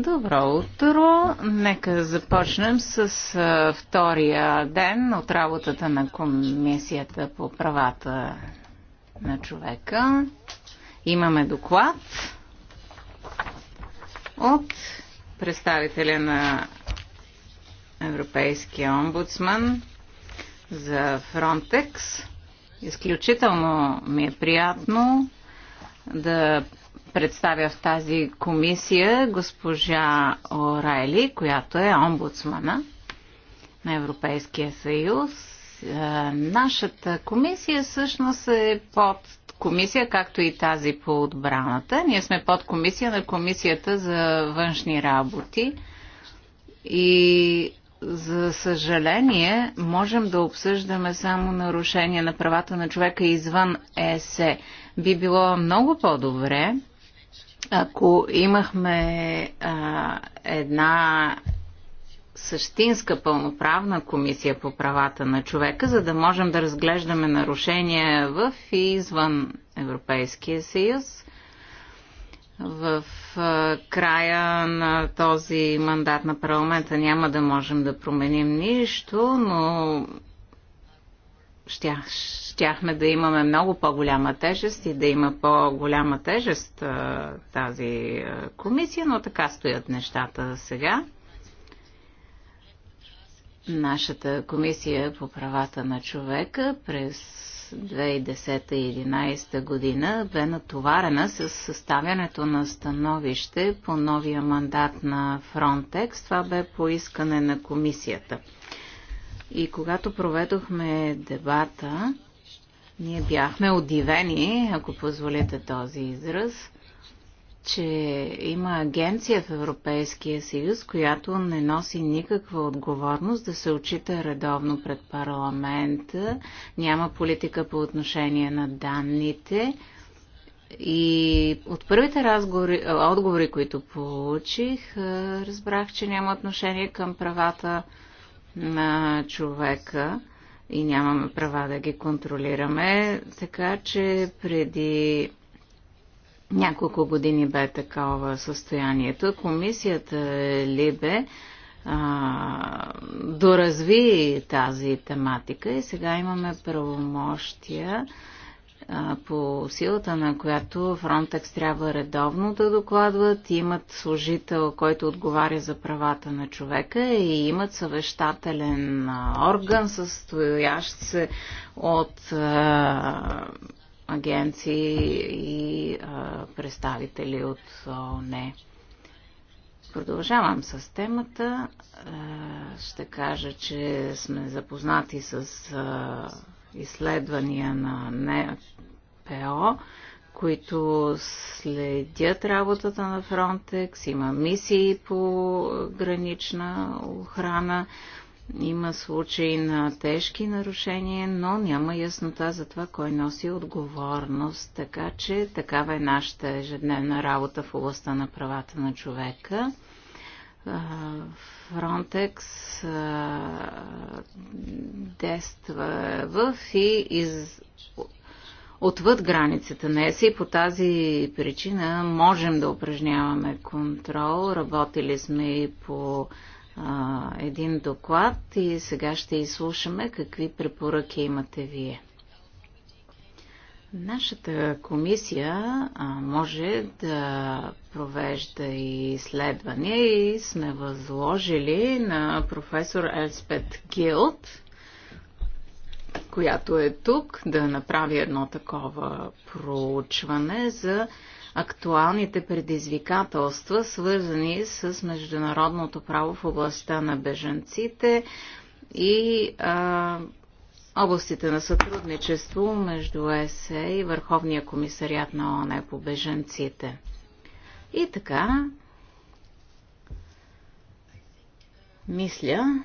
Добро утро! Нека започнем с втория ден от работата на Комисията по правата на човека. Имаме доклад от представителя на Европейския омбудсман за Фронтекс. Изключително ми е приятно да представя в тази комисия госпожа Орайли, която е омбудсмана на Европейския съюз. Е, нашата комисия всъщност е под комисия, както и тази по отбраната. Ние сме под комисия на комисията за външни работи и за съжаление можем да обсъждаме само нарушения на правата на човека извън ЕСЕ. Е. Би било много по-добре ако имахме а, една същинска пълноправна комисия по правата на човека, за да можем да разглеждаме нарушения в и извън Европейския съюз, в края на този мандат на парламента няма да можем да променим нищо, но щях щяхме да имаме много по-голяма тежест и да има по-голяма тежест тази комисия, но така стоят нещата сега. Нашата комисия по правата на човека през 2010-2011 година бе натоварена с съставянето на становище по новия мандат на Frontex. Това бе поискане на комисията. И когато проведохме дебата, ние бяхме удивени, ако позволите този израз, че има агенция в Европейския съюз, която не носи никаква отговорност да се очита редовно пред парламента, няма политика по отношение на данните. И от първите разговори, отговори, които получих, разбрах, че няма отношение към правата на човека и нямаме права да ги контролираме. Така че преди няколко години бе такова състоянието. Комисията Либе а, доразви тази тематика и сега имаме правомощия по силата на която Frontex трябва редовно да докладват, имат служител, който отговаря за правата на човека и имат съвещателен орган, състоящ се от а, агенции и а, представители от ОНЕ. Продължавам с темата. Ще кажа, че сме запознати с изследвания на НПО, които следят работата на Фронтекс. Има мисии по гранична охрана. Има случаи на тежки нарушения, но няма яснота за това кой носи отговорност. Така че такава е нашата ежедневна работа в областта на правата на човека. Фронтекс действа в и из отвъд границата на ЕС и по тази причина можем да упражняваме контрол. Работили сме и по а, един доклад и сега ще изслушаме какви препоръки имате вие. Нашата комисия може да провежда и изследвания и сме възложили на професор Елспет Гилд, която е тук, да направи едно такова проучване за актуалните предизвикателства, свързани с международното право в областта на бежанците и а, Областите на сътрудничество между ЕСЕ и Върховния комисариат на ООН по беженците. И така, мисля,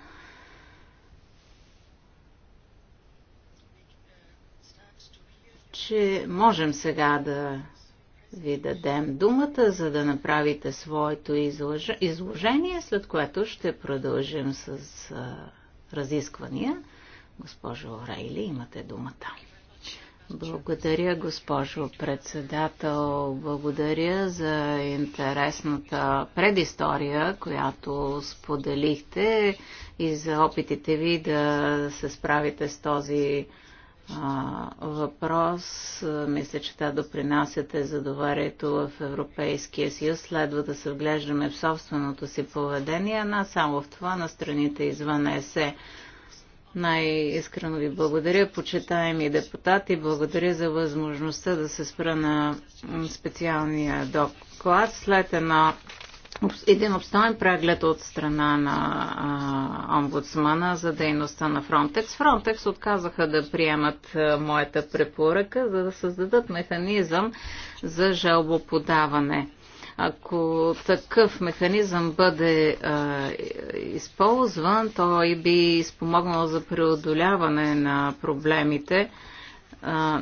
че можем сега да ви дадем думата, за да направите своето изложение, след което ще продължим с разисквания. Госпожо Орейли, имате думата. Благодаря, госпожо председател. Благодаря за интересната предистория, която споделихте и за опитите ви да се справите с този а, въпрос. Мисля, че това допринасяте за доверието в Европейския съюз. Следва да се вглеждаме в собственото си поведение, а не само в това на страните извън ЕСЕ. Най-искрено ви благодаря, почитаеми депутати. Благодаря за възможността да се спра на специалния доклад. След една един обстоен преглед от страна на а, омбудсмана за дейността на Фронтекс. Фронтекс отказаха да приемат а, моята препоръка, за да създадат механизъм за жалбоподаване. Ако такъв механизъм бъде а, използван, той би спомогнал за преодоляване на проблемите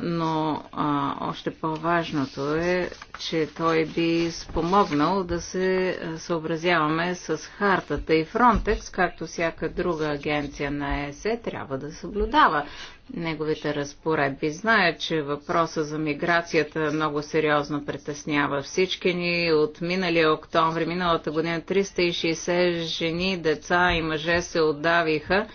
но а, още по-важното е, че той би спомогнал да се съобразяваме с хартата и Фронтекс, както всяка друга агенция на ЕСЕ трябва да съблюдава неговите разпоредби. Зная, че въпроса за миграцията много сериозно притеснява всички ни. От миналия октомври, миналата година 360 жени, деца и мъже се отдавиха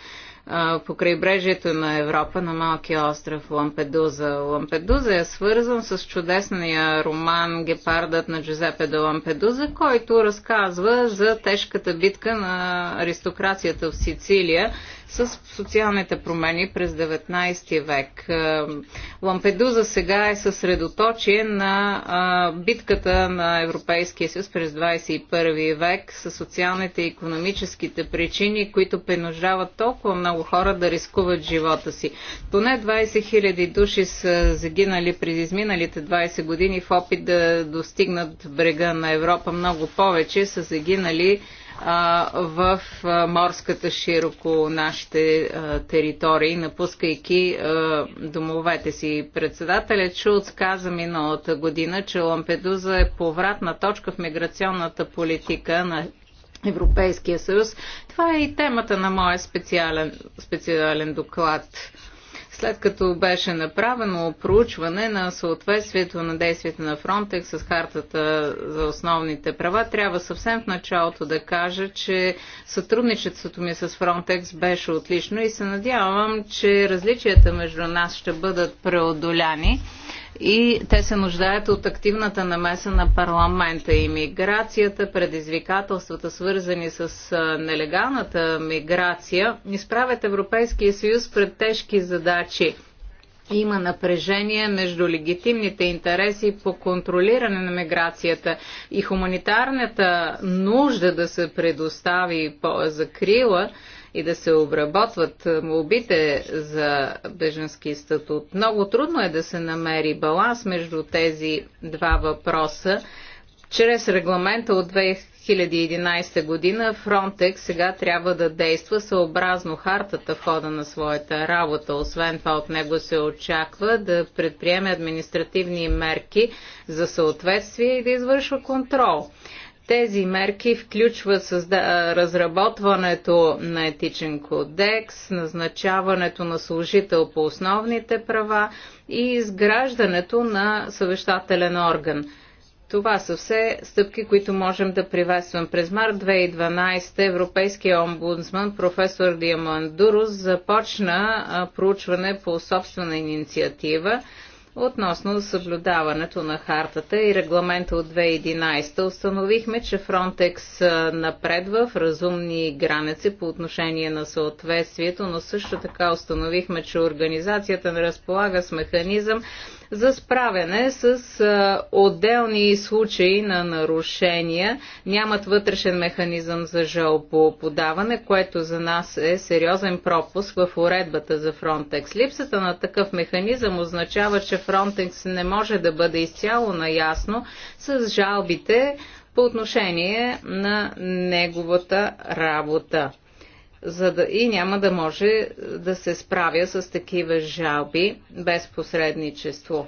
по крайбрежието на Европа на малкия остров Лампедуза. Лампедуза е свързан с чудесния роман Гепардът на Джузепе де Лампедуза, който разказва за тежката битка на аристокрацията в Сицилия с социалните промени през 19 век. Е, Лампедуза сега е съсредоточен на битката на Европейския съюз през 21 век с социалните и економическите причини, които принуждават толкова много хора да рискуват живота си. Поне 20 000 души са загинали през изминалите 20 години в опит да достигнат брега на Европа. Много повече са загинали в морската широко нашите територии, напускайки домовете си. Председателят Шулц каза миналата година, че Лампедуза е повратна точка в миграционната политика на Европейския съюз. Това е и темата на моя специален, специален доклад след като беше направено проучване на съответствието на действията на Frontex с хартата за основните права, трябва съвсем в началото да кажа, че сътрудничеството ми с Frontex беше отлично и се надявам, че различията между нас ще бъдат преодоляни и те се нуждаят от активната намеса на парламента. и миграцията, предизвикателствата, свързани с нелегалната миграция, изправят Европейския съюз пред тежки задачи. Има напрежение между легитимните интереси по контролиране на миграцията и хуманитарната нужда да се предостави по закрила и да се обработват молбите за беженски статут. Много трудно е да се намери баланс между тези два въпроса. Чрез регламента от 2011 година Фронтек сега трябва да действа съобразно хартата в хода на своята работа. Освен това от него се очаква да предприеме административни мерки за съответствие и да извършва контрол. Тези мерки включва създа... разработването на етичен кодекс, назначаването на служител по основните права и изграждането на съвещателен орган. Това са все стъпки, които можем да приветствам. През март 2012 Европейския омбудсман професор Диамандурус започна проучване по собствена инициатива Относно съблюдаването на хартата и регламента от 2011 установихме, че Фронтекс напредва в разумни граници по отношение на съответствието, но също така установихме, че организацията не разполага с механизъм за справяне с отделни случаи на нарушения. Нямат вътрешен механизъм за жалбоподаване, което за нас е сериозен пропуск в уредбата за Frontex. Липсата на такъв механизъм означава, че Frontex не може да бъде изцяло наясно с жалбите по отношение на неговата работа за да, и няма да може да се справя с такива жалби без посредничество.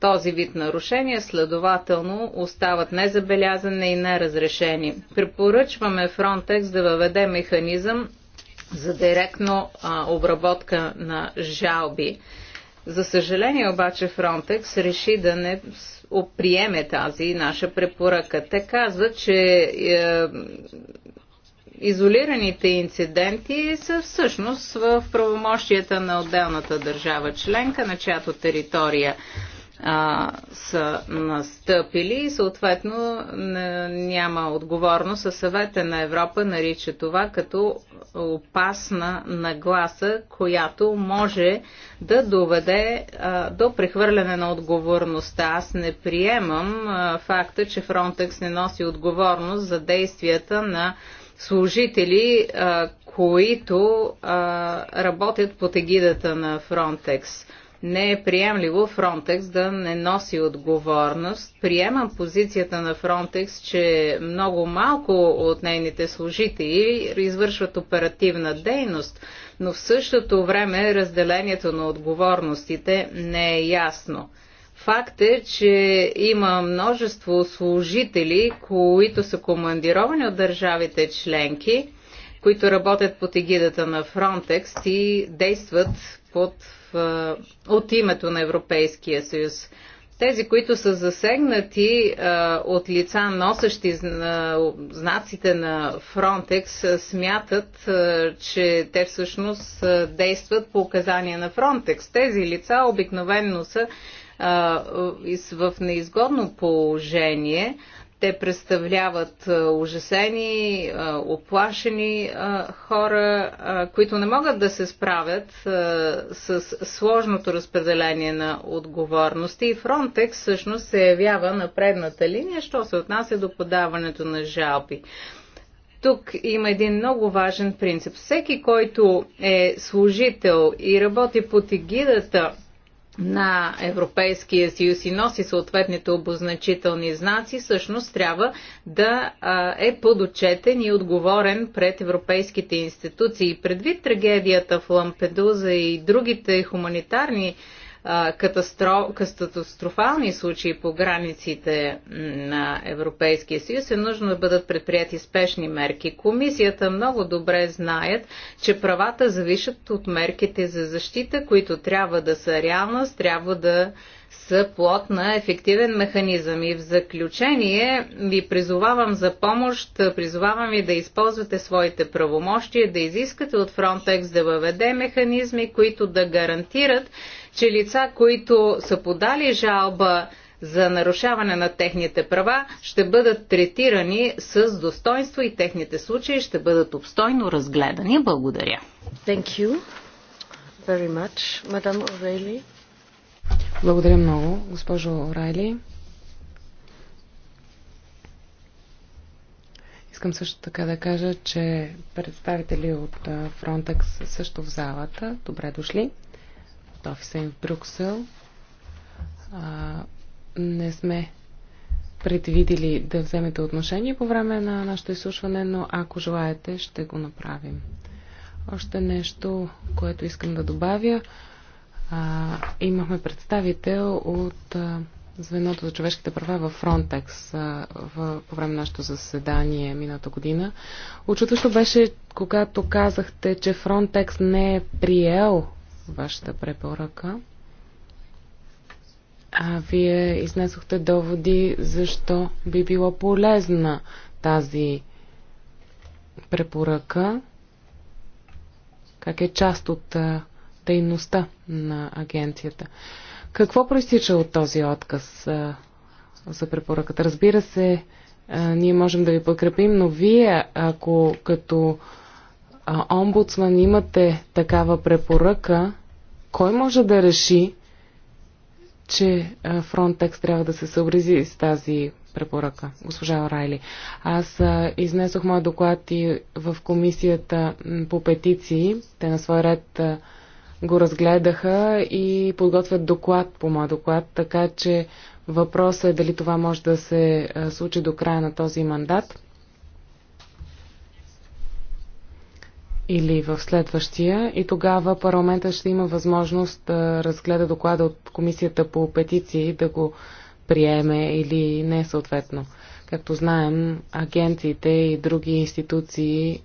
Този вид нарушения следователно остават незабелязани и неразрешени. Препоръчваме Frontex да въведе механизъм за директно а, обработка на жалби. За съжаление обаче Frontex реши да не приеме тази наша препоръка. Те казват, че е, изолираните инциденти са всъщност в правомощията на отделната държава членка, на чиято територия а, са настъпили и съответно няма отговорност. А съвета на Европа нарича това като опасна нагласа, която може да доведе а, до прехвърляне на отговорността. Аз не приемам а, факта, че Фронтекс не носи отговорност за действията на служители, а, които а, работят под егидата на Фронтекс. Не е приемливо Фронтекс да не носи отговорност. Приемам позицията на Фронтекс, че много малко от нейните служители извършват оперативна дейност, но в същото време разделението на отговорностите не е ясно. Факт е, че има множество служители, които са командировани от държавите членки, които работят под егидата на Frontex и действат под, от името на Европейския съюз. Тези, които са засегнати а, от лица, носещи зна, знаците на Frontex, смятат, а, че те всъщност а, действат по указания на Frontex. Тези лица обикновенно са в неизгодно положение. Те представляват ужасени, оплашени хора, които не могат да се справят с сложното разпределение на отговорности и Frontex всъщност се явява на предната линия, що се отнася до подаването на жалби. Тук има един много важен принцип. Всеки, който е служител и работи под егидата на Европейския съюз и носи съответните обозначителни знаци, всъщност трябва да е подочетен и отговорен пред европейските институции. Предвид трагедията в Лампедуза и другите хуманитарни катастрофални случаи по границите на Европейския съюз е нужно да бъдат предприяти спешни мерки. Комисията много добре знаят, че правата завишат от мерките за защита, които трябва да са реалност, трябва да са плод на ефективен механизъм. И в заключение ви призовавам за помощ, призовавам ви да използвате своите правомощия, да изискате от Frontex да въведе механизми, които да гарантират, че лица, които са подали жалба за нарушаване на техните права, ще бъдат третирани с достоинство и техните случаи ще бъдат обстойно разгледани. Благодаря. Thank you very much, Madam O'Reilly. Благодаря много, госпожо Орайли. Искам също така да кажа, че представители от Frontex също в залата. Добре дошли офиса им в Брюксел. А, не сме предвидили да вземете отношение по време на нашето изслушване, но ако желаете, ще го направим. Още нещо, което искам да добавя. А, имахме представител от а, звеното за човешките права в Frontex а, в, по време на нашето заседание миналата година. Очутващо беше, когато казахте, че Frontex не е приел вашата препоръка. А вие изнесохте доводи защо би било полезна тази препоръка, как е част от дейността на агенцията. Какво проистича от този отказ за препоръката? Разбира се, ние можем да ви подкрепим, но вие, ако като а, омбудсман имате такава препоръка, кой може да реши, че Фронтекс трябва да се съобрази с тази препоръка, госпожа Орайли. Аз а, изнесох моят доклад и в комисията по петиции. Те на свой ред а, го разгледаха и подготвят доклад по моя доклад, така че въпросът е дали това може да се случи до края на този мандат. или в следващия и тогава парламента ще има възможност да разгледа доклада от комисията по петиции да го приеме или не съответно. Както знаем, агенциите и други институции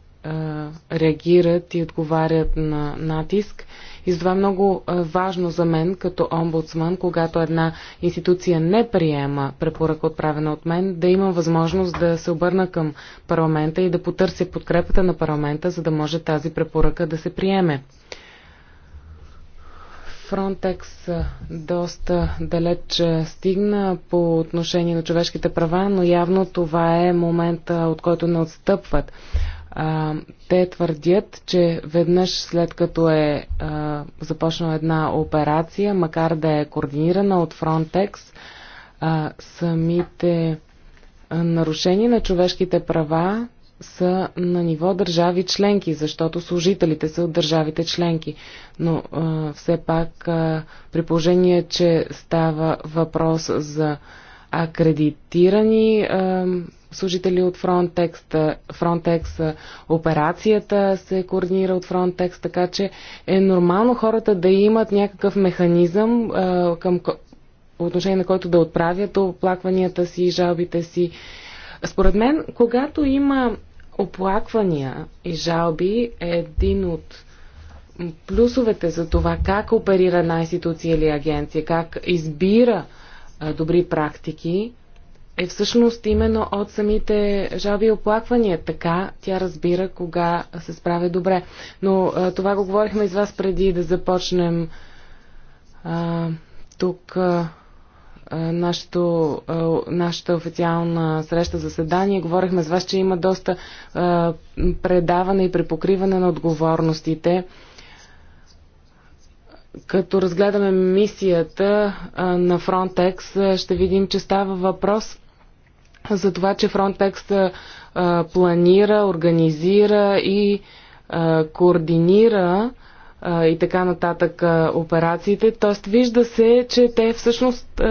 реагират и отговарят на натиск. И затова е много важно за мен като омбудсман, когато една институция не приема препоръка отправена от мен, да имам възможност да се обърна към парламента и да потърся подкрепата на парламента, за да може тази препоръка да се приеме. Фронтекс доста далеч стигна по отношение на човешките права, но явно това е момента, от който не отстъпват. А, те твърдят, че веднъж след като е а, започнала една операция, макар да е координирана от Frontex, а, самите а, нарушения на човешките права са на ниво държави членки, защото служителите са от държавите членки. Но а, все пак, а, при положение, че става въпрос за а, акредитирани служители от Frontex, Frontex, операцията се координира от Frontex, така че е нормално хората да имат някакъв механизъм а, към отношение на който да отправят оплакванията си и жалбите си. Според мен, когато има оплаквания и жалби, е един от плюсовете за това как оперира една институция или агенция, как избира добри практики е всъщност именно от самите жалби и оплаквания. Така тя разбира кога се справя добре. Но това го говорихме с вас преди да започнем а, тук а, нашето, а, нашата официална среща заседание. Говорихме с вас, че има доста а, предаване и препокриване на отговорностите. А, като разгледаме мисията на Frontex, ще видим, че става въпрос за това, че Frontex планира, организира и координира и така нататък операциите. Тоест вижда се, че те всъщност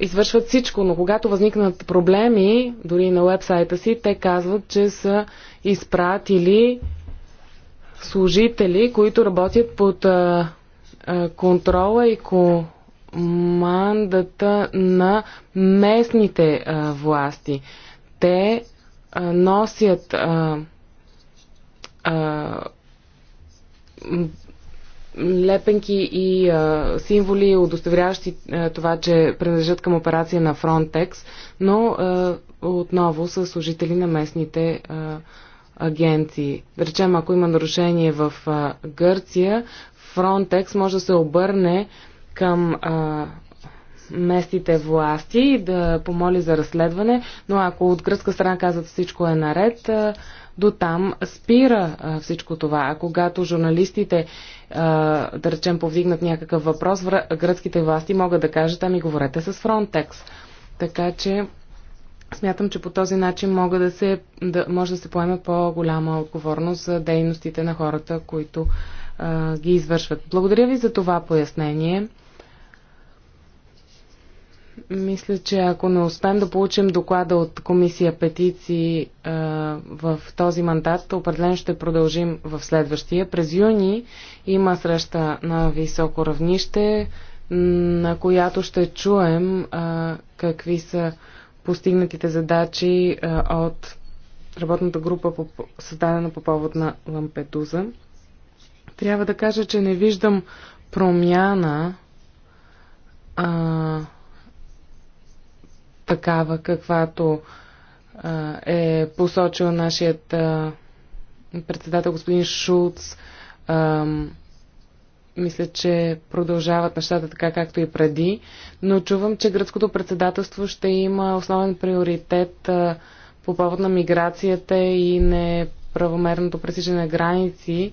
извършват всичко, но когато възникнат проблеми, дори на вебсайта си, те казват, че са изпратили служители, които работят под контрола и командата на местните а, власти. Те а, носят а, а, лепенки и а, символи, удостоверяващи а, това, че принадлежат към операция на Frontex, но а, отново са служители на местните а, агенции. Да речем, ако има нарушение в а, Гърция, Фронтекс може да се обърне към а, местните власти и да помоли за разследване, но ако от гръцка страна казват всичко е наред, а, до там спира а, всичко това. А когато журналистите, а, да речем, повдигнат някакъв въпрос, гръцките власти могат да кажат, ами говорете с Фронтекс. Така че смятам, че по този начин мога да се, да, може да се поеме по-голяма отговорност за дейностите на хората, които ги извършват. Благодаря ви за това пояснение. Мисля, че ако не успеем да получим доклада от комисия петиции а, в този мандат, определено ще продължим в следващия. През юни има среща на високо равнище, на която ще чуем а, какви са постигнатите задачи а, от работната група, по, създадена по повод на Лампедуза. Трябва да кажа, че не виждам промяна а, такава, каквато а, е посочил нашият а, председател господин Шулц. А, мисля, че продължават нещата така, както и преди, но чувам, че гръцкото председателство ще има основен приоритет а, по повод на миграцията и неправомерното пресичане на граници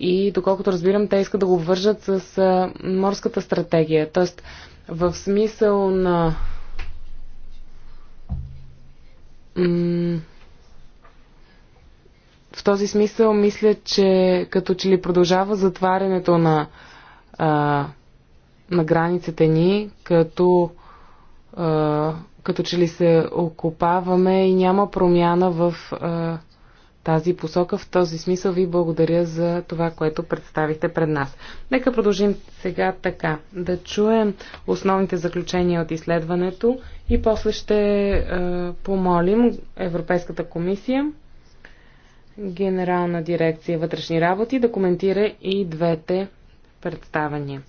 и доколкото разбирам, те искат да го вържат с морската стратегия. Тоест, в смисъл на в този смисъл мисля, че като че ли продължава затварянето на, а, на границите ни, като, а, като че ли се окупаваме и няма промяна в а, тази посока. В този смисъл ви благодаря за това, което представихте пред нас. Нека продължим сега така. Да чуем основните заключения от изследването и после ще е, помолим Европейската комисия, Генерална дирекция вътрешни работи, да коментира и двете представения.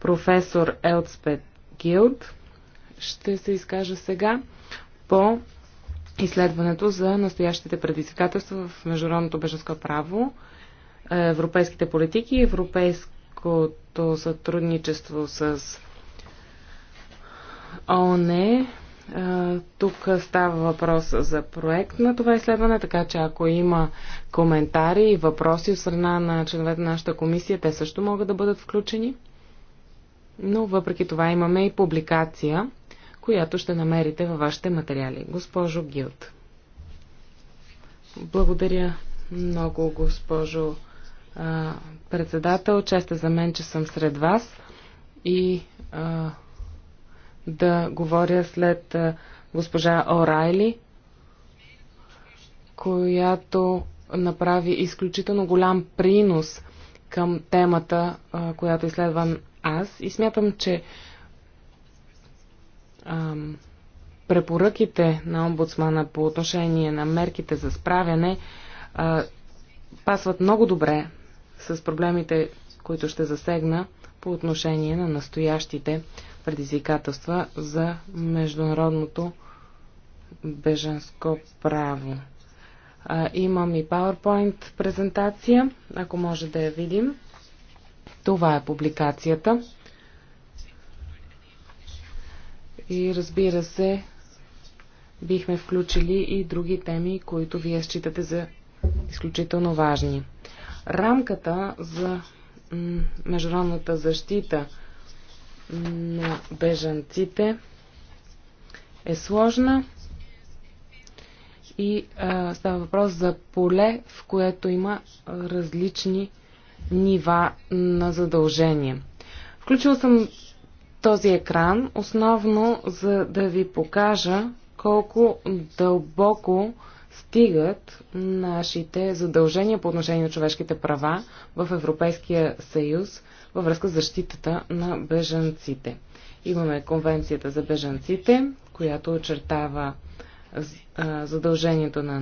Професор Елцпет Гилд ще се изкаже сега по изследването за настоящите предизвикателства в международното беженско право, е, европейските политики, европейското сътрудничество с ООН. Е, тук става въпрос за проект на това изследване, така че ако има коментари и въпроси от страна на членовете на нашата комисия, те също могат да бъдат включени. Но въпреки това имаме и публикация която ще намерите във вашите материали. Госпожо Гилт. Благодаря много, госпожо а, председател. Чест е за мен, че съм сред вас и а, да говоря след а, госпожа Орайли, която направи изключително голям принос към темата, а, която изследвам аз. И смятам, че ам, препоръките на омбудсмана по отношение на мерките за справяне а, пасват много добре с проблемите, които ще засегна по отношение на настоящите предизвикателства за международното беженско право. А, имам и PowerPoint презентация, ако може да я видим. Това е публикацията. И разбира се, бихме включили и други теми, които вие считате за изключително важни. Рамката за международната защита на бежанците е сложна и а, става въпрос за поле, в което има различни нива на задължение. Включил съм този екран, основно за да ви покажа колко дълбоко стигат нашите задължения по отношение на човешките права в Европейския съюз във връзка с защитата на бежанците. Имаме конвенцията за бежанците, която очертава задължението на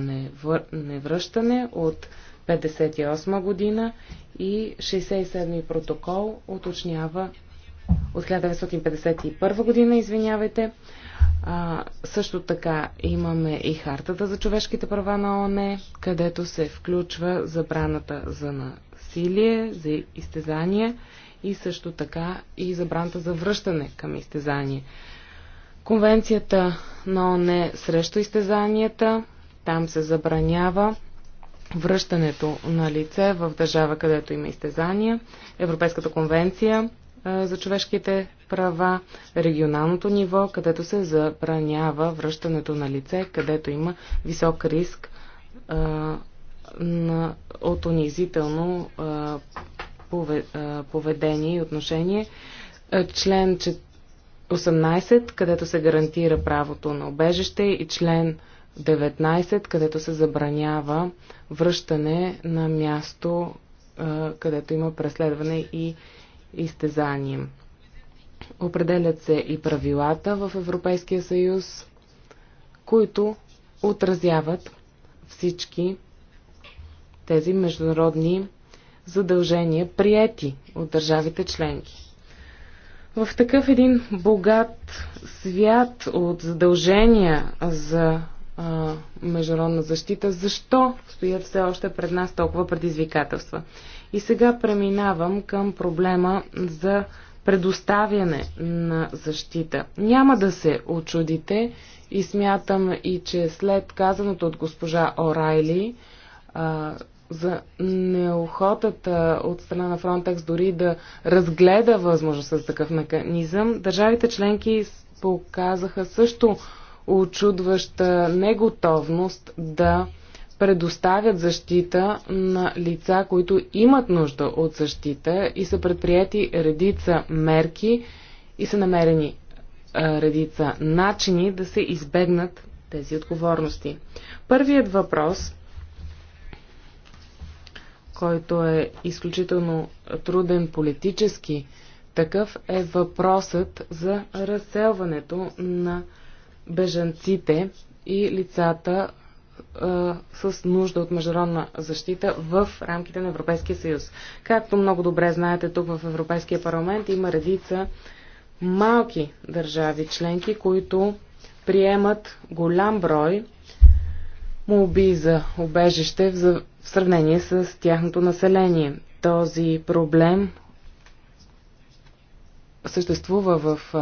невръщане от 1958 година и 67 протокол уточнява от 1951 година, извинявайте. А, също така имаме и Хартата за човешките права на ООН, където се включва забраната за насилие, за изтезание и също така и забраната за връщане към изтезание. Конвенцията на ООН срещу изтезанията, там се забранява връщането на лице в държава, където има изтезания. Европейската конвенция за човешките права, регионалното ниво, където се забранява връщането на лице, където има висок риск на, от унизително поведение и отношение. Член 18, където се гарантира правото на обежище и член 19, където се забранява връщане на място, където има преследване и изтезание. Определят се и правилата в Европейския съюз, които отразяват всички тези международни задължения, приети от държавите членки. В такъв един богат свят от задължения за а, международна защита, защо стоят все още пред нас толкова предизвикателства? И сега преминавам към проблема за предоставяне на защита. Няма да се очудите и смятам и, че след казаното от госпожа Орайли а, за неохотата от страна на Фронтекс дори да разгледа възможността за такъв механизъм, държавите членки показаха също очудваща неготовност да предоставят защита на лица, които имат нужда от защита и са предприяти редица мерки и са намерени е, редица начини да се избегнат тези отговорности. Първият въпрос, който е изключително труден политически, такъв е въпросът за разселването на бежанците и лицата, с нужда от международна защита в рамките на Европейския съюз. Както много добре знаете, тук в Европейския парламент има редица малки държави членки, които приемат голям брой молби за обежище в сравнение с тяхното население. Този проблем съществува в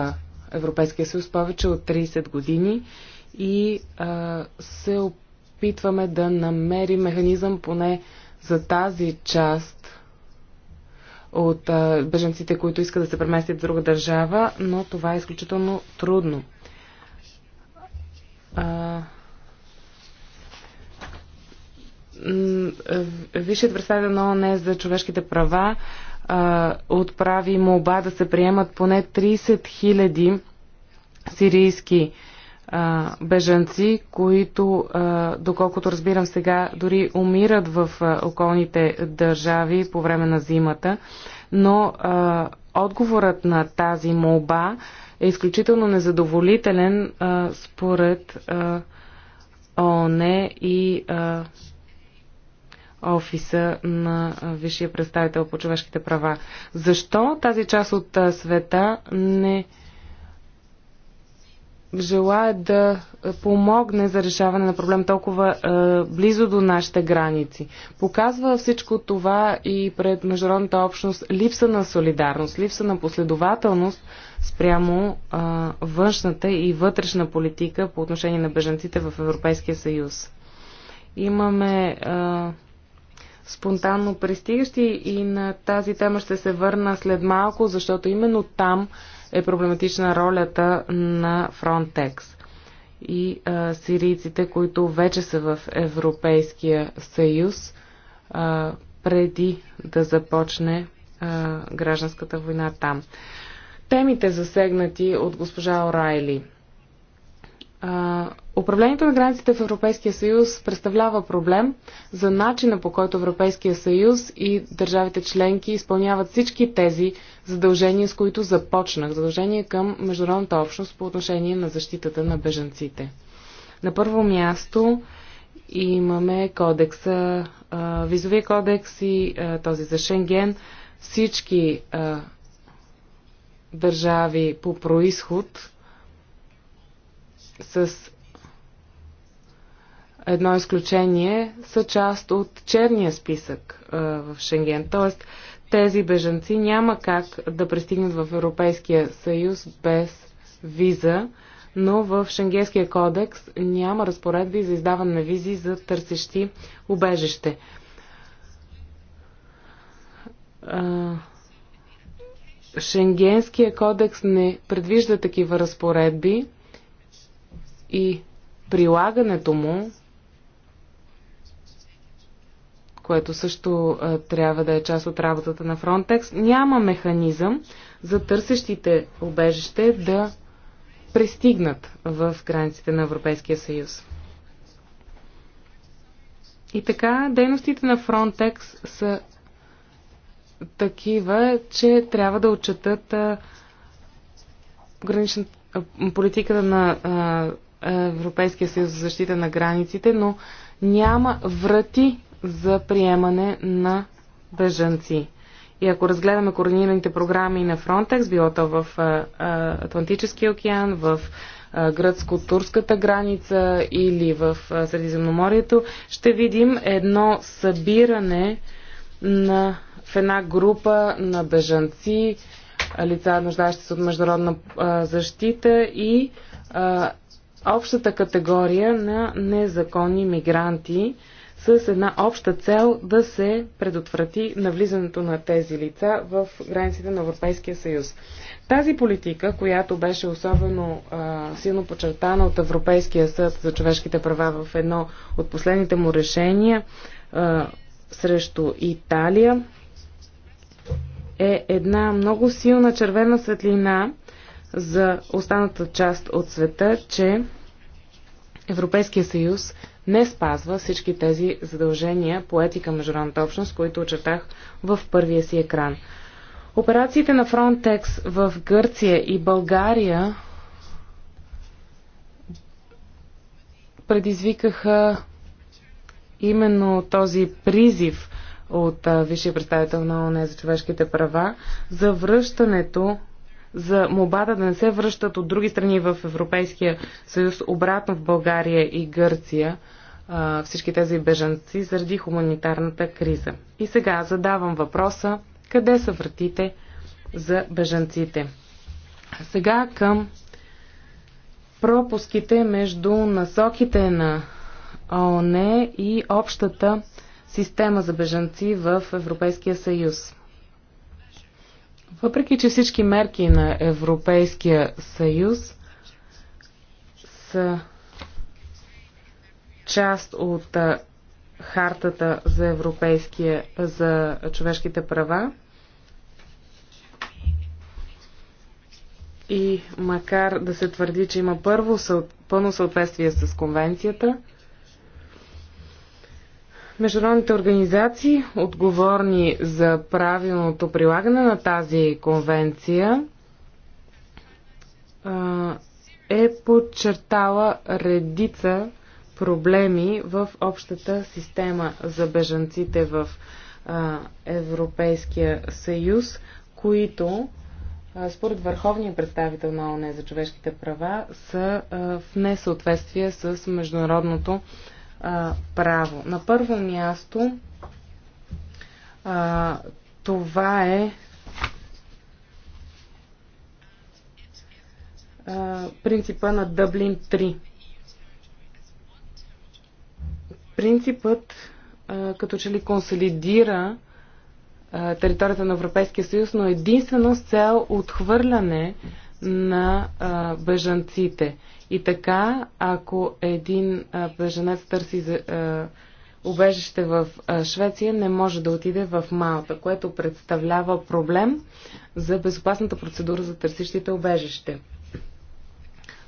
Европейския съюз повече от 30 години и а, се опитва опитваме да намерим механизъм поне за тази част от беженците, които искат да се преместят в друга държава, но това е изключително трудно. А, Висшият представител на ОНЕ за човешките права а, отправи молба да се приемат поне 30 000 сирийски а, а, бежанци, които, а, доколкото разбирам сега, дори умират в а, околните държави по време на зимата. Но а, отговорът на тази молба е изключително незадоволителен а, според а, ООН и а, офиса на Висшия представител по човешките права. Защо тази част от а, света не а, желая да е, помогне за решаване на проблем толкова е, близо до нашите граници. Показва всичко това и пред международната общност липса на солидарност, липса на последователност спрямо е, външната и вътрешна политика по отношение на бежанците в Европейския съюз. Имаме е, спонтанно пристигащи и на тази тема ще се върна след малко, защото именно там е проблематична ролята на Frontex и а, сирийците, които вече са в Европейския съюз, а, преди да започне а, гражданската война там. Темите засегнати от госпожа Орайли – управлението на границите в Европейския съюз представлява проблем за начина по който Европейския съюз и държавите членки изпълняват всички тези задължения, с които започнах. Задължения към международната общност по отношение на защитата на бежанците. На първо място имаме кодекса, визовия кодекс и този за Шенген. Всички държави по происход с едно изключение, са част от черния списък а, в Шенген. Тоест, тези бежанци няма как да пристигнат в Европейския съюз без виза, но в Шенгенския кодекс няма разпоредби за издаване на визи за търсещи убежище. Шенгенския кодекс не предвижда такива разпоредби и прилагането му, което също а, трябва да е част от работата на Frontex, няма механизъм за търсещите обежище да пристигнат в границите на Европейския съюз. И така, дейностите на Frontex са такива, че трябва да отчетат а, граничната политиката на а, Европейския съюз за защита на границите, но няма врати за приемане на бежанци. И ако разгледаме координираните програми на Frontex, било то в Атлантическия океан, в гръцко-турската граница или в Средиземноморието, ще видим едно събиране на, в една група на бежанци, лица, нуждащи се от международна защита и общата категория на незаконни мигранти с една обща цел да се предотврати навлизането на тези лица в границите на Европейския съюз. Тази политика, която беше особено а, силно подчертана от Европейския съд за човешките права в едно от последните му решения а, срещу Италия, е една много силна червена светлина за останата част от света, че Европейския съюз не спазва всички тези задължения по етика международната общност, които очертах в първия си екран. Операциите на Frontex в Гърция и България предизвикаха именно този призив от Висшия представител на ОНЕ за човешките права за връщането за мобата да не се връщат от други страни в Европейския съюз обратно в България и Гърция всички тези бежанци заради хуманитарната криза. И сега задавам въпроса къде са вратите за бежанците. Сега към пропуските между насоките на ООН и общата система за бежанци в Европейския съюз. Въпреки, че всички мерки на Европейския съюз са част от хартата за европейския, за човешките права. И макар да се твърди, че има първо, пълно съответствие с конвенцията, международните организации, отговорни за правилното прилагане на тази конвенция, е подчертала редица проблеми в общата система за бежанците в Европейския съюз, които според върховния представител на ОНЕ за човешките права са в несъответствие с международното а, право. На първо място а, това е а, принципа на Дъблин 3. Принципът а, като че ли консолидира а, територията на Европейския съюз, но единствено с цел отхвърляне а, на а, бежанците. И така, ако един а, бежанец търси а, убежище в а, Швеция, не може да отиде в Малта, което представлява проблем за безопасната процедура за търсищите убежище.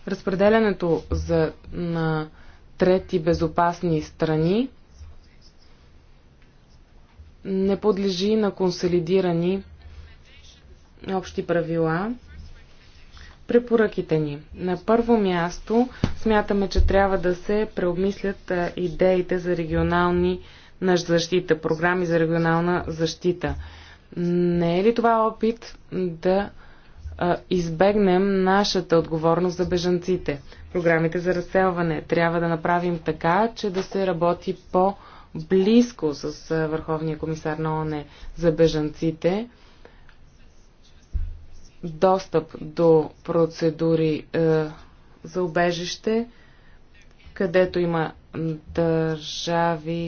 Разпределянето за, на трети безопасни страни не подлежи на консолидирани общи правила препоръките ни. На първо място смятаме, че трябва да се преобмислят идеите за регионални защита, програми за регионална защита. Не е ли това опит да избегнем нашата отговорност за бежанците? Програмите за разселване трябва да направим така, че да се работи по-близко с Върховния комисар на ОНЕ за бежанците достъп до процедури е, за убежище, където има държави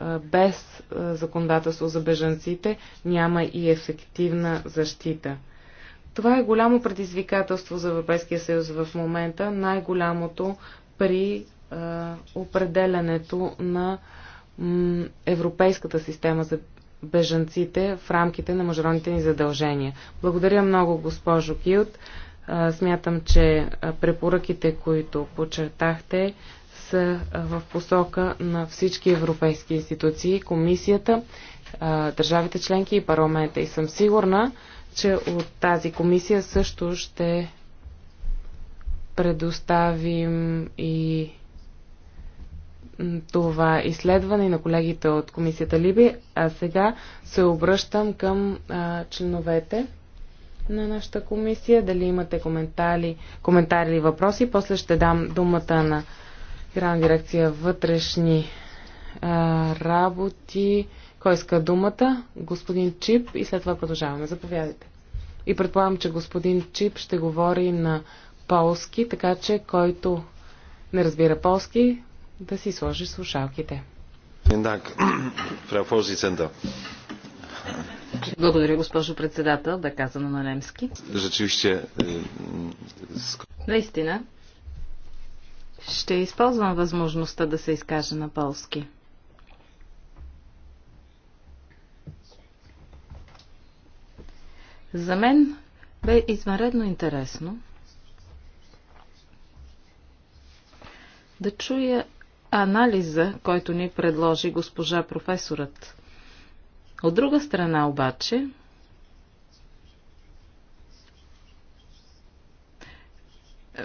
е, без е, законодателство за бежанците, няма и ефективна защита. Това е голямо предизвикателство за Европейския съюз в момента, най-голямото при е, определенето на м, европейската система за бежанците в рамките на международните ни задължения. Благодаря много, госпожо Килт. Смятам, че препоръките, които подчертахте, са в посока на всички европейски институции, комисията, държавите членки и парламента. И съм сигурна, че от тази комисия също ще предоставим и това изследване и на колегите от комисията Либи, а сега се обръщам към а, членовете на нашата комисия. Дали имате коментари, коментари или въпроси, после ще дам думата на Гран дирекция вътрешни а, работи. Кой иска думата? Господин Чип и след това продължаваме. Заповядайте. И предполагам, че господин Чип ще говори на полски, така че който не разбира полски, да си сложи слушалките. Благодаря, госпожо председател, да казано на немски. Е, Наистина, ще използвам възможността да се изкажа на полски. За мен бе извънредно интересно да чуя анализа, който ни предложи госпожа професорът. От друга страна обаче,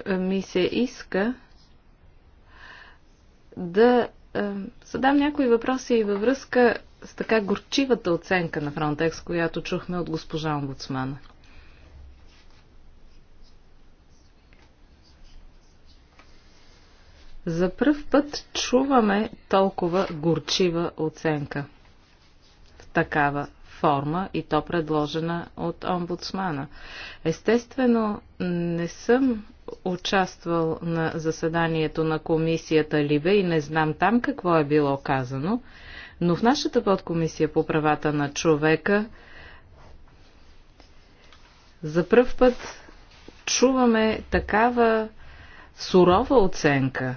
е, ми се иска да е, задам някои въпроси и във връзка с така горчивата оценка на Фронтекс, която чухме от госпожа омбудсмана. За пръв път чуваме толкова горчива оценка в такава форма и то предложена от омбудсмана. Естествено, не съм участвал на заседанието на комисията Либе и не знам там какво е било казано, но в нашата подкомисия по правата на човека за пръв път чуваме такава сурова оценка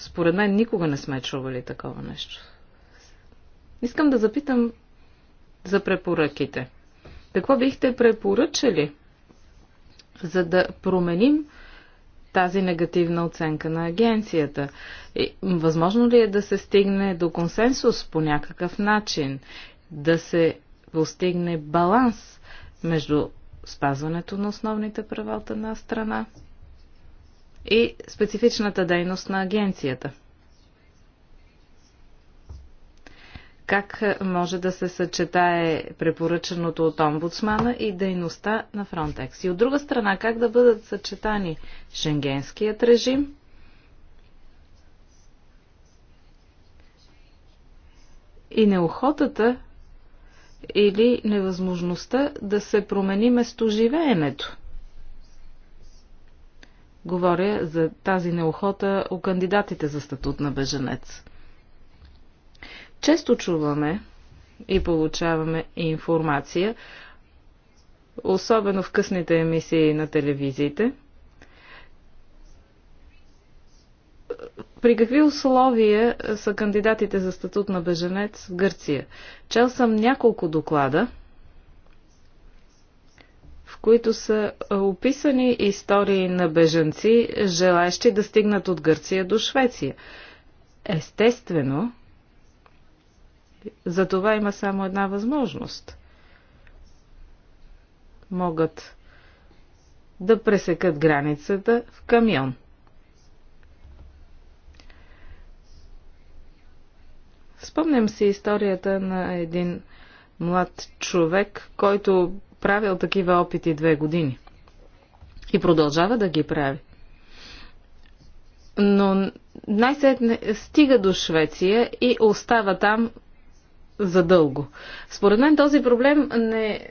според мен никога не сме чували такова нещо. Искам да запитам за препоръките. Какво бихте препоръчали, за да променим тази негативна оценка на агенцията? И, възможно ли е да се стигне до консенсус по някакъв начин, да се постигне баланс между спазването на основните права от една страна и специфичната дейност на агенцията. Как може да се съчетае препоръченото от омбудсмана и дейността на Фронтекс? И от друга страна, как да бъдат съчетани шенгенският режим и неохотата или невъзможността да се промени местоживеенето? Говоря за тази неохота у кандидатите за статут на беженец. Често чуваме и получаваме информация, особено в късните емисии на телевизиите, при какви условия са кандидатите за статут на беженец в Гърция? Чел съм няколко доклада – които са описани истории на бежанци, желаящи да стигнат от Гърция до Швеция. Естествено, за това има само една възможност. Могат да пресекат границата в камион. Спомням си историята на един млад човек, който правил такива опити две години. И продължава да ги прави. Но най-сетне стига до Швеция и остава там задълго. Според мен този проблем не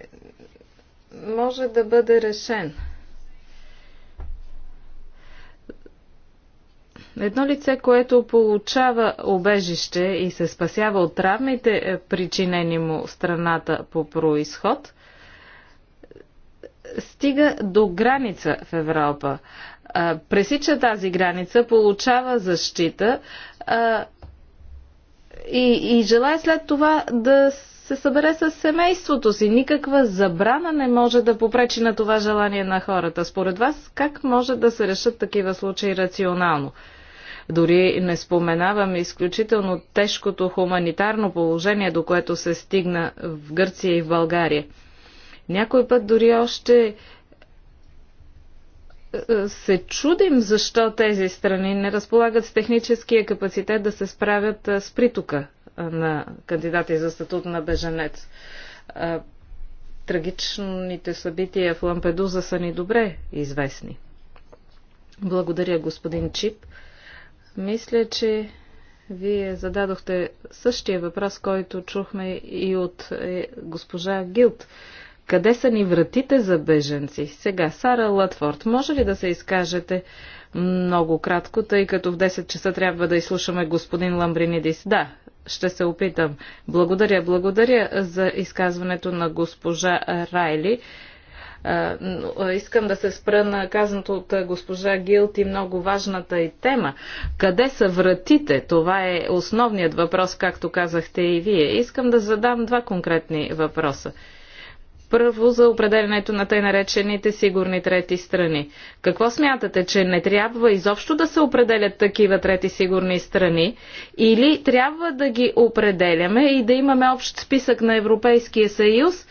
може да бъде решен. Едно лице, което получава обежище и се спасява от травмите, е причинени му страната по происход, стига до граница в Европа. А, пресича тази граница, получава защита а, и, и желая след това да се събере с семейството си. Никаква забрана не може да попречи на това желание на хората. Според вас, как може да се решат такива случаи рационално? Дори не споменавам изключително тежкото хуманитарно положение, до което се стигна в Гърция и в България. Някой път дори още е, е, се чудим защо тези страни не разполагат с техническия капацитет да се справят е, с притока на кандидати за статут на беженец. Трагичните събития в Лампедуза са ни добре известни. Благодаря, господин Чип. Мисля, че вие зададохте същия въпрос, който чухме и от госпожа Гилт. Къде са ни вратите за беженци? Сега, Сара Латфорд, може ли да се изкажете много кратко, тъй като в 10 часа трябва да изслушаме господин Ламбринидис? Да, ще се опитам. Благодаря, благодаря за изказването на госпожа Райли. Искам да се спра на казаното от госпожа Гилт и много важната и тема. Къде са вратите? Това е основният въпрос, както казахте и вие. Искам да задам два конкретни въпроса. Първо за определенето на тъй наречените сигурни трети страни. Какво смятате, че не трябва изобщо да се определят такива трети сигурни страни или трябва да ги определяме и да имаме общ списък на Европейския съюз,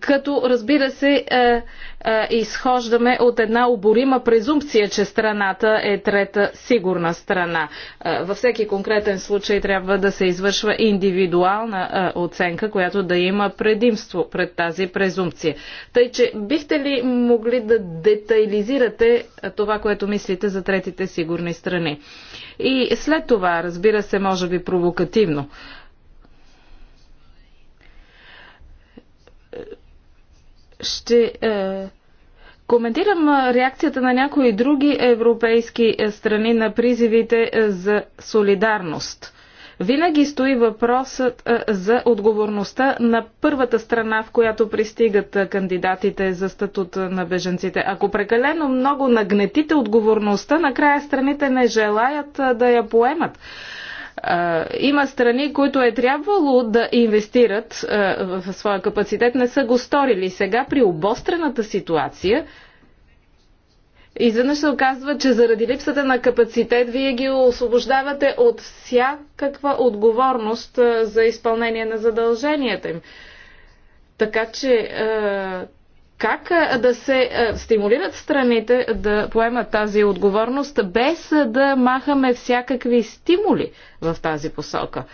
като разбира се е, е, изхождаме от една оборима презумпция, че страната е трета сигурна страна. Е, във всеки конкретен случай трябва да се извършва индивидуална оценка, която да има предимство пред тази презумпция. Тъй, че бихте ли могли да детайлизирате това, което мислите за третите сигурни страни? И след това, разбира се, може би провокативно. Ще е, коментирам реакцията на някои други европейски е, страни на призивите е, за солидарност. Винаги стои въпросът е, за отговорността на първата страна, в която пристигат кандидатите за статут на беженците. Ако прекалено много нагнетите отговорността, накрая страните не желаят да я поемат. Има страни, които е трябвало да инвестират в своя капацитет, не са го сторили. Сега при обострената ситуация изведнъж се оказва, че заради липсата на капацитет вие ги освобождавате от всякаква отговорност за изпълнение на задълженията им. Така че как да се стимулират страните да поемат тази отговорност, без да махаме всякакви стимули в тази посока,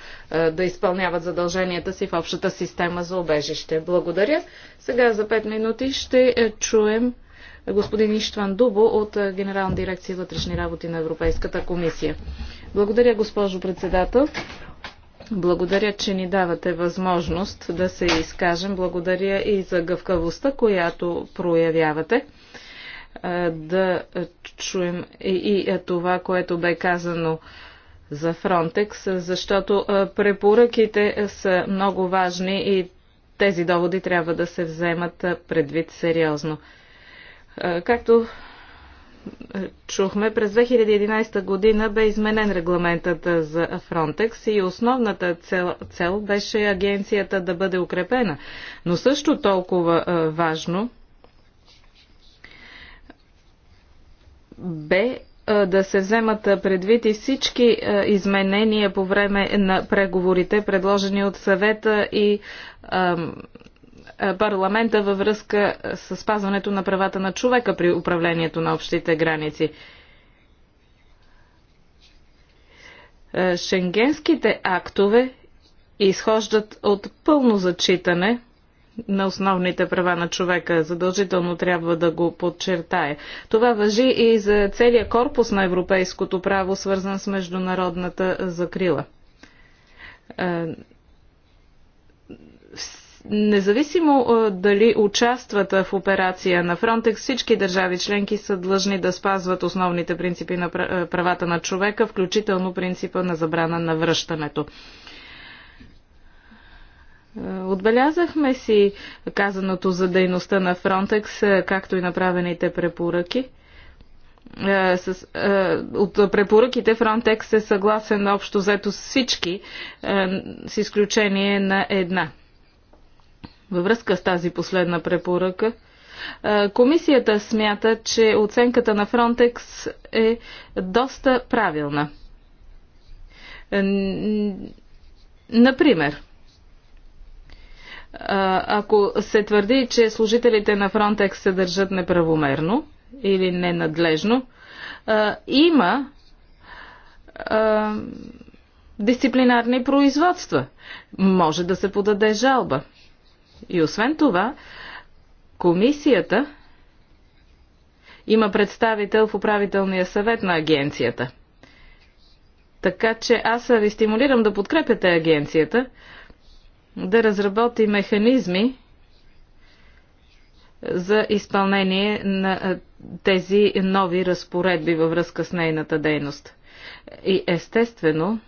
да изпълняват задълженията си в общата система за обежище. Благодаря. Сега за 5 минути ще чуем господин Иштван Дубо от Генерална дирекция вътрешни работи на Европейската комисия. Благодаря, госпожо председател. Благодаря, че ни давате възможност да се изкажем. Благодаря и за гъвкавостта, която проявявате. Да чуем и е, това, което бе казано за Фронтекс, защото препоръките са много важни и тези доводи трябва да се вземат предвид сериозно. Както чухме, през 2011 година бе изменен регламентът за Фронтекс и основната цел, цел беше агенцията да бъде укрепена. Но също толкова а, важно бе да се вземат предвид и всички изменения по време на преговорите, предложени от съвета и е, парламента във връзка е, с спазването на правата на човека при управлението на общите граници. Е, шенгенските актове изхождат от пълно зачитане на основните права на човека. Задължително трябва да го подчертая. Това въжи и за целия корпус на европейското право, свързан с международната закрила. Независимо дали участват в операция на Фронтекс, всички държави членки са длъжни да спазват основните принципи на правата на човека, включително принципа на забрана на връщането. Отбелязахме си казаното за дейността на Фронтекс, както и направените препоръки. от препоръките Фронтекс е съгласен общо взето всички, с изключение на една. Във връзка с тази последна препоръка, комисията смята, че оценката на Фронтекс е доста правилна. Например, ако се твърди, че служителите на Фронтекс се държат неправомерно или ненадлежно, има дисциплинарни производства. Може да се подаде жалба. И освен това, комисията има представител в управителния съвет на агенцията. Така че аз ви стимулирам да подкрепяте агенцията, да разработи механизми за изпълнение на тези нови разпоредби във връзка с нейната дейност. И естествено,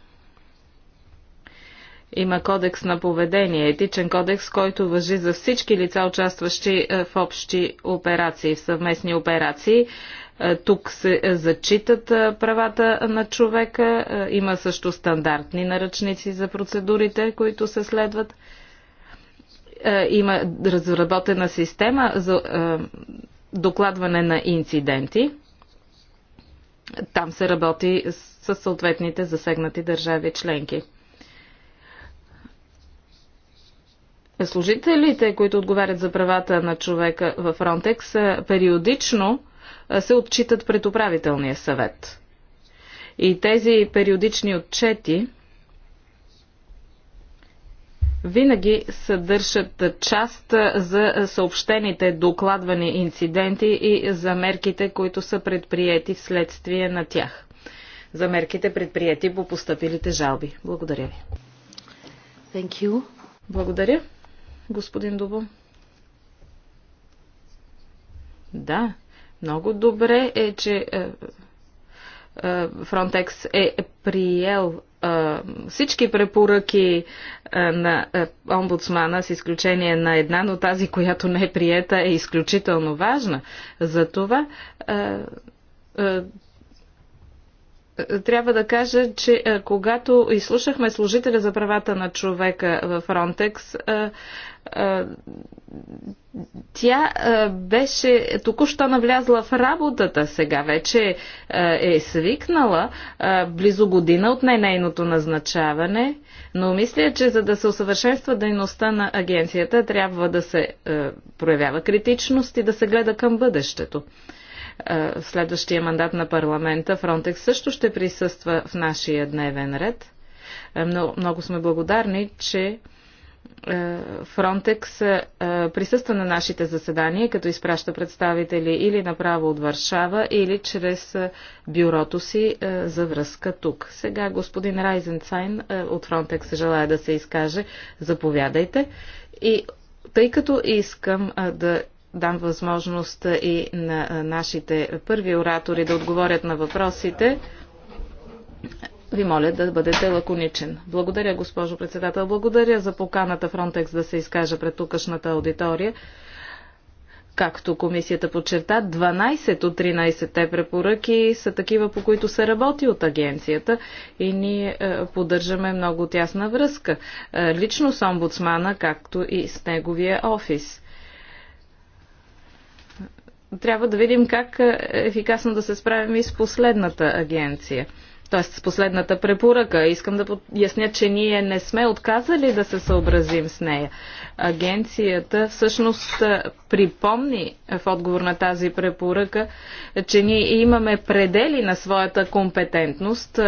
има кодекс на поведение, етичен кодекс, който въжи за всички лица, участващи е, в общи операции, в съвместни операции. Е, тук се зачитат е, правата на човека. Има също стандартни наръчници за процедурите, които се следват. Има разработена система за докладване на инциденти. Там се работи с съответните засегнати държави членки. служителите, които отговарят за правата на човека в Фронтекс, периодично се отчитат пред управителния съвет. И тези периодични отчети винаги съдържат част за съобщените докладвани инциденти и за мерките, които са предприяти вследствие на тях. За мерките предприяти по поступилите жалби. Благодаря ви. Thank you. Благодаря господин Дубо? Да, много добре е, че Фронтекс е, е приел е, всички препоръки е, на омбудсмана, с изключение на една, но тази, която не е приета, е изключително важна. Затова трябва да кажа, че когато изслушахме служителя за правата на човека в Фронтекс, тя беше току-що навлязла в работата сега, вече е свикнала близо година от не нейното назначаване, но мисля, че за да се усъвършенства дейността на агенцията, трябва да се проявява критичност и да се гледа към бъдещето в следващия мандат на парламента Фронтекс също ще присъства в нашия дневен ред. Много, много сме благодарни, че е, Фронтекс е, присъства на нашите заседания, като изпраща представители или направо от Варшава, или чрез е, бюрото си за връзка тук. Сега господин Райзенцайн от Фронтекс желая да се изкаже. Заповядайте. И тъй като искам да дам възможност и на нашите първи оратори да отговорят на въпросите, ви моля да бъдете лаконичен. Благодаря, госпожо председател. Благодаря за поканата Фронтекс да се изкаже пред тукашната аудитория. Както комисията подчерта, 12 от 13-те препоръки са такива, по които се работи от агенцията и ние е, поддържаме много тясна връзка. Е, лично с омбудсмана, както и с неговия офис трябва да видим как е, ефикасно да се справим и с последната агенция т.е. с последната препоръка. Искам да поясня, че ние не сме отказали да се съобразим с нея. Агенцията всъщност припомни в отговор на тази препоръка, че ние имаме предели на своята компетентност,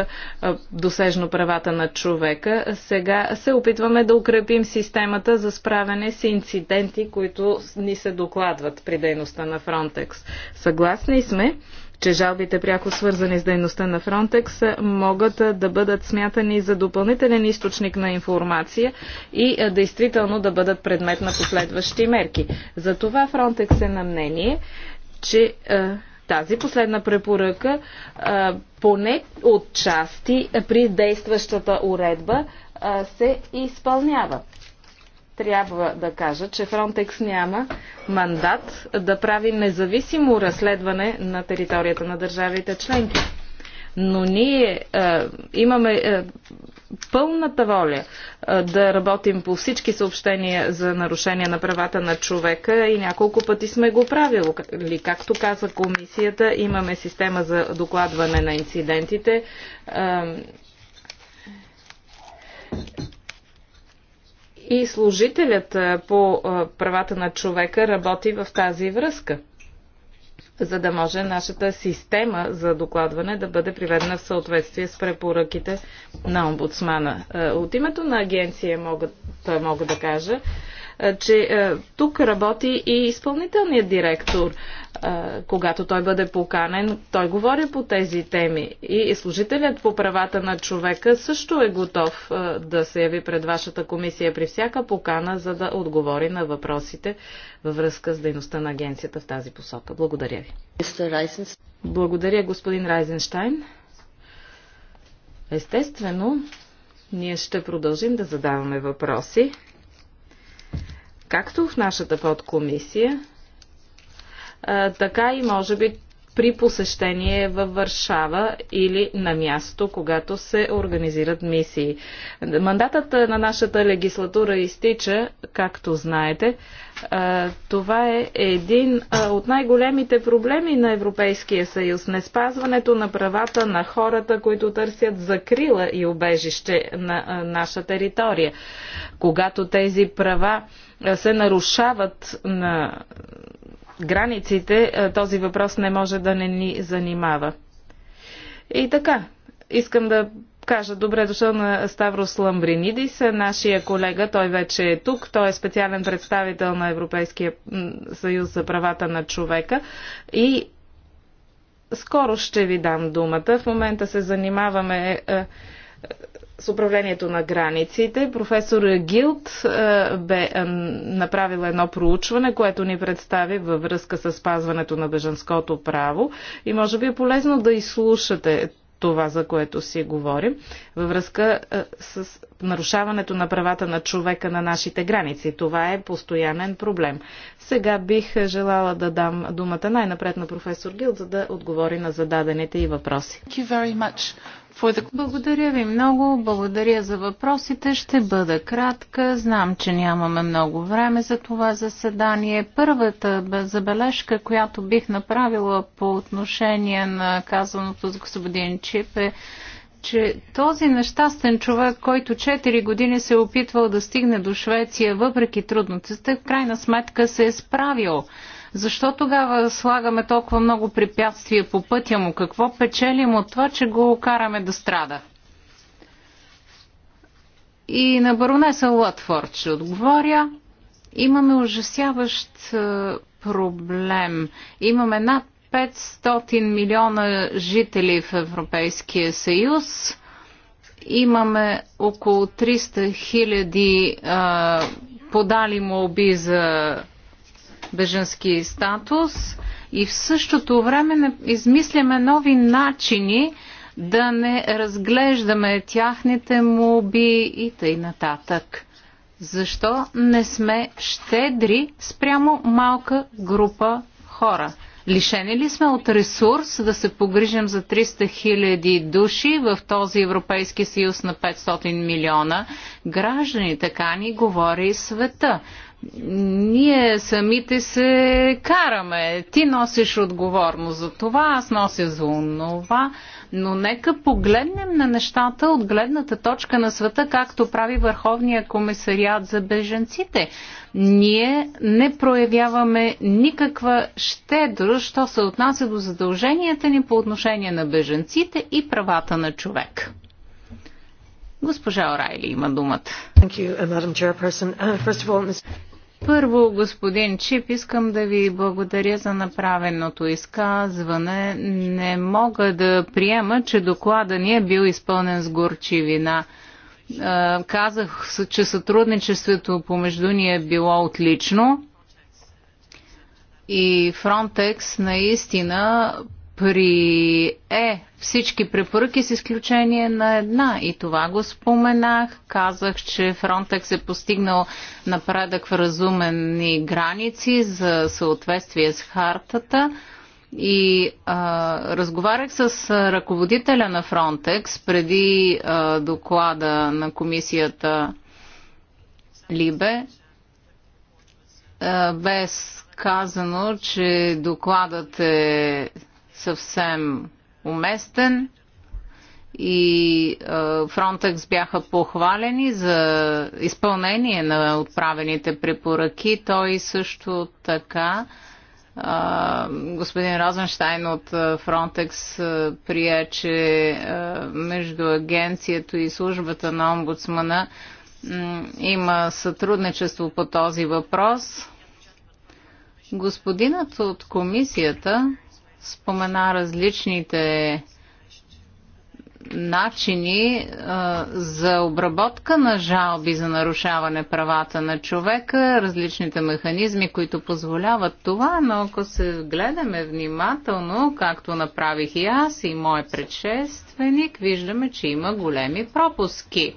досежно правата на човека. Сега се опитваме да укрепим системата за справяне с инциденти, които ни се докладват при дейността на Фронтекс. Съгласни сме, че жалбите пряко свързани с дейността на Фронтекс могат да бъдат смятани за допълнителен източник на информация и действително да бъдат предмет на последващи мерки. Затова Фронтекс е на мнение, че тази последна препоръка поне от части при действащата уредба се изпълнява трябва да кажа, че Фронтекс няма мандат да прави независимо разследване на територията на държавите членки. Но ние е, имаме е, пълната воля е, да работим по всички съобщения за нарушение на правата на човека и няколко пъти сме го правили. Както каза комисията, имаме система за докладване на инцидентите. Е, и служителят по правата на човека работи в тази връзка, за да може нашата система за докладване да бъде приведена в съответствие с препоръките на омбудсмана. От името на агенция мога, мога да кажа, че тук работи и изпълнителният директор. Когато той бъде поканен, той говори по тези теми. И служителят по правата на човека също е готов да се яви пред вашата комисия при всяка покана, за да отговори на въпросите във връзка с дейността на агенцията в тази посока. Благодаря ви. Благодаря, господин Райзенштайн. Естествено, ние ще продължим да задаваме въпроси както в нашата подкомисия, така и може би при посещение във Варшава или на място, когато се организират мисии. Мандатът на нашата легислатура изтича, както знаете, това е един от най-големите проблеми на Европейския съюз. Неспазването на правата на хората, които търсят закрила и обежище на наша територия. Когато тези права се нарушават на границите, този въпрос не може да не ни занимава. И така, искам да кажа добре дошъл на Ставрос Ламбринидис, нашия колега, той вече е тук, той е специален представител на Европейския съюз за правата на човека и скоро ще ви дам думата. В момента се занимаваме е, е, с управлението на границите. Професор Гилд е, бе направил едно проучване, което ни представи във връзка с спазването на бежанското право и може би е полезно да изслушате това, за което си говорим, във връзка с нарушаването на правата на човека на нашите граници. Това е постоянен проблем. Сега бих желала да дам думата най-напред на професор Гилд, за да отговори на зададените и въпроси. Благодаря ви много, благодаря за въпросите. Ще бъда кратка. Знам, че нямаме много време за това заседание. Първата забележка, която бих направила по отношение на казаното с господин Чип е, че този нещастен човек, който 4 години се е опитвал да стигне до Швеция, въпреки трудностите, в крайна сметка се е справил. Защо тогава слагаме толкова много препятствия по пътя му? Какво печелим от това, че го караме да страда? И на баронеса Лътфорд ще отговоря. Имаме ужасяващ е, проблем. Имаме над 500 милиона жители в Европейския съюз. Имаме около 300 хиляди е, подали молби за беженски статус и в същото време измисляме нови начини да не разглеждаме тяхните моби и тъй нататък. Защо не сме щедри спрямо малка група хора? Лишени ли сме от ресурс да се погрижим за 300 хиляди души в този Европейски съюз на 500 милиона граждани? Така ни говори света ние самите се караме. Ти носиш отговорност за това, аз нося за онова, но нека погледнем на нещата от гледната точка на света, както прави Върховния комисариат за беженците. Ние не проявяваме никаква щедрост, що се отнася до задълженията ни по отношение на беженците и правата на човек. Госпожа Орайли има думата. Uh, първо, господин Чип, искам да ви благодаря за направеното изказване. Не мога да приема, че доклада ни е бил изпълнен с горчивина. Казах, че сътрудничеството помежду ни е било отлично и Frontex наистина е всички препоръки с изключение на една. И това го споменах. Казах, че Фронтекс е постигнал напредък в разумени граници за съответствие с хартата. И а, разговарях с ръководителя на Фронтекс преди а, доклада на комисията Либе. А, без казано, че докладът е съвсем уместен и Фронтекс бяха похвалени за изпълнение на отправените препоръки. Той също така господин Розенштайн от Фронтекс прие, че между агенцията и службата на омбудсмана има сътрудничество по този въпрос. Господинът от комисията спомена различните начини а, за обработка на жалби за нарушаване правата на човека, различните механизми, които позволяват това, но ако се гледаме внимателно, както направих и аз и мой предшественик, виждаме, че има големи пропуски.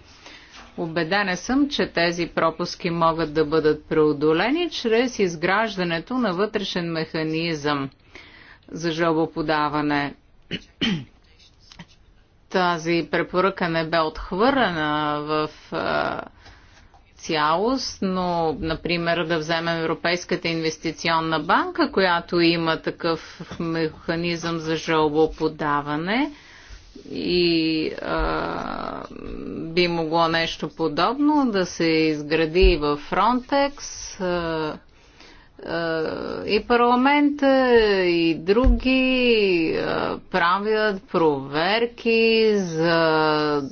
Обедена съм, че тези пропуски могат да бъдат преодолени чрез изграждането на вътрешен механизъм – за жалбоподаване. Тази препоръка не бе отхвърлена в цялост, но, например, да вземем Европейската инвестиционна банка, която има такъв механизъм за жалбоподаване и а, би могло нещо подобно да се изгради и в Frontex. А, е, и парламента е, и други е, правят проверки за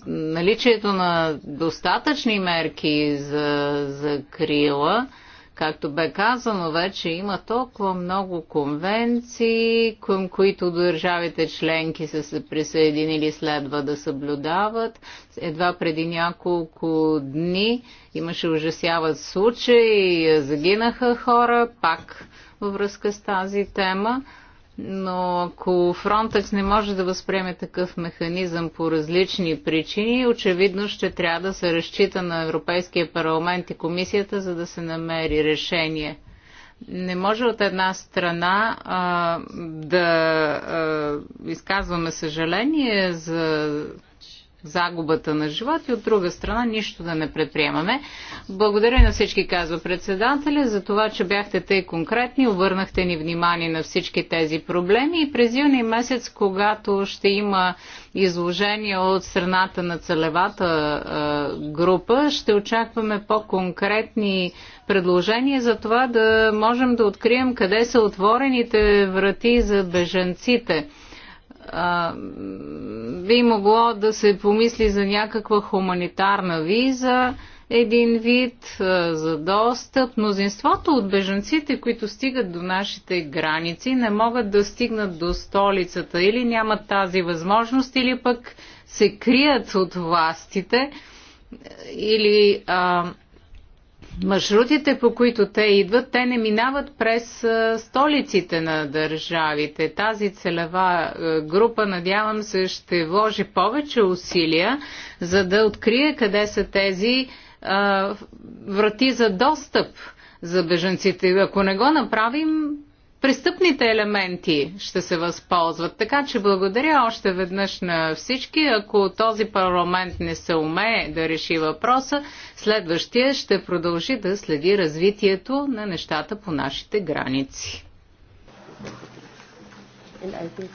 наличието на достатъчни мерки за закрила. Както бе казано вече, има толкова много конвенции, към които държавите членки са се присъединили следва да съблюдават. Едва преди няколко дни имаше ужасяват случаи, загинаха хора, пак във връзка с тази тема. Но ако Фронтекс не може да възприеме такъв механизъм по различни причини, очевидно ще трябва да се разчита на Европейския парламент и комисията, за да се намери решение. Не може от една страна а, да а, изказваме съжаление за загубата на живот и от друга страна нищо да не предприемаме. Благодаря на всички, казва председателя, за това, че бяхте тъй конкретни, обърнахте ни внимание на всички тези проблеми и през юни месец, когато ще има изложение от страната на целевата група, ще очакваме по-конкретни предложения за това да можем да открием къде са отворените врати за беженците а, би могло да се помисли за някаква хуманитарна виза, един вид а, за достъп. Мнозинството от бежанците, които стигат до нашите граници, не могат да стигнат до столицата или нямат тази възможност, или пък се крият от властите, или а, маршрутите, по които те идват, те не минават през столиците на държавите. Тази целева група, надявам се, ще вложи повече усилия, за да открие къде са тези врати за достъп за бежанците. Ако не го направим, престъпните елементи ще се възползват. Така че благодаря още веднъж на всички. Ако този парламент не се умее да реши въпроса, следващия ще продължи да следи развитието на нещата по нашите граници. And I think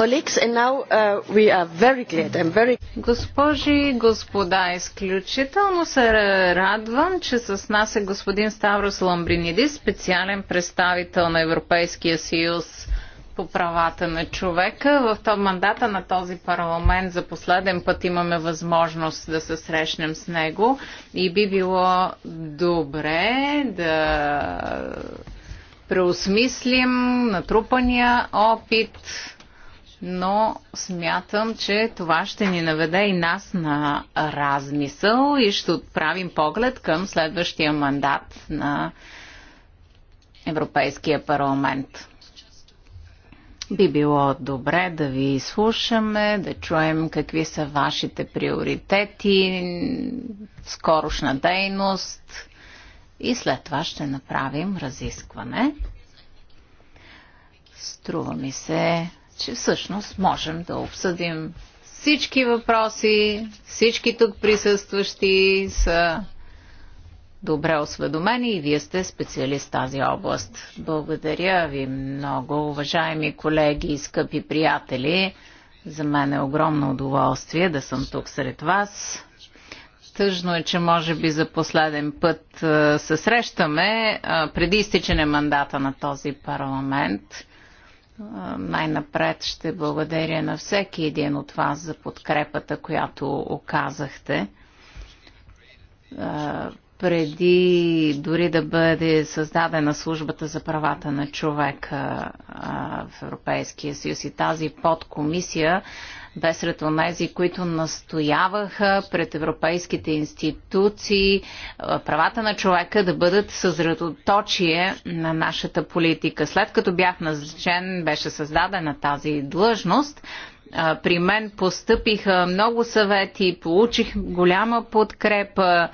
Uh, Госпожи и господа, изключително се радвам, че с нас е господин Ставрос Ламбринидис, специален представител на Европейския съюз по правата на човека. В този мандата на този парламент за последен път имаме възможност да се срещнем с него и би било добре да преосмислим натрупания опит но смятам, че това ще ни наведе и нас на размисъл и ще отправим поглед към следващия мандат на Европейския парламент. Би било добре да ви слушаме, да чуем какви са вашите приоритети, скорошна дейност и след това ще направим разискване. Струва ми се, че всъщност можем да обсъдим всички въпроси, всички тук присъстващи са добре осведомени и вие сте специалист в тази област. Благодаря ви много, уважаеми колеги и скъпи приятели. За мен е огромно удоволствие да съм тук сред вас. Тъжно е, че може би за последен път се срещаме преди изтичане мандата на този парламент. Най-напред ще благодаря на всеки един от вас за подкрепата, която оказахте. Преди дори да бъде създадена службата за правата на човека в Европейския съюз и тази подкомисия, бе сред онези, които настояваха пред европейските институции е, правата на човека да бъдат съсредоточие на нашата политика. След като бях назначен, беше създадена тази длъжност, е, при мен постъпиха много съвети, получих голяма подкрепа,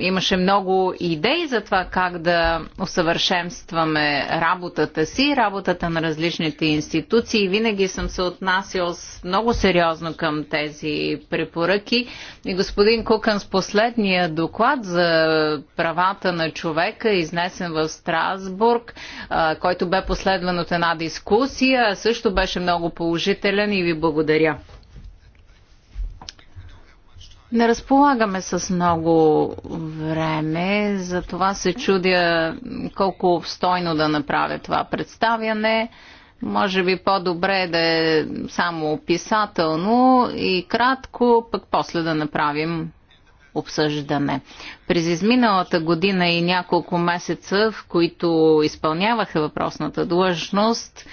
имаше много идеи за това как да усъвършенстваме работата си, работата на различните институции. Винаги съм се отнасял много сериозно към тези препоръки. И господин Кукан с последния доклад за правата на човека, изнесен в Страсбург, който бе последван от една дискусия, също беше много положителен и ви благодаря. Не разполагаме с много време, затова се чудя колко обстойно да направя това представяне. Може би по-добре е да е само описателно и кратко, пък после да направим обсъждане. През изминалата година и няколко месеца, в които изпълняваха въпросната длъжност,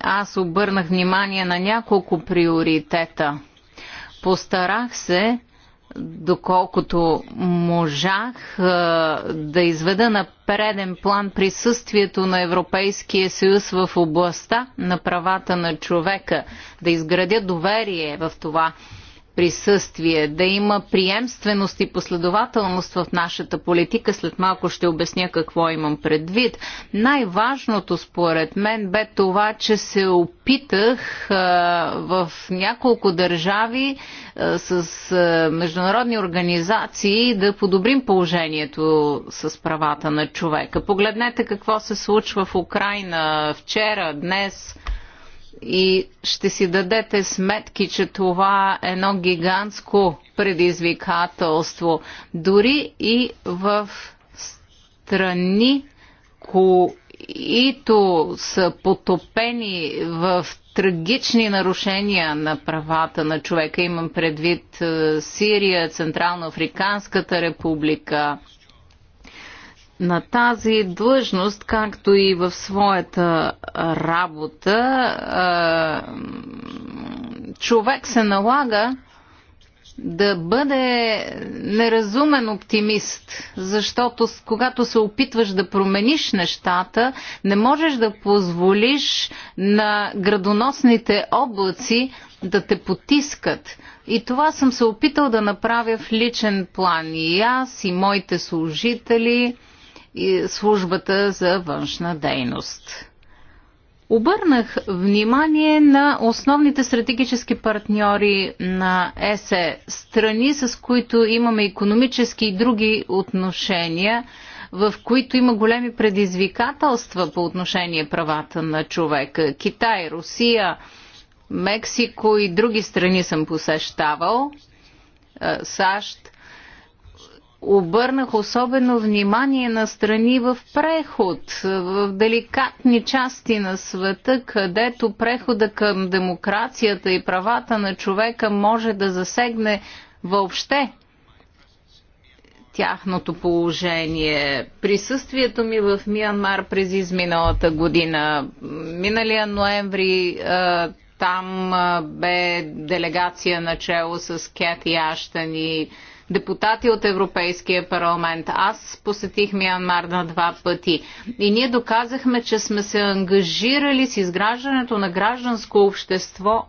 аз обърнах внимание на няколко приоритета. Постарах се доколкото можах да изведа на преден план присъствието на Европейския съюз в областта на правата на човека, да изградя доверие в това присъствие, да има приемственост и последователност в нашата политика. След малко ще обясня какво имам предвид. Най-важното според мен бе това, че се опитах а, в няколко държави а, с а, международни организации да подобрим положението с правата на човека. Погледнете какво се случва в Украина вчера, днес и ще си дадете сметки, че това е едно гигантско предизвикателство. Дори и в страни, които са потопени в трагични нарушения на правата на човека. Имам предвид е, Сирия, Централно-Африканската република, на тази длъжност, както и в своята работа, човек се налага да бъде неразумен оптимист, защото когато се опитваш да промениш нещата, не можеш да позволиш на градоносните облаци да те потискат. И това съм се опитал да направя в личен план. И аз, и моите служители и службата за външна дейност. Обърнах внимание на основните стратегически партньори на ЕСЕ, страни с които имаме економически и други отношения, в които има големи предизвикателства по отношение правата на човека. Китай, Русия, Мексико и други страни съм посещавал, е, САЩ обърнах особено внимание на страни в преход, в деликатни части на света, където прехода към демокрацията и правата на човека може да засегне въобще тяхното положение. Присъствието ми в Миянмар през изминалата година, миналия ноември, там бе делегация начало с Кети Аштани, и депутати от Европейския парламент. Аз посетих Миянмар на два пъти и ние доказахме, че сме се ангажирали с изграждането на гражданско общество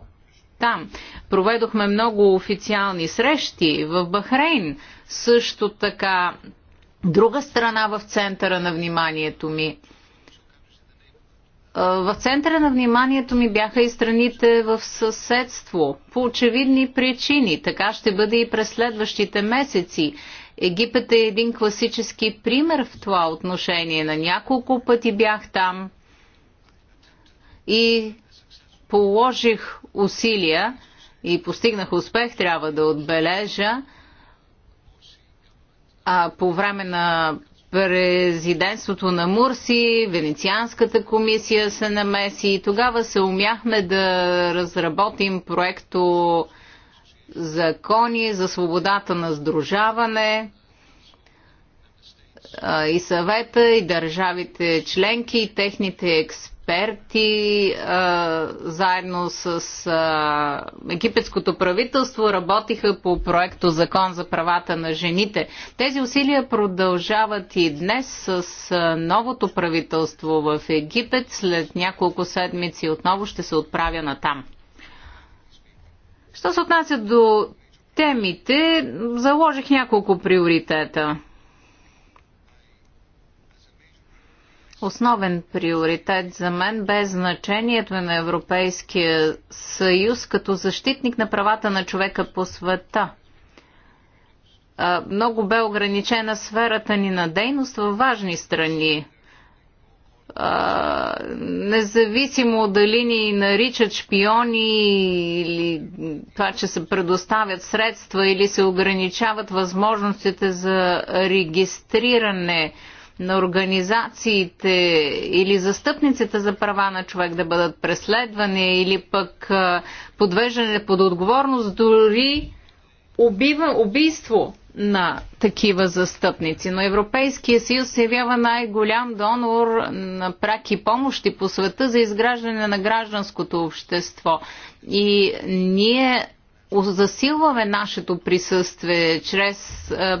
там. Проведохме много официални срещи в Бахрейн, също така друга страна в центъра на вниманието ми – е, в центъра на вниманието ми бяха и страните в съседство, по очевидни причини. Така ще бъде и през следващите месеци. Египет е един класически пример в това отношение. На няколко пъти бях там и положих усилия и постигнах успех, трябва да отбележа, а, по време на президентството на Мурси, Венецианската комисия се намеси и тогава се умяхме да разработим проекто закони за свободата на сдружаване и съвета, и държавите членки, и техните експерти експерти а, заедно с а, египетското правителство работиха по проекто Закон за правата на жените. Тези усилия продължават и днес с а, новото правителство в Египет. След няколко седмици отново ще се отправя на там. Що се отнася до темите, заложих няколко приоритета Основен приоритет за мен бе значението на Европейския съюз като защитник на правата на човека по света. Много бе ограничена сферата ни на дейност във важни страни. Независимо дали ни наричат шпиони или това, че се предоставят средства или се ограничават възможностите за регистриране на организациите или застъпниците за права на човек да бъдат преследвани или пък подвеждане под отговорност, дори убива, убийство на такива застъпници. Но Европейския съюз се явява най-голям донор на праки помощи по света за изграждане на гражданското общество. И ние засилваме нашето присъствие чрез е,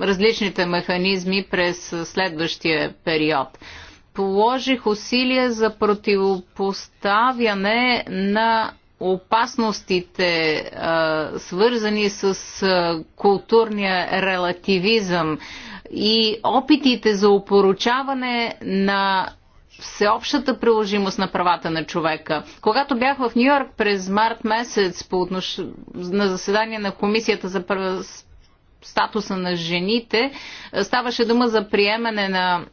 различните механизми през следващия период. Положих усилия за противопоставяне на опасностите, е, свързани с е, културния релативизъм и опитите за опоручаване на всеобщата приложимост на правата на човека. Когато бях в Нью Йорк през март месец по отнош... на заседание на Комисията за статуса на жените, е, ставаше дума за приемане на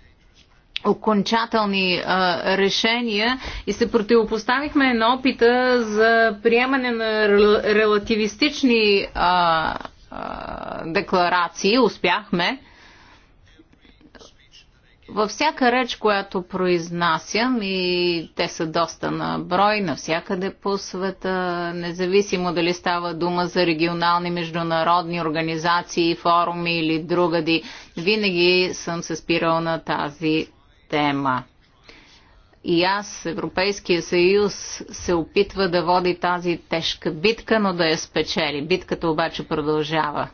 окончателни а, е, решения и се противопоставихме на опита за приемане на релативистични а, е, а, декларации. Успяхме. Във всяка реч, която произнасям, и те са доста на брой навсякъде по света, независимо дали става дума за регионални международни организации, форуми или другади, винаги съм се спирал на тази тема. И аз, Европейския съюз, се опитва да води тази тежка битка, но да я спечели. Битката обаче продължава.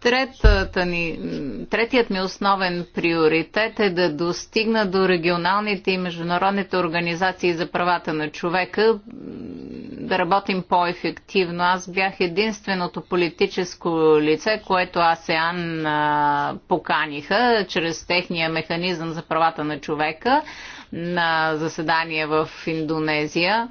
Третата ни, третият ми основен приоритет е да достигна до регионалните и международните организации за правата на човека, да работим по-ефективно. Аз бях единственото политическо лице, което АСЕАН поканиха чрез техния механизъм за правата на човека на заседание в Индонезия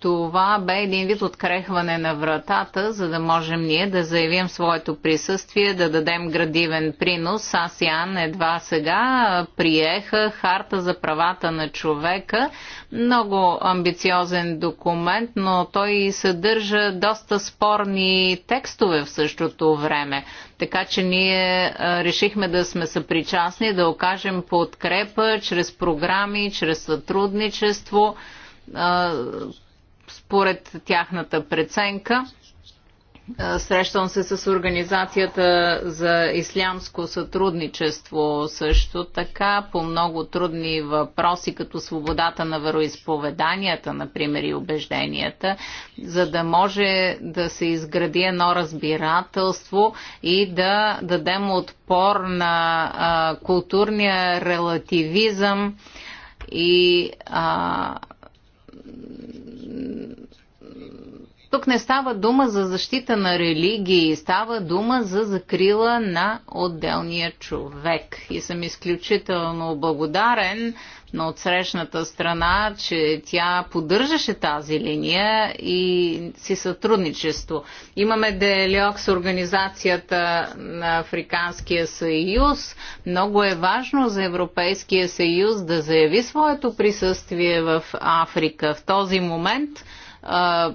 това бе един вид открехване на вратата, за да можем ние да заявим своето присъствие, да дадем градивен принос. Аз и Ан едва сега приеха Харта за правата на човека. Много амбициозен документ, но той съдържа доста спорни текстове в същото време. Така че ние решихме да сме съпричастни, да окажем подкрепа чрез програми, чрез сътрудничество според тяхната преценка. Срещам се с Организацията за ислямско сътрудничество също така по много трудни въпроси, като свободата на вероисповеданията, например, и убежденията, за да може да се изгради едно разбирателство и да дадем отпор на а, културния релативизъм и а, тук не става дума за защита на религии, става дума за закрила на отделния човек. И съм изключително благодарен на отсрещната страна, че тя поддържаше тази линия и си сътрудничество. Имаме диалог с Организацията на Африканския съюз. Много е важно за Европейския съюз да заяви своето присъствие в Африка. В този момент а,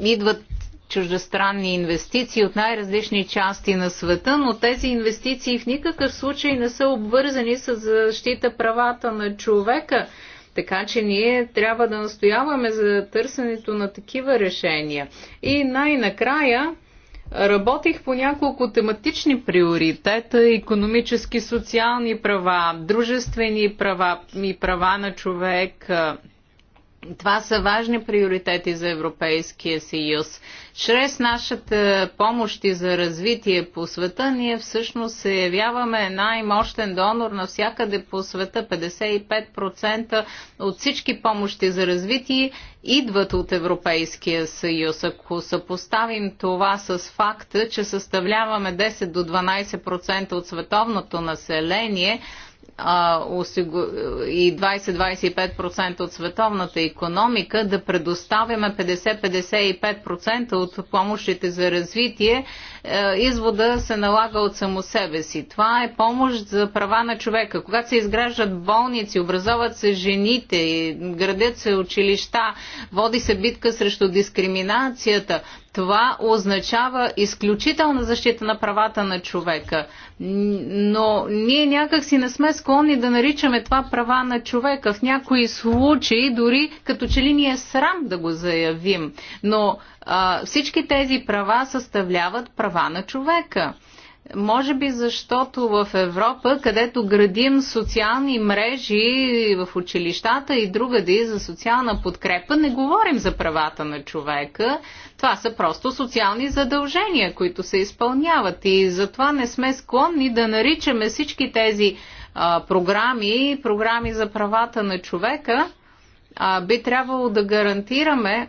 идват чуждестранни инвестиции от най-различни части на света, но тези инвестиции в никакъв случай не са обвързани с защита правата на човека. Така че ние трябва да настояваме за търсенето на такива решения. И най-накрая работих по няколко тематични приоритета економически, социални права, дружествени права и права на човек, това са важни приоритети за Европейския съюз. Чрез нашата помощи за развитие по света, ние всъщност се явяваме най-мощен донор навсякъде по света. 55% от всички помощи за развитие идват от Европейския съюз. Ако съпоставим това с факта, че съставляваме 10 до 12% от световното население, и 20-25% от световната економика, да предоставяме 50-55% от помощите за развитие е, извода се налага от само себе си. Това е помощ за права на човека. Когато се изграждат болници, образоват се жените, градят се училища, води се битка срещу дискриминацията, това означава изключителна защита на правата на човека. Но ние някак си не сме склонни да наричаме това права на човека. В някои случаи дори като че ли ни е срам да го заявим. Но а, всички тези права съставляват права на човека. Може би защото в Европа, където градим социални мрежи в училищата и другаде за социална подкрепа, не говорим за правата на човека. Това са просто социални задължения, които се изпълняват. И затова не сме склонни да наричаме всички тези а, програми, програми за правата на човека. А, би трябвало да гарантираме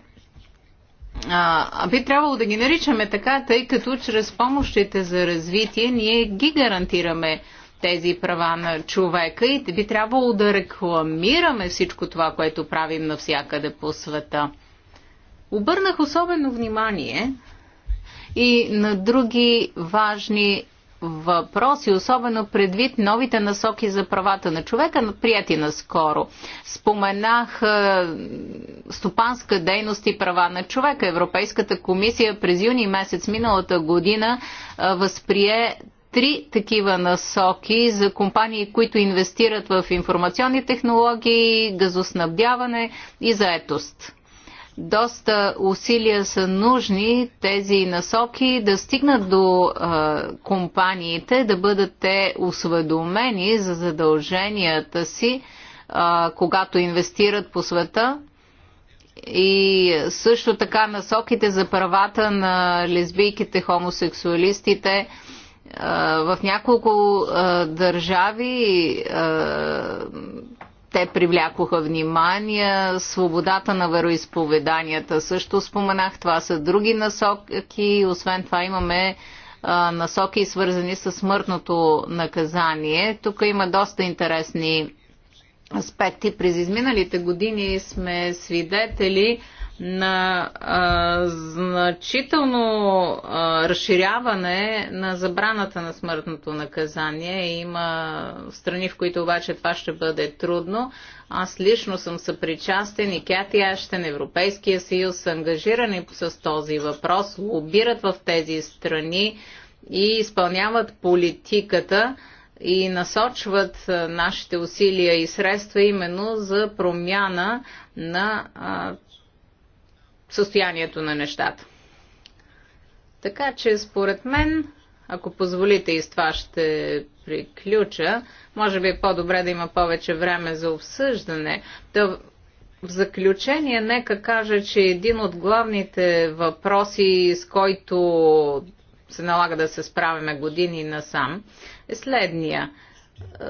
а, би трябвало да ги наричаме така, тъй като чрез помощите за развитие ние ги гарантираме тези права на човека и би трябвало да рекламираме всичко това, което правим навсякъде по света. Обърнах особено внимание и на други важни въпроси, особено предвид новите насоки за правата на човека, прияти наскоро. Споменах е, стопанска дейност и права на човека. Европейската комисия през юни месец миналата година е, възприе три такива насоки за компании, които инвестират в информационни технологии, газоснабдяване и заетост доста усилия са нужни тези насоки да стигнат до а, компаниите, да бъдат те осведомени за задълженията си, а, когато инвестират по света. И също така насоките за правата на лесбийките, хомосексуалистите а, в няколко а, държави. А, те привлякоха внимание. Свободата на вероисповеданията също споменах. Това са други насоки. Освен това имаме а, насоки, свързани с смъртното наказание. Тук има доста интересни аспекти. През изминалите години сме свидетели на а, значително а, разширяване на забраната на смъртното наказание. Има страни, в които обаче това ще бъде трудно. Аз лично съм съпричастен и Кяти Ащен, Европейския съюз са ангажирани с този въпрос, лобират в тези страни и изпълняват политиката и насочват нашите усилия и средства именно за промяна на а, състоянието на нещата. Така че, според мен, ако позволите и с това ще приключа, може би е по-добре да има повече време за обсъждане. Да в заключение, нека кажа, че един от главните въпроси, с който се налага да се справяме години насам, е следния.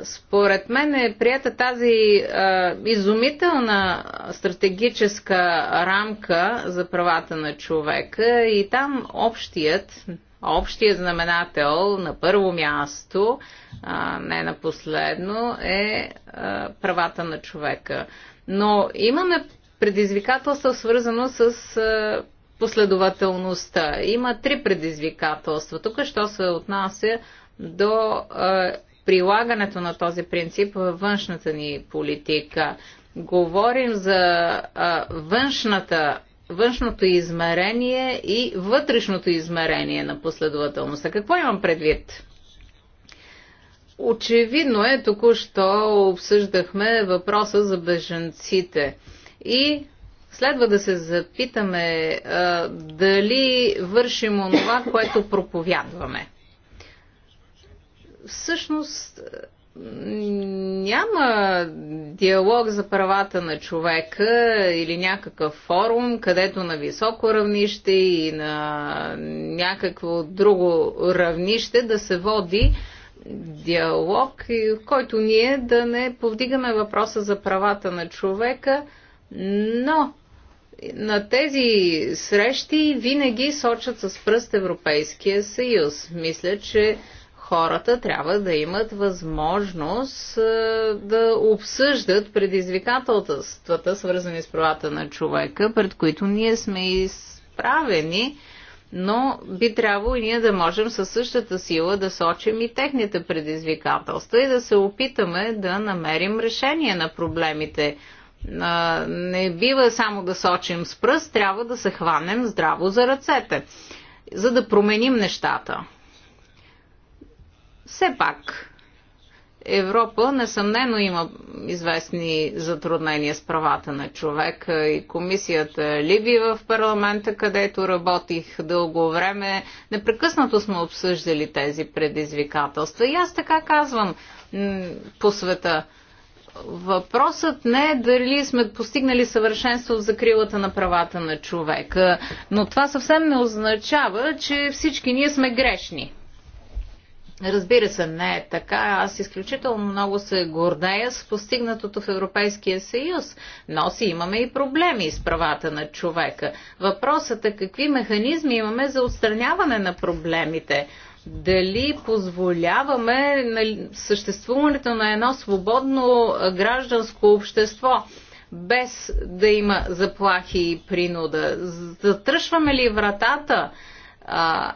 Според мен е прията тази а, изумителна стратегическа рамка за правата на човека и там общият, общият знаменател на първо място, а, не на последно, е а, правата на човека. Но имаме предизвикателство свързано с а, последователността. Има три предизвикателства. Тук, що се отнася до прилагането на този принцип във външната ни политика. Говорим за а, външната външното измерение и вътрешното измерение на последователността. Какво имам предвид? Очевидно е, току-що обсъждахме въпроса за бежанците и следва да се запитаме а, дали вършим онова, което проповядваме всъщност е, няма диалог за правата на човека или някакъв форум, където на високо равнище и на някакво друго равнище да се води диалог, в който ние да не повдигаме въпроса за правата на човека, но на тези срещи винаги сочат с пръст Европейския съюз. Мисля, че хората трябва да имат възможност е, да обсъждат предизвикателствата, свързани с правата на човека, пред които ние сме изправени, но би трябвало и ние да можем със същата сила да сочим и техните предизвикателства и да се опитаме да намерим решение на проблемите. Е, не бива само да сочим с пръст, трябва да се хванем здраво за ръцете, за да променим нещата все пак Европа несъмнено има известни затруднения с правата на човека и комисията Либи в парламента, където работих дълго време. Непрекъснато сме обсъждали тези предизвикателства. И аз така казвам по света. Въпросът не е дали сме постигнали съвършенство в закрилата на правата на човека, но това съвсем не означава, че всички ние сме грешни. Разбира се, не е така. Аз изключително много се гордея с постигнатото в Европейския съюз, но си имаме и проблеми с правата на човека. Въпросът е какви механизми имаме за отстраняване на проблемите. Дали позволяваме съществуването на едно свободно гражданско общество? без да има заплахи и принуда? Затръшваме ли вратата а,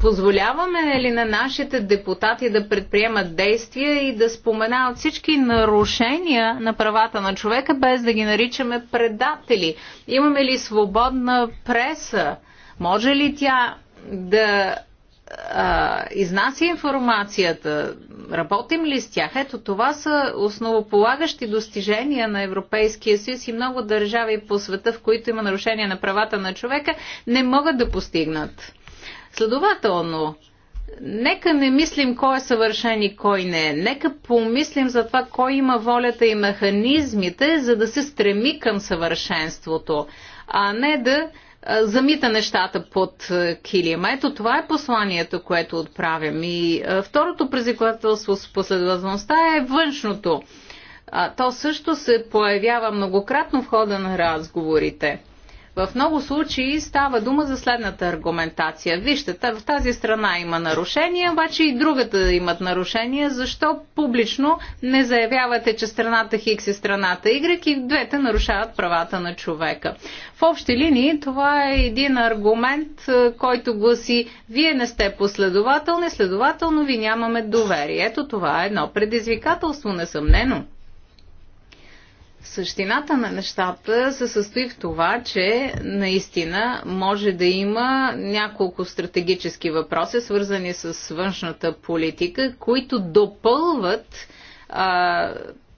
позволяваме ли на нашите депутати да предприемат действия и да споменават всички нарушения на правата на човека, без да ги наричаме предатели? Имаме ли свободна преса? Може ли тя да а, изнася информацията, работим ли с тях? Ето това са основополагащи достижения на Европейския съюз и много държави по света, в които има нарушение на правата на човека, не могат да постигнат. Следователно, нека не мислим кой е съвършен и кой не е. Нека помислим за това кой има волята и механизмите, за да се стреми към съвършенството, а не да замита нещата под килима. Ето това е посланието, което отправям. И второто предизвикателство с последователността е външното. То също се появява многократно в хода на разговорите. В много случаи става дума за следната аргументация. Вижте, в тази страна има нарушения, обаче и другата имат нарушения. Защо публично не заявявате, че страната Хикс е страната Y и двете нарушават правата на човека? В общи линии това е един аргумент, е, който гласи Вие не сте последователни, следователно ви нямаме доверие. Ето това е едно предизвикателство, несъмнено. Същината на нещата се състои в това, че наистина може да има няколко стратегически въпроси, свързани с външната политика, които допълват а,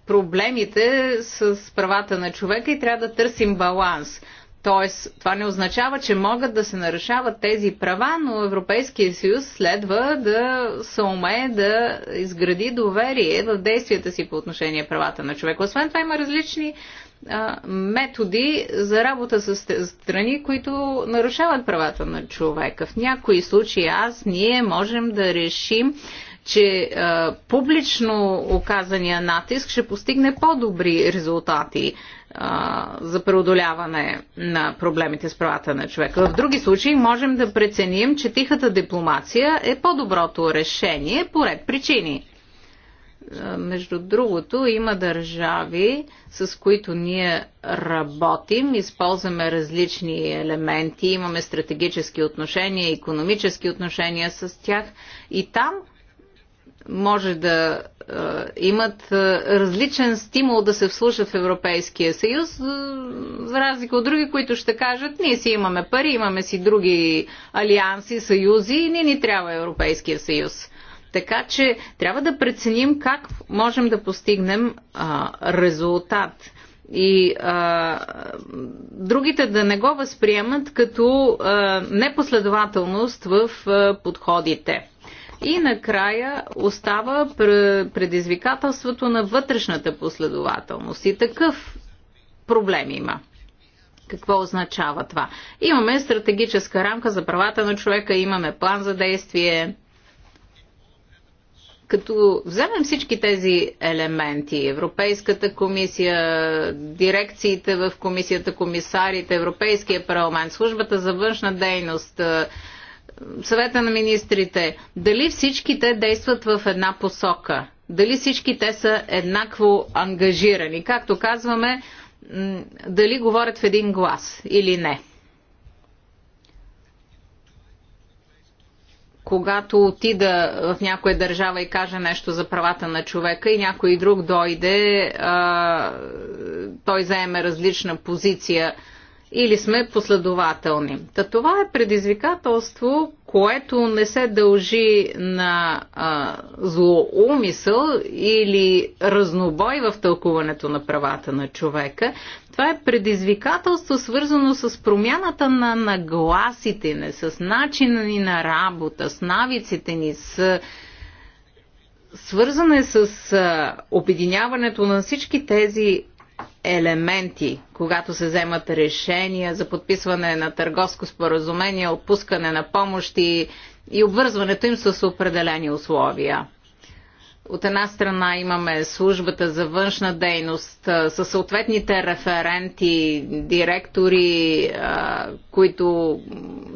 проблемите с правата на човека и трябва да търсим баланс. Тоест, това не означава, че могат да се нарушават тези права, но Европейския съюз следва да се умее да изгради доверие в действията си по отношение правата на човека. Освен това има различни а, методи за работа с страни, които нарушават правата на човека. В някои случаи аз, ние можем да решим че а, публично оказания натиск ще постигне по-добри резултати а, за преодоляване на проблемите с правата на човека. В други случаи можем да преценим, че тихата дипломация е по-доброто решение по ред причини. Между другото, има държави, с които ние работим, използваме различни елементи, имаме стратегически отношения, економически отношения с тях и там може да е, имат е, различен стимул да се вслушат в Европейския съюз, е, за разлика от други, които ще кажат, ние си имаме пари, имаме си други алианси, съюзи и не ни трябва Европейския съюз. Така че трябва да преценим как можем да постигнем а, резултат и а, другите да не го възприемат като а, непоследователност в а, подходите. И накрая остава предизвикателството на вътрешната последователност. И такъв проблем има. Какво означава това? Имаме стратегическа рамка за правата на човека, имаме план за действие. Като вземем всички тези елементи, Европейската комисия, дирекциите в комисията, комисарите, Европейския парламент, службата за външна дейност, съвета на министрите, дали всички те действат в една посока? Дали всички те са еднакво ангажирани? Както казваме, дали говорят в един глас или не? когато отида в някоя държава и кажа нещо за правата на човека и някой друг дойде, той заеме различна позиция или сме последователни. Та това е предизвикателство, което не се дължи на а, злоумисъл или разнобой в тълкуването на правата на човека. Това е предизвикателство, свързано с промяната на нагласите ни, с начина ни на работа, с навиците ни, с свързане с а, обединяването на всички тези елементи, когато се вземат решения за подписване на търговско споразумение, отпускане на помощи и обвързването им с определени условия. От една страна имаме службата за външна дейност със съответните референти, директори, които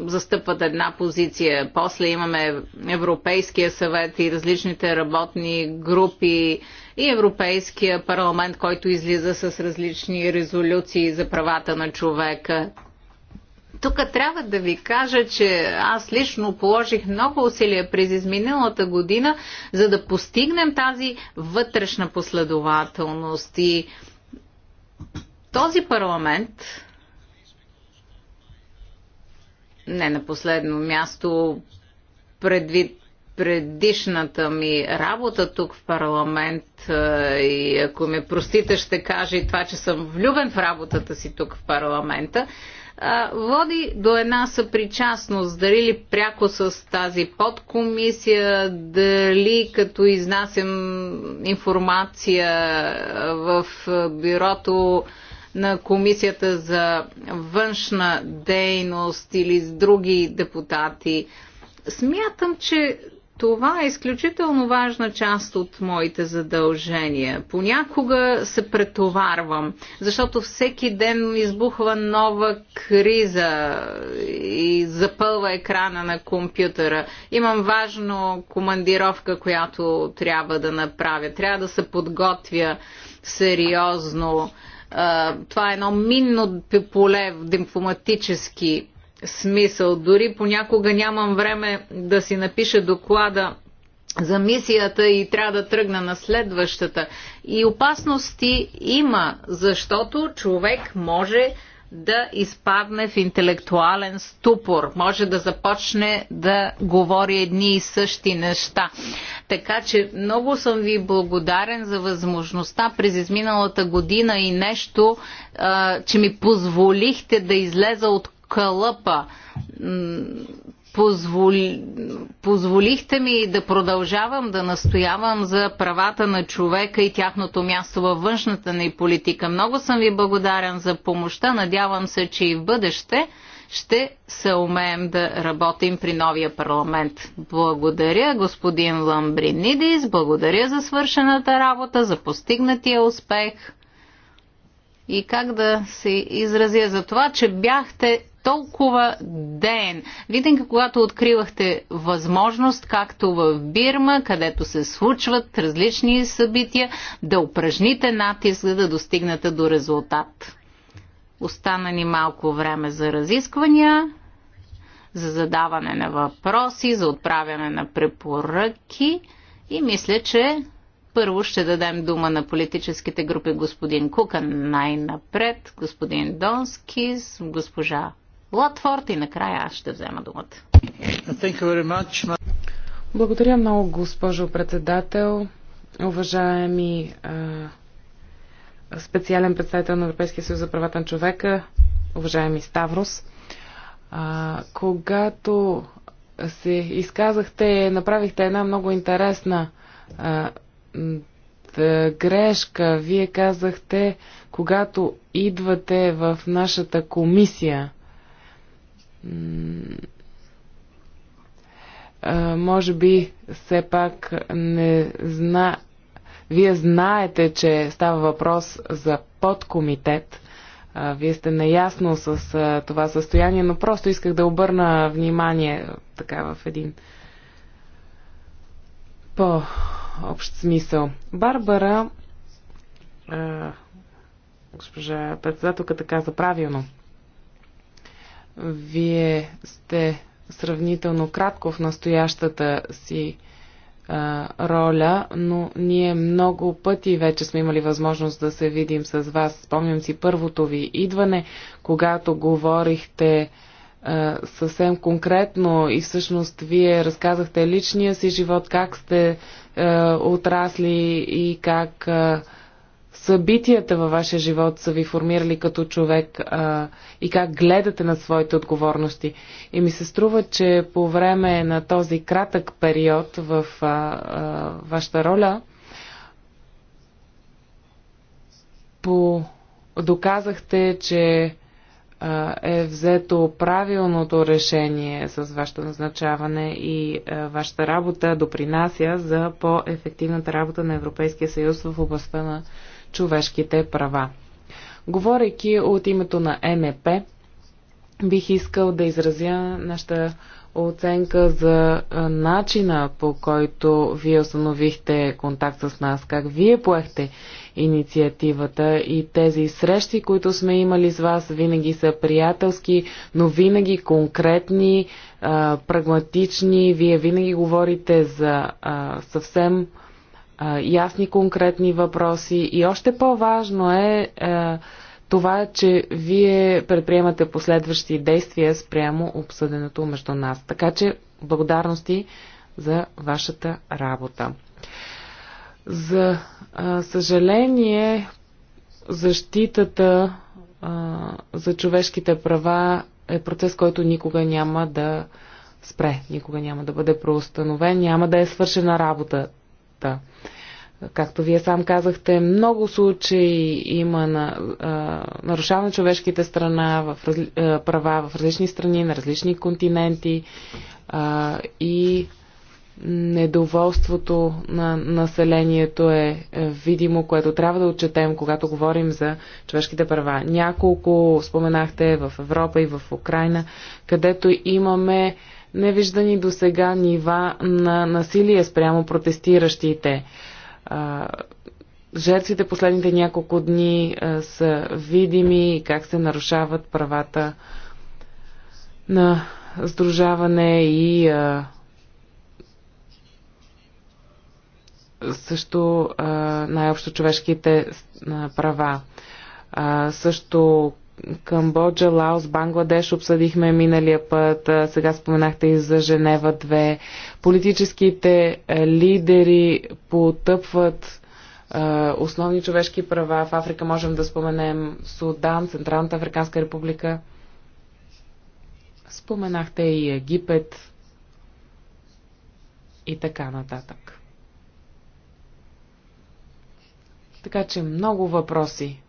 застъпват една позиция. После имаме Европейския съвет и различните работни групи, и Европейския парламент, който излиза с различни резолюции за правата на човека. Тук трябва да ви кажа, че аз лично положих много усилия през изминалата година, за да постигнем тази вътрешна последователност. И този парламент, не на последно място, предвид предишната ми работа тук в парламент е, и ако ме простите ще кажа и това, че съм влюбен в работата си тук в парламента, води до една съпричастност, дали ли пряко с тази подкомисия, дали като изнасям информация в бюрото на комисията за външна дейност или с други депутати. Смятам, че това е изключително важна част от моите задължения. Понякога се претоварвам, защото всеки ден избухва нова криза и запълва екрана на компютъра. Имам важно командировка, която трябва да направя. Трябва да се подготвя сериозно. Това е едно минно поле в дипломатически смисъл. Дори понякога нямам време да си напиша доклада за мисията и трябва да тръгна на следващата. И опасности има, защото човек може да изпадне в интелектуален ступор, може да започне да говори едни и същи неща. Така че много съм ви благодарен за възможността през изминалата година и нещо, че ми позволихте да излеза от калъпа. Позволи, позволихте ми да продължавам да настоявам за правата на човека и тяхното място във външната ни политика. Много съм ви благодарен за помощта. Надявам се, че и в бъдеще ще се умеем да работим при новия парламент. Благодаря, господин Ламбринидис, благодаря за свършената работа, за постигнатия успех и как да се изразя за това, че бяхте толкова ден. Винаги, когато откривахте възможност, както в Бирма, където се случват различни събития, да упражните натиск, за да достигнете до резултат. Остана ни малко време за разисквания, за задаване на въпроси, за отправяне на препоръки и мисля, че първо ще дадем дума на политическите групи господин Кукан най-напред, господин Донски, госпожа Латфорд и накрая аз ще взема думата. Благодаря много, госпожо председател. Уважаеми а, специален председател на Европейския съюз за правата на човека, уважаеми Ставрос, а, когато се изказахте, направихте една много интересна а, е, грешка. Вие казахте, когато идвате в нашата комисия, е, може би все пак не зна. Вие знаете, че става въпрос за подкомитет. Е, вие сте наясно с това състояние, но просто исках да обърна внимание така в един по общ смисъл. Барбара, а, госпожа председателката каза правилно. Вие сте сравнително кратко в настоящата си а, роля, но ние много пъти вече сме имали възможност да се видим с вас. Спомням си първото ви идване, когато говорихте съвсем конкретно и всъщност вие разказахте личния си живот, как сте отрасли и как събитията във вашия живот са ви формирали като човек е, и как гледате на своите отговорности. И ми се струва, че по време на този кратък период в е, е, вашата роля по... доказахте, че е взето правилното решение с вашето назначаване и вашата работа допринася за по-ефективната работа на Европейския съюз в областта на човешките права. Говорейки от името на НЕП бих искал да изразя нашата оценка за начина по който вие установихте контакт с нас, как вие поехте инициативата и тези срещи, които сме имали с вас, винаги са приятелски, но винаги конкретни, а, прагматични. Вие винаги говорите за а, съвсем а, ясни, конкретни въпроси. И още по-важно е а, това, че вие предприемате последващи действия спрямо обсъденото между нас. Така че благодарности за вашата работа. За а, съжаление, защитата а, за човешките права е процес, който никога няма да спре, никога няма да бъде проустановен, няма да е свършена работата. Както вие сам казахте, много случаи има на, а, нарушаване на човешките страна, в разли, а, права в различни страни, на различни континенти а, и недоволството на населението е, е видимо, което трябва да отчетем, когато говорим за човешките права. Няколко споменахте в Европа и в Украина, където имаме невиждани до сега нива на насилие спрямо протестиращите. Жертвите последните няколко дни са видими и как се нарушават правата на сдружаване и също най-общо човешките права. Също Камбоджа, Лаос, Бангладеш обсъдихме миналия път, сега споменахте и за Женева 2. Политическите лидери потъпват основни човешки права. В Африка можем да споменем Судан, Централната Африканска република. Споменахте и Египет и така нататък. Така че много въпроси,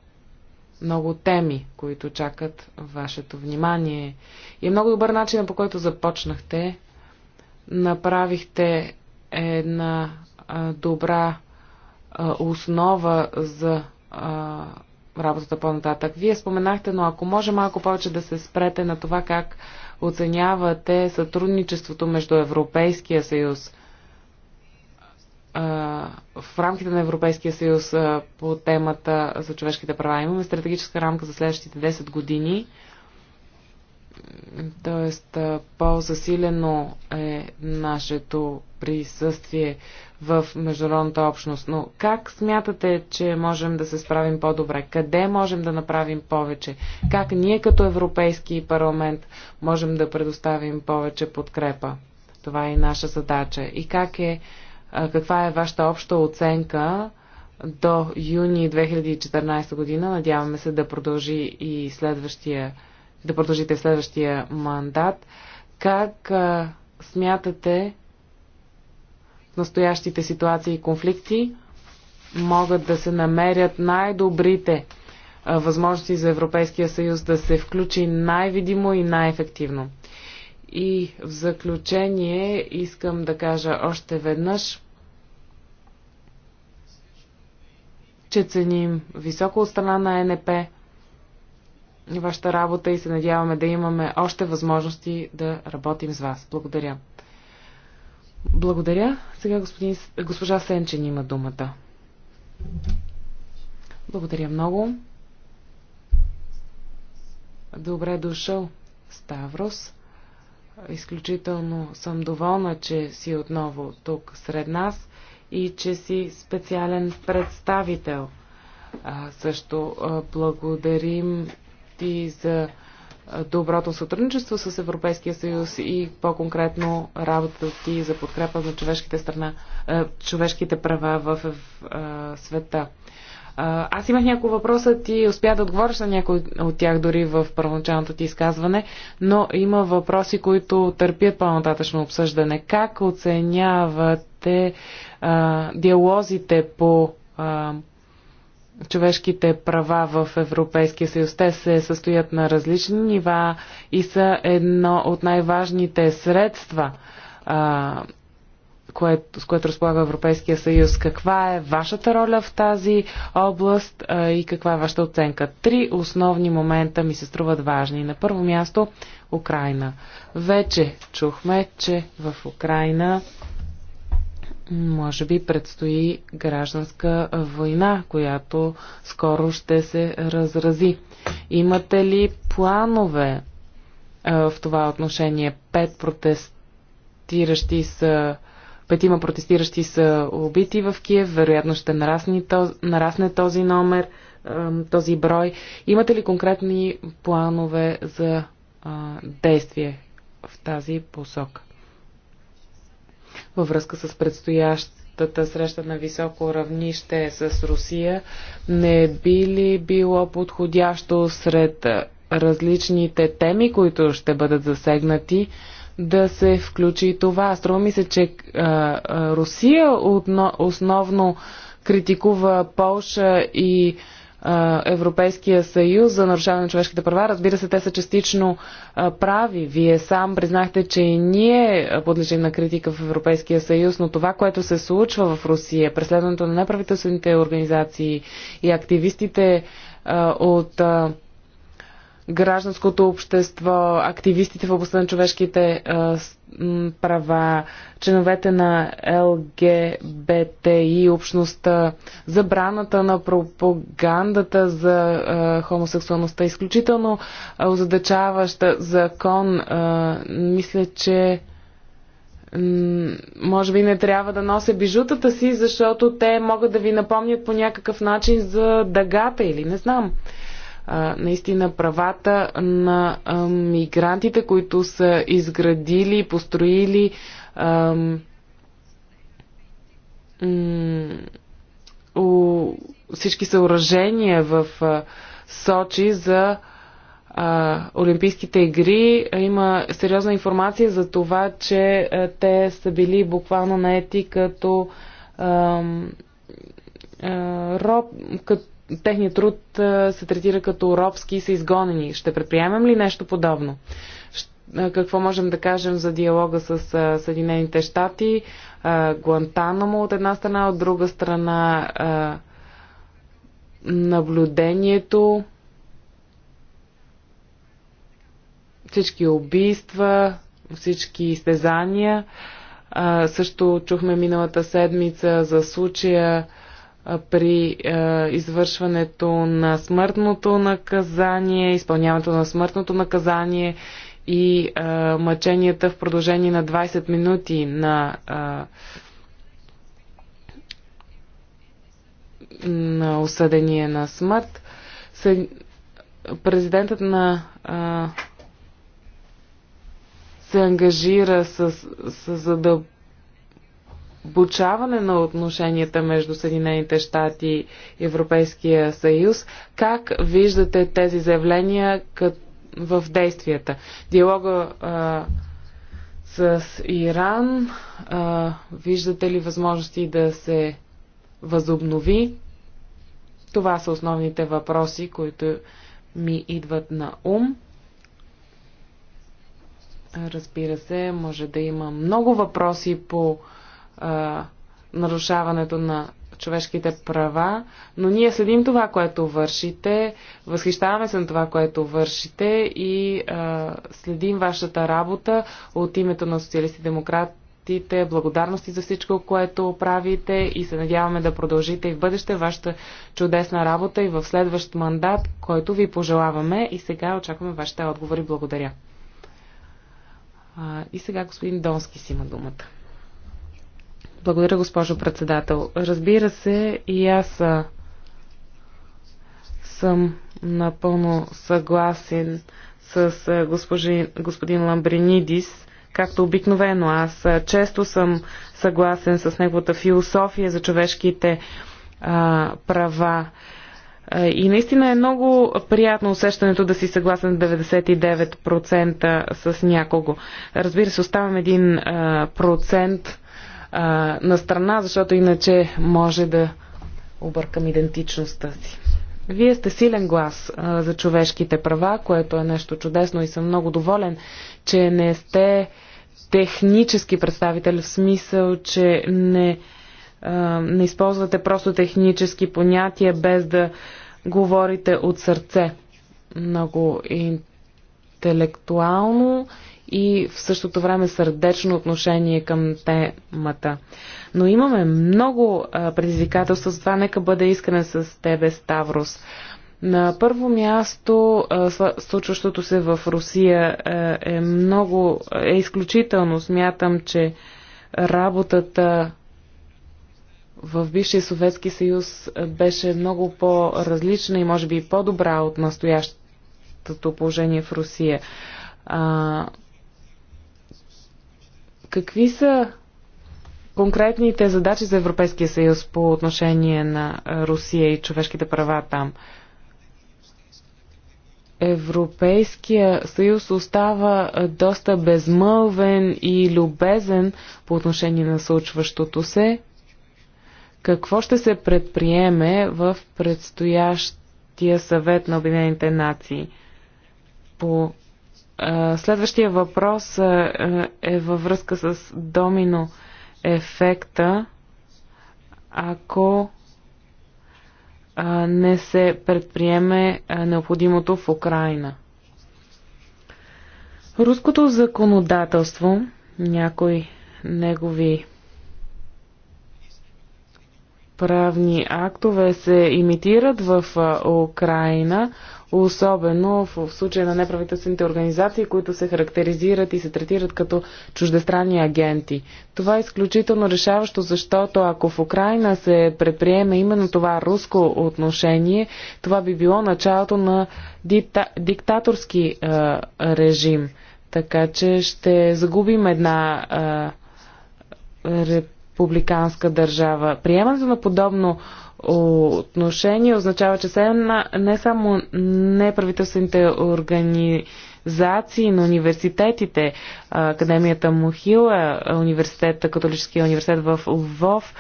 много теми, които чакат вашето внимание. И е много добър начин, по който започнахте. Направихте една а, добра а, основа за а, работата по-нататък. Вие споменахте, но ако може малко повече да се спрете на това как оценявате сътрудничеството между Европейския съюз в рамките на Европейския съюз по темата за човешките права. Имаме стратегическа рамка за следващите 10 години. Тоест, по-засилено е нашето присъствие в международната общност. Но как смятате, че можем да се справим по-добре? Къде можем да направим повече? Как ние като Европейски парламент можем да предоставим повече подкрепа? Това е и наша задача. И как е каква е вашата обща оценка до юни 2014 година? Надяваме се да продължи и следващия, да продължите следващия мандат. Как а, смятате настоящите ситуации и конфликти могат да се намерят най-добрите възможности за Европейския съюз да се включи най-видимо и най-ефективно? И в заключение искам да кажа още веднъж, че ценим високо от страна на НП вашата работа и се надяваме да имаме още възможности да работим с вас. Благодаря. Благодаря. Сега господин, госпожа Сенчен има думата. Благодаря много. Добре дошъл, Ставрос. Изключително съм доволна, че си отново тук сред нас и че си специален представител. А, също а, благодарим ти за доброто сътрудничество с Европейския съюз и по-конкретно работата ти за подкрепа на човешките, страна, човешките права в света. Аз имах някои въпроса, ти успя да отговориш на някои от тях дори в първоначалното ти изказване, но има въпроси, които търпят по-нататъчно обсъждане. Как оценявате а, диалозите по а, човешките права в Европейския съюз. Те се състоят на различни нива и са едно от най-важните средства а, с което разполага Европейския съюз. Каква е вашата роля в тази област а, и каква е вашата оценка? Три основни момента ми се струват важни. На първо място Украина. Вече чухме, че в Украина може би предстои гражданска война, която скоро ще се разрази. Имате ли планове а, в това отношение? Пет протестиращи са Петима протестиращи са убити в Киев. Вероятно ще нарасне този, нарасне този номер, този брой. Имате ли конкретни планове за действие в тази посока? Във връзка с предстоящата среща на високо равнище с Русия, не би ли било подходящо сред различните теми, които ще бъдат засегнати, да се включи и това. Струва ми се, че а, а, Русия отно, основно критикува Полша и а, Европейския съюз за нарушаване на човешките права. Разбира се, те са частично а, прави. Вие сам признахте, че и ние подлежим на критика в Европейския съюз, но това, което се случва в Русия, преследването на неправителствените организации и активистите а, от. А, гражданското общество, активистите в областта на човешките права, членовете на ЛГБТИ общността, забраната на пропагандата за а, хомосексуалността, изключително озадачаваща закон, а, мисля, че може би не трябва да нося бижутата си, защото те могат да ви напомнят по някакъв начин за дъгата или не знам наистина правата на мигрантите, които са изградили, построили всички съоръжения в Сочи за а, Олимпийските игри. Има сериозна информация за това, че а, те са били буквално наети като а, а, роб, като техният труд се третира като робски и са изгонени. Ще предприемем ли нещо подобно? Какво можем да кажем за диалога с Съединените щати? Гуантанамо от една страна, от друга страна наблюдението, всички убийства, всички изтезания. Също чухме миналата седмица за случая при е, извършването на смъртното наказание, изпълняването на смъртното наказание и е, мъченията в продължение на 20 минути на, е, на осъдение на смърт. Се, президентът на е, се ангажира с, с, за да задълбочаване на отношенията между Съединените щати и Европейския съюз. Как виждате тези заявления в действията? Диалога а, с Иран, а, виждате ли възможности да се възобнови? Това са основните въпроси, които ми идват на ум. Разбира се, може да има много въпроси по нарушаването на човешките права, но ние следим това, което вършите, възхищаваме се на това, което вършите и а, следим вашата работа от името на социалисти демократите. Благодарности за всичко, което правите и се надяваме да продължите и в бъдеще вашата чудесна работа и в следващ мандат, който ви пожелаваме и сега очакваме вашите отговори. Благодаря. А, и сега господин Донски си има думата. Благодаря, госпожо председател. Разбира се, и аз съм напълно съгласен с господин, господин Ламбринидис. Както обикновено, аз често съм съгласен с неговата философия за човешките а, права. И наистина е много приятно усещането да си съгласен 99% с някого. Разбира се, оставам един а, процент а, на страна, защото иначе може да объркам идентичността си. Вие сте силен глас а, за човешките права, което е нещо чудесно и съм много доволен, че не сте технически представител в смисъл, че не, а, не използвате просто технически понятия без да говорите от сърце. Много интелектуално и в същото време сърдечно отношение към темата. Но имаме много предизвикателства, затова нека бъде искане с тебе, Ставрос. На първо място, случващото се в Русия е много, е изключително. Смятам, че работата в бившия Съветски съюз беше много по-различна и може би по-добра от настоящото положение в Русия. Какви са конкретните задачи за Европейския съюз по отношение на Русия и човешките права там? Европейския съюз остава доста безмълвен и любезен по отношение на случващото се. Какво ще се предприеме в предстоящия съвет на Обединените нации по Следващия въпрос е във връзка с домино ефекта. Ако не се предприеме необходимото в Украина. Руското законодателство, някои негови правни актове се имитират в Украина, особено в, случая на неправителствените организации, които се характеризират и се третират като чуждестранни агенти. Това е изключително решаващо, защото ако в Украина се предприеме именно това руско отношение, това би било началото на дикта, диктаторски е, режим. Така че ще загубим една е, републиканска държава. Приемането на подобно отношение означава, че сега не само неправителствените организации, на университетите, Академията Мохила, университета, католическия университет в Лвов,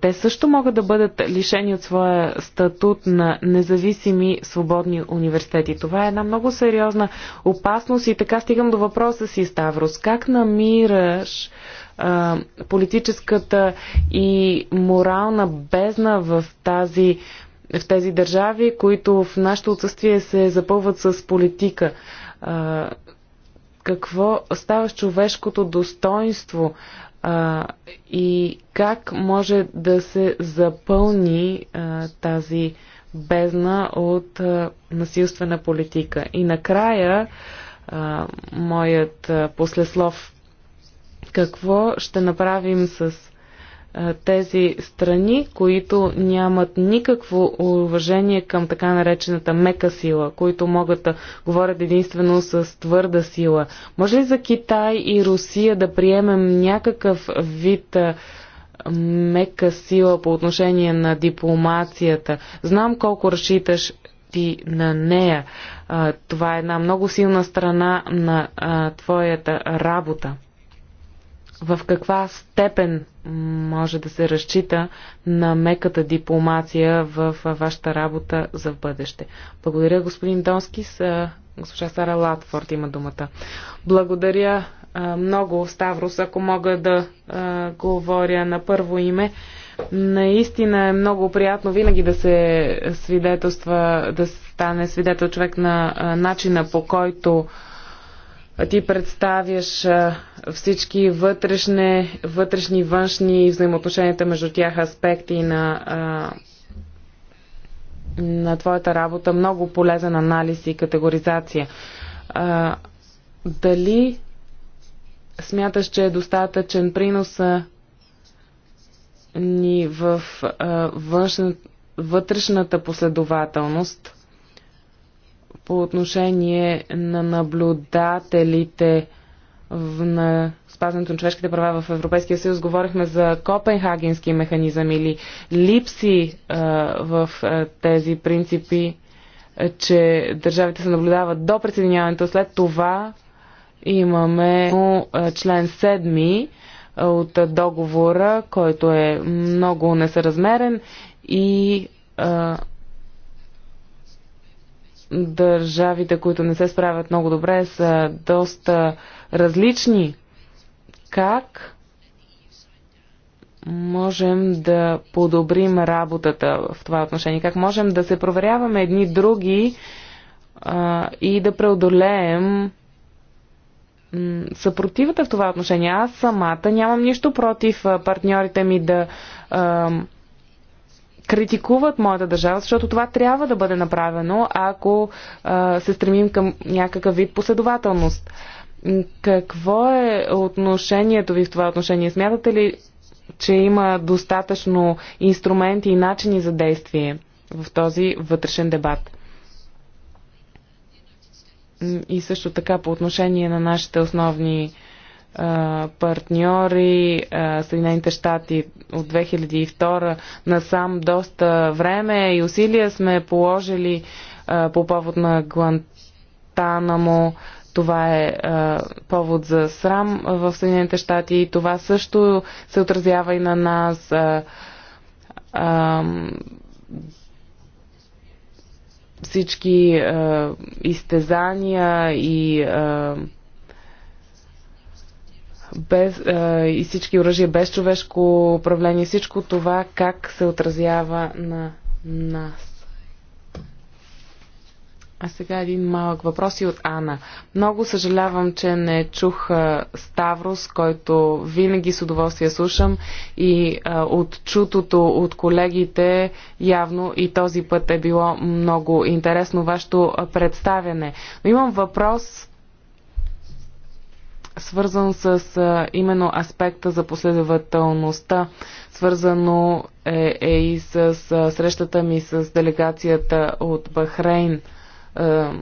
те също могат да бъдат лишени от своя статут на независими свободни университети. Това е една много сериозна опасност и така стигам до въпроса си, Ставрос. Как намираш политическата и морална бездна в тази в тези държави, които в нашето отсъствие се запълват с политика. А, какво става с човешкото достоинство а, и как може да се запълни а, тази бездна от а, насилствена политика. И накрая, а, моят а, послеслов какво ще направим с тези страни, които нямат никакво уважение към така наречената мека сила, които могат да говорят единствено с твърда сила. Може ли за Китай и Русия да приемем някакъв вид мека сила по отношение на дипломацията? Знам колко разчиташ ти на нея. Това е една много силна страна на твоята работа в каква степен може да се разчита на меката дипломация в вашата работа за в бъдеще. Благодаря, господин Донски. С госпожа Сара Латфорд има думата. Благодаря много, Ставрос, ако мога да говоря на първо име. Наистина е много приятно винаги да се свидетелства, да стане свидетел човек на начина по който ти представяш всички вътрешни, вътрешни, външни и взаимоотношенията между тях аспекти на, на твоята работа. Много полезен анализ и категоризация. Дали смяташ, че е достатъчен принос ни в външната вътрешната последователност – по отношение на наблюдателите на спазването на човешките права в Европейския съюз. Говорихме за Копенхагенски механизъм или липси в тези принципи, че държавите се наблюдават до присъединяването. След това имаме член 7 от договора, който е много несъразмерен и а, държавите, които не се справят много добре, са доста различни. Как можем да подобрим работата в това отношение? Как можем да се проверяваме едни други а, и да преодолеем съпротивата в това отношение? Аз самата нямам нищо против партньорите ми да. А, критикуват моята държава, защото това трябва да бъде направено, ако а, се стремим към някакъв вид последователност. Какво е отношението ви в това отношение? Смятате ли, че има достатъчно инструменти и начини за действие в този вътрешен дебат? И също така по отношение на нашите основни партньори Съединените щати от 2002 насам доста време и усилия сме положили по повод на Гуантанамо. Това е повод за срам в Съединените щати и това също се отразява и на нас. всички изтезания и без, а, е, и всички оръжия без човешко управление, всичко това как се отразява на нас. А сега един малък въпрос и от Ана. Много съжалявам, че не чух а, е, Ставрос, който винаги с удоволствие слушам и а, е, от чутото от колегите явно и този път е било много интересно вашето представяне. Но имам въпрос свързан с а, именно аспекта за последователността. Свързано е, е и с а, срещата ми с делегацията от Бахрейн, а,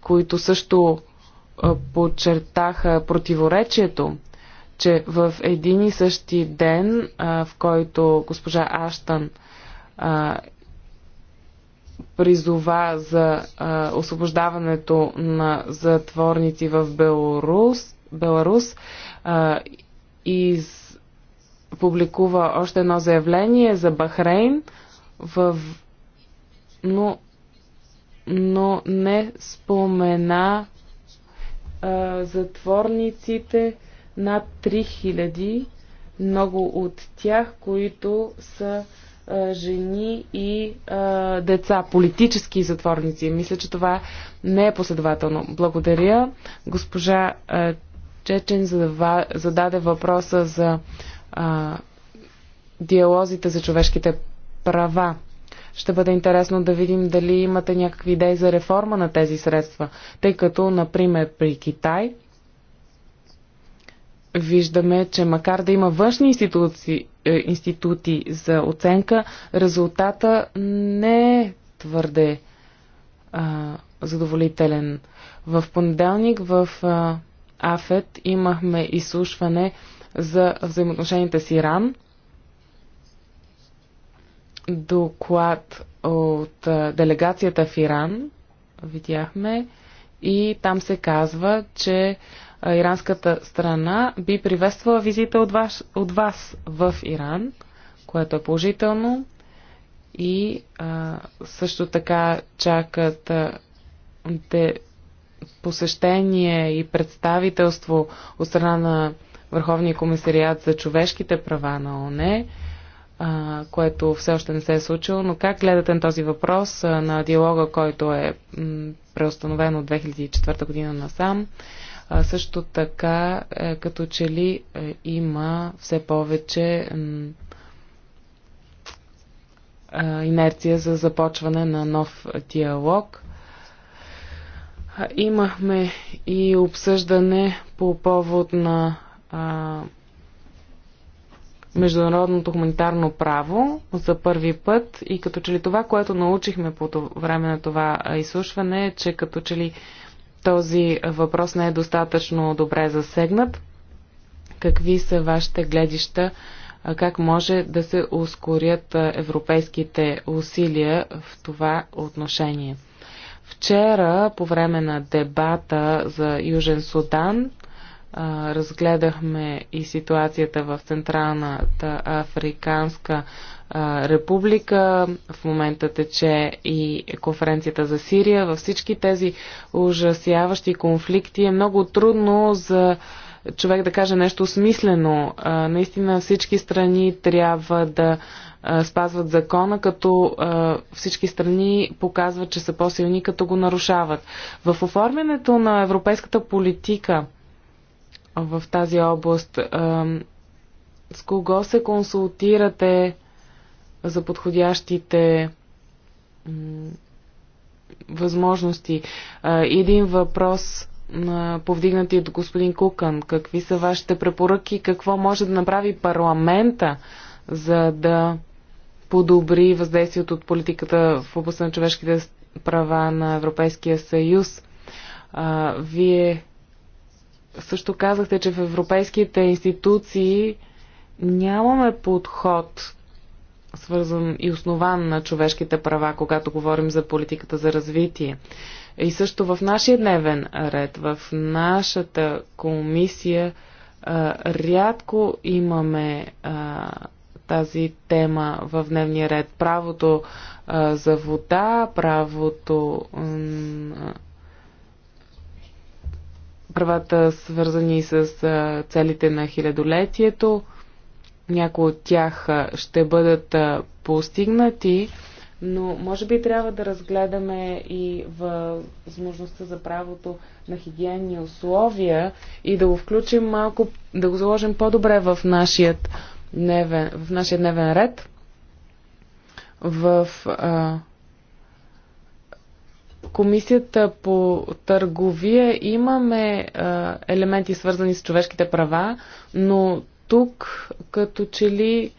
които също а, подчертаха противоречието, че в един и същи ден, а, в който госпожа Аштан а, призова за а, освобождаването на затворници в Беларус, Беларус а, и публикува още едно заявление за Бахрейн, в... но, но не спомена а, затворниците над 3000, много от тях, които са жени и а, деца, политически затворници. Мисля, че това не е последователно. Благодаря. Госпожа а, Чечен зададе въпроса за а, диалозите за човешките права. Ще бъде интересно да видим дали имате някакви идеи за реформа на тези средства, тъй като, например, при Китай виждаме, че макар да има външни институции, е, институти за оценка, резултата не е твърде а, задоволителен. В понеделник в а, АФЕТ имахме изслушване за взаимоотношенията с Иран. Доклад от делегацията в Иран видяхме и там се казва, че иранската страна би приветствала визита от вас, от вас в Иран, което е положително и а, също така чакат а, де, посещение и представителство от страна на Върховния комисариат за човешките права на ОНЕ, което все още не се е случило, но как гледате на този въпрос на диалога, който е преустановен от 2004 година насам? Също така, е, като че ли е, има все повече инерция за започване на нов диалог – Имахме и обсъждане по повод на а, международното хуманитарно право за първи път и като че ли това, което научихме по време на това изслушване е, че като че ли този въпрос не е достатъчно добре засегнат. Какви са вашите гледища? Как може да се ускорят европейските усилия в това отношение? Вчера, по време на дебата за Южен Судан, разгледахме и ситуацията в Централната Африканска република. В момента тече и конференцията за Сирия. Във всички тези ужасяващи конфликти е много трудно за човек да каже нещо смислено. Наистина всички страни трябва да спазват закона, като всички страни показват, че са по-силни, като го нарушават. В оформянето на европейската политика в тази област, с кого се консултирате за подходящите възможности? един въпрос повдигнати от господин Кукън. Какви са вашите препоръки? Какво може да направи парламента, за да подобри въздействието от политиката в областта на човешките права на Европейския съюз. А, вие също казахте, че в европейските институции нямаме подход свързан и основан на човешките права, когато говорим за политиката за развитие. И също в нашия дневен ред, в нашата комисия, а, рядко имаме а, тази тема в дневния ред. Правото а, за вода, правото. А, правата свързани с а, целите на хилядолетието. Някои от тях а, ще бъдат а, постигнати, но може би трябва да разгледаме и възможността за правото на хигиенни условия и да го включим малко, да го заложим по-добре в нашият дневен, в нашия дневен ред в а, Комисията по търговия имаме а, елементи свързани с човешките права, но тук като че ли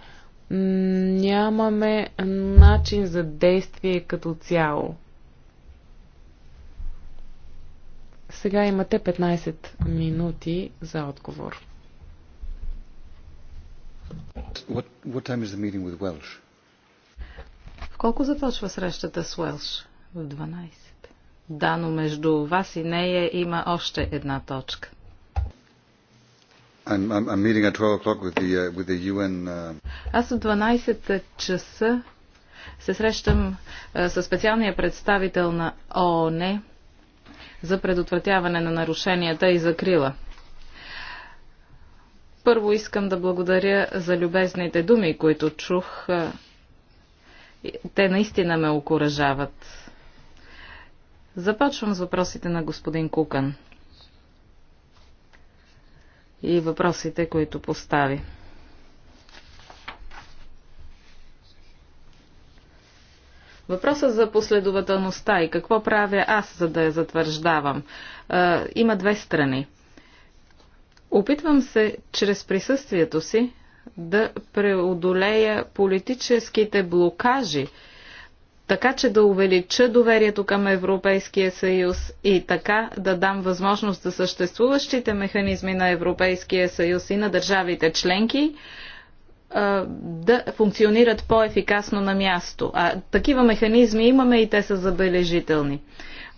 нямаме начин за действие като цяло. Сега имате 15 минути за отговор. What, what time is the meeting with Welsh? В колко започва срещата с Уелш? В 12. Да, но между вас и нея има още една точка. Uh, uh, Аз в 12 часа се срещам със специалния представител на ООН е за предотвратяване на нарушенията и закрила. Първо искам да благодаря за любезните думи, които чух. Те наистина ме окоръжават. Започвам с въпросите на господин Кукан и въпросите, които постави. Въпросът за последователността и какво правя аз, за да я затвърждавам, е, има две страни – Опитвам се чрез присъствието си да преодолея политическите блокажи, така че да увелича доверието към Европейския съюз и така да дам възможност за съществуващите механизми на Европейския съюз и на държавите членки да функционират по-ефикасно на място. А такива механизми имаме и те са забележителни.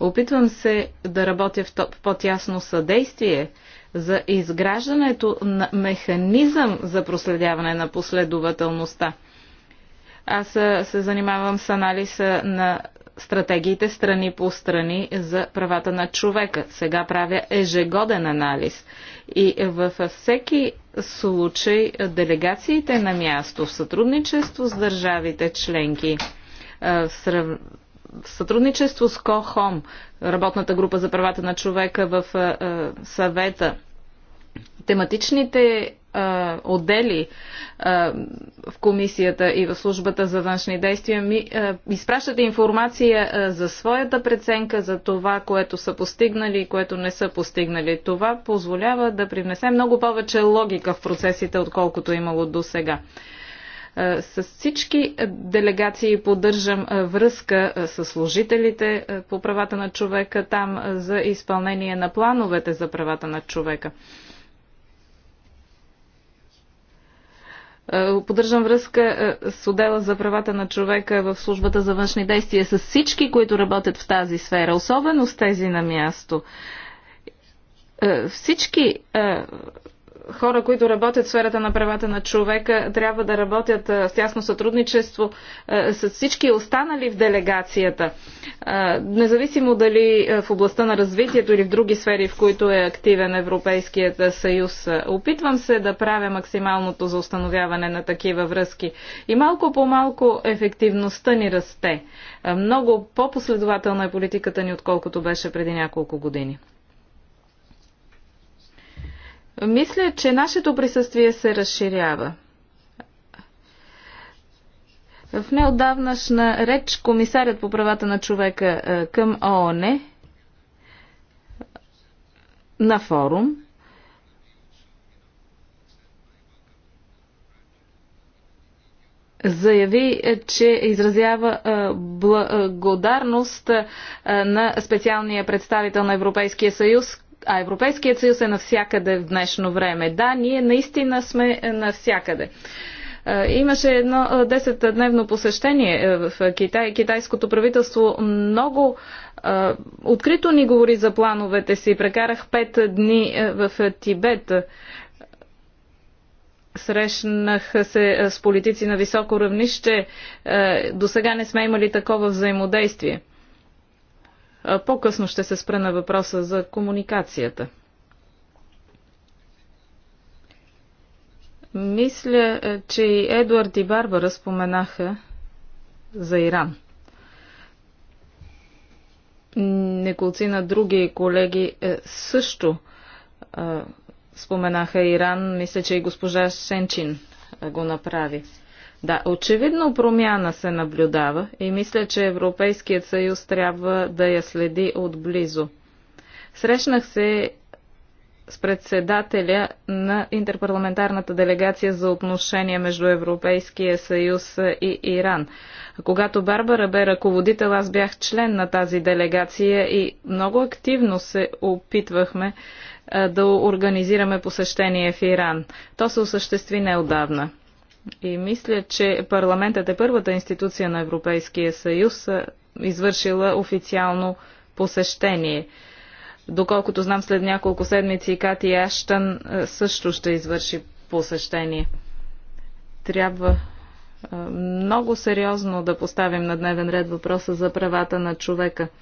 Опитвам се да работя в по-тясно съдействие за изграждането на механизъм за проследяване на последователността. Аз се занимавам с анализа на стратегиите страни по страни за правата на човека. Сега правя ежегоден анализ. И във всеки случай делегациите на място в сътрудничество с държавите членки в сътрудничество с КОХОМ, работната група за правата на човека в е, е, съвета, тематичните е, отдели в комисията и в службата за външни действия ми изпращат информация за своята преценка, за това, което са постигнали и което не са постигнали. Това позволява да привнесе много повече логика в процесите, отколкото е имало до сега. Е, с всички делегации поддържам е, връзка е, с служителите по правата на човека там за изпълнение на плановете за правата на човека. Поддържам връзка с отдела за правата на човека в службата за външни действия с всички, които работят в тази сфера, особено с тези на място. Всички хора, които работят в сферата на правата на човека, трябва да работят в тясно сътрудничество с всички останали в делегацията. Независимо дали в областта на развитието или в други сфери, в които е активен Европейският съюз. Опитвам се да правя максималното за установяване на такива връзки. И малко по малко ефективността ни расте. Много по-последователна е политиката ни, отколкото беше преди няколко години. Мисля, че нашето присъствие се разширява. В неодавнашна реч комисарят по правата на човека е, към ООН е, на форум заяви, е, че изразява благодарност на специалния представител на Европейския съюз, а Европейският съюз е навсякъде в днешно време. Да, ние наистина сме е, навсякъде. Е, имаше едно 10-дневно е, посещение в Китай. Китайското правителство много открито ни говори за плановете си. Прекарах 5 дни в Тибет. Срещнах се с политици на високо равнище. До сега не сме имали такова взаимодействие. По-късно ще се спра на въпроса за комуникацията. Мисля, е, че и Едуард и Барбара споменаха за Иран. Неколци на други колеги е, също е, споменаха Иран. Мисля, че и госпожа Сенчин го направи. Да, очевидно промяна се наблюдава и мисля, че Европейският съюз трябва да я следи отблизо. Срещнах се с председателя на интерпарламентарната делегация за отношения между Европейския съюз и Иран. Когато Барбара бе ръководител, аз бях член на тази делегация и много активно се опитвахме да организираме посещение в Иран. То се осъществи неодавна. И мисля, че парламентът е първата институция на Европейския съюз, извършила официално посещение. Доколкото знам, след няколко седмици Кати Аштън също ще извърши посещение. Трябва много сериозно да поставим на дневен ред въпроса за правата на човека –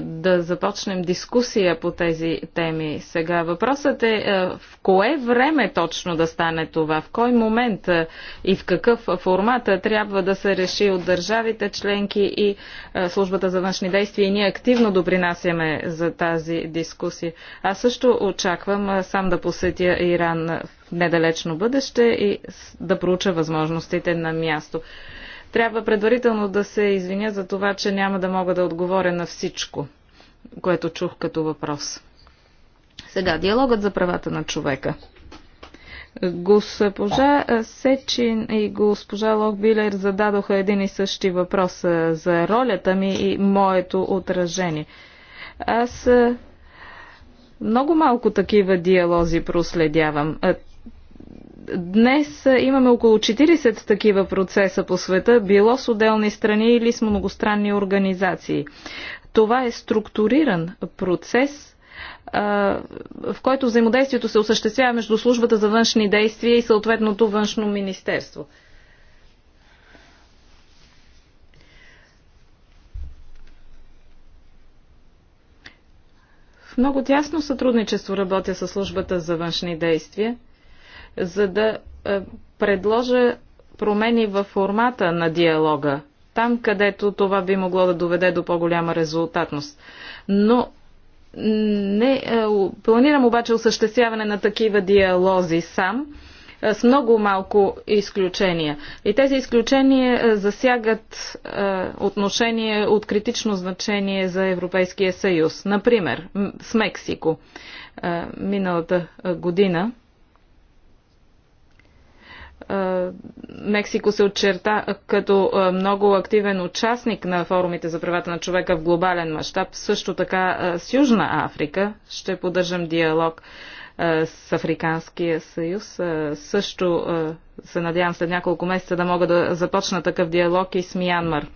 да започнем дискусия по тези теми сега. Въпросът е, е в кое време точно да стане това, в кой момент е, и в какъв формат трябва да се реши от държавите членки и е, службата за външни действия и ние активно допринасяме за тази дискусия. Аз също очаквам сам да посетя Иран в недалечно бъдеще и да проуча възможностите на място. Трябва предварително да се извиня за това, че няма да мога да отговоря на всичко, което чух като въпрос. Сега, диалогът за правата на човека. Госпожа Сечин и госпожа Локбилер зададоха един и същи въпрос за ролята ми и моето отражение. Аз много малко такива диалози проследявам. Днес имаме около 40 такива процеса по света, било с отделни страни или с многостранни организации. Това е структуриран процес, в който взаимодействието се осъществява между службата за външни действия и съответното външно министерство. В много тясно сътрудничество работя с службата за външни действия – за да е, предложа промени в формата на диалога, там където това би могло да доведе до по-голяма резултатност. Но не, е, планирам обаче осъществяване на такива диалози сам, е, с много малко изключения. И тези изключения засягат отношение от критично значение за Европейския съюз. Например, с Мексико миналата година е, Мексико се очерта като е, много активен участник на форумите за правата на човека в глобален мащаб. Също така е, с Южна Африка ще поддържам диалог с Африканския съюз. Също се надявам след няколко месеца да мога да започна такъв диалог и с Мянмар.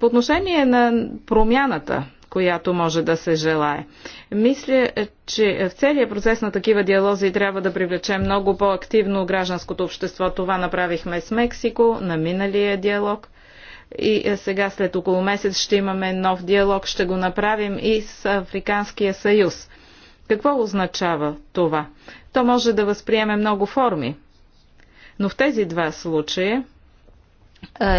По отношение на промяната която може да се желае. Мисля, че в целия процес на такива диалози трябва да привлечем много по-активно гражданското общество. Това направихме с Мексико на миналия диалог. И е, сега след около месец ще имаме нов диалог, ще го направим и с Африканския съюз. Какво означава това? То може да възприеме много форми. Но в тези два случая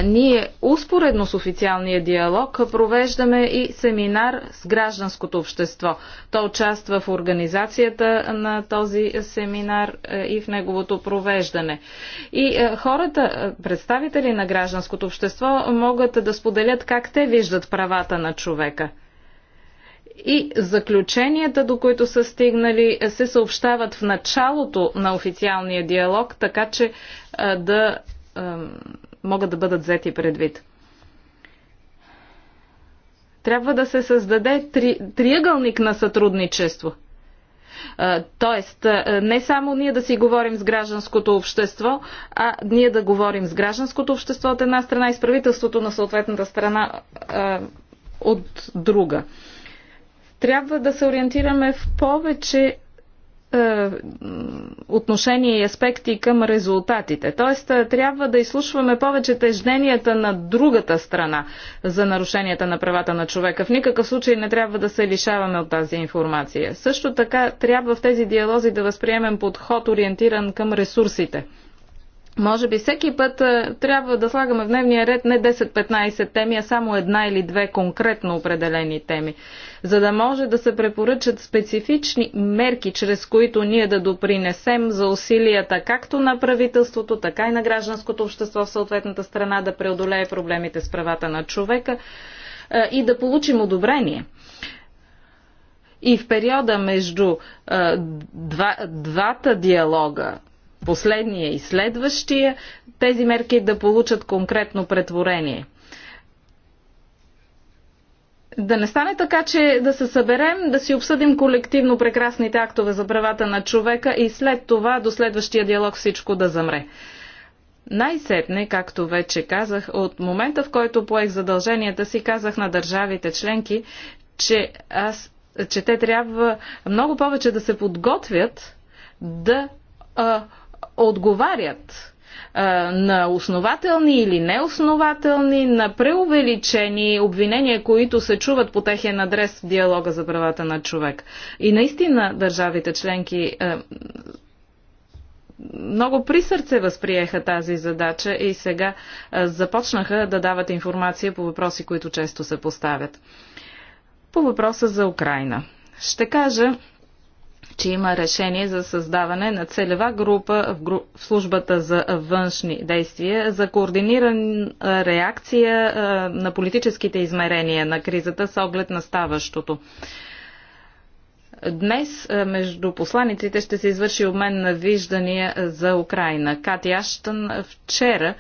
ние успоредно с официалния диалог провеждаме и семинар с гражданското общество. То участва в организацията на този семинар и в неговото провеждане. И хората, представители на гражданското общество, могат да споделят как те виждат правата на човека и заключенията, до които са стигнали, се съобщават в началото на официалния диалог, така че да могат да бъдат взети предвид. Трябва да се създаде три, триъгълник на сътрудничество. Тоест, не само ние да си говорим с гражданското общество, а ние да говорим с гражданското общество от една страна и с правителството на съответната страна от друга. Трябва да се ориентираме в повече е, отношение и аспекти към резултатите. Тоест, е, трябва да изслушваме повече тежденията на другата страна за нарушенията на правата на човека. В никакъв случай не трябва да се лишаваме от тази информация. Също така, трябва в тези диалози да възприемем подход ориентиран към ресурсите може би всеки път е, трябва да слагаме в дневния ред не 10-15 теми, а само една или две конкретно определени теми, за да може да се препоръчат специфични мерки, чрез които ние да допринесем за усилията както на правителството, така и на гражданското общество в съответната страна да преодолее проблемите с правата на човека е, и да получим одобрение. И в периода между е, два, двата диалога последния и следващия, тези мерки да получат конкретно претворение. Да не стане така, че да се съберем, да си обсъдим колективно прекрасните актове за правата на човека и след това до следващия диалог всичко да замре. Най-сетне, както вече казах, от момента в който поех задълженията си, казах на държавите членки, че, аз, че те трябва много повече да се подготвят да а, отговарят на основателни или неоснователни, на преувеличени обвинения, които се чуват по техен адрес в диалога за правата на човек. И наистина държавите членки много при сърце възприеха тази задача и сега започнаха да дават информация по въпроси, които често се поставят. По въпроса за Украина. Ще кажа, че има решение за създаване на целева група в, службата за външни действия за координирана реакция на политическите измерения на кризата с оглед на ставащото. Днес между посланиците ще се извърши обмен на виждания за Украина. Кати Аштън вчера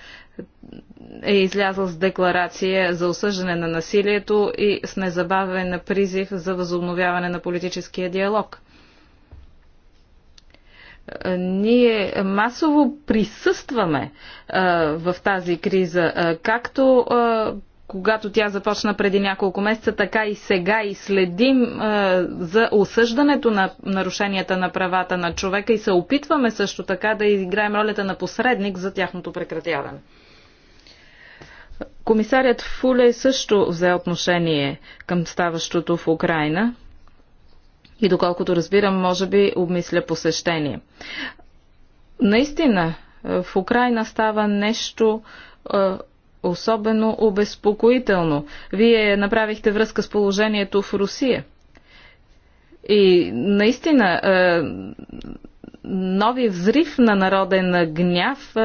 е излязъл с декларация за осъждане на насилието и с незабавен призив за възобновяване на политическия диалог. Е, ние масово присъстваме е, в тази криза, е, както когато тя започна преди няколко месеца, така и сега и следим за осъждането на нарушенията на правата на човека и се опитваме също така да изиграем ролята на посредник за тяхното прекратяване. Комисарят Фуле също взе отношение към ставащото в Украина и доколкото разбирам, може би обмисля посещение. Наистина, е, в Украина става нещо е, особено обезпокоително. Вие направихте връзка с положението в Русия. И наистина е, нови взрив на народен гняв,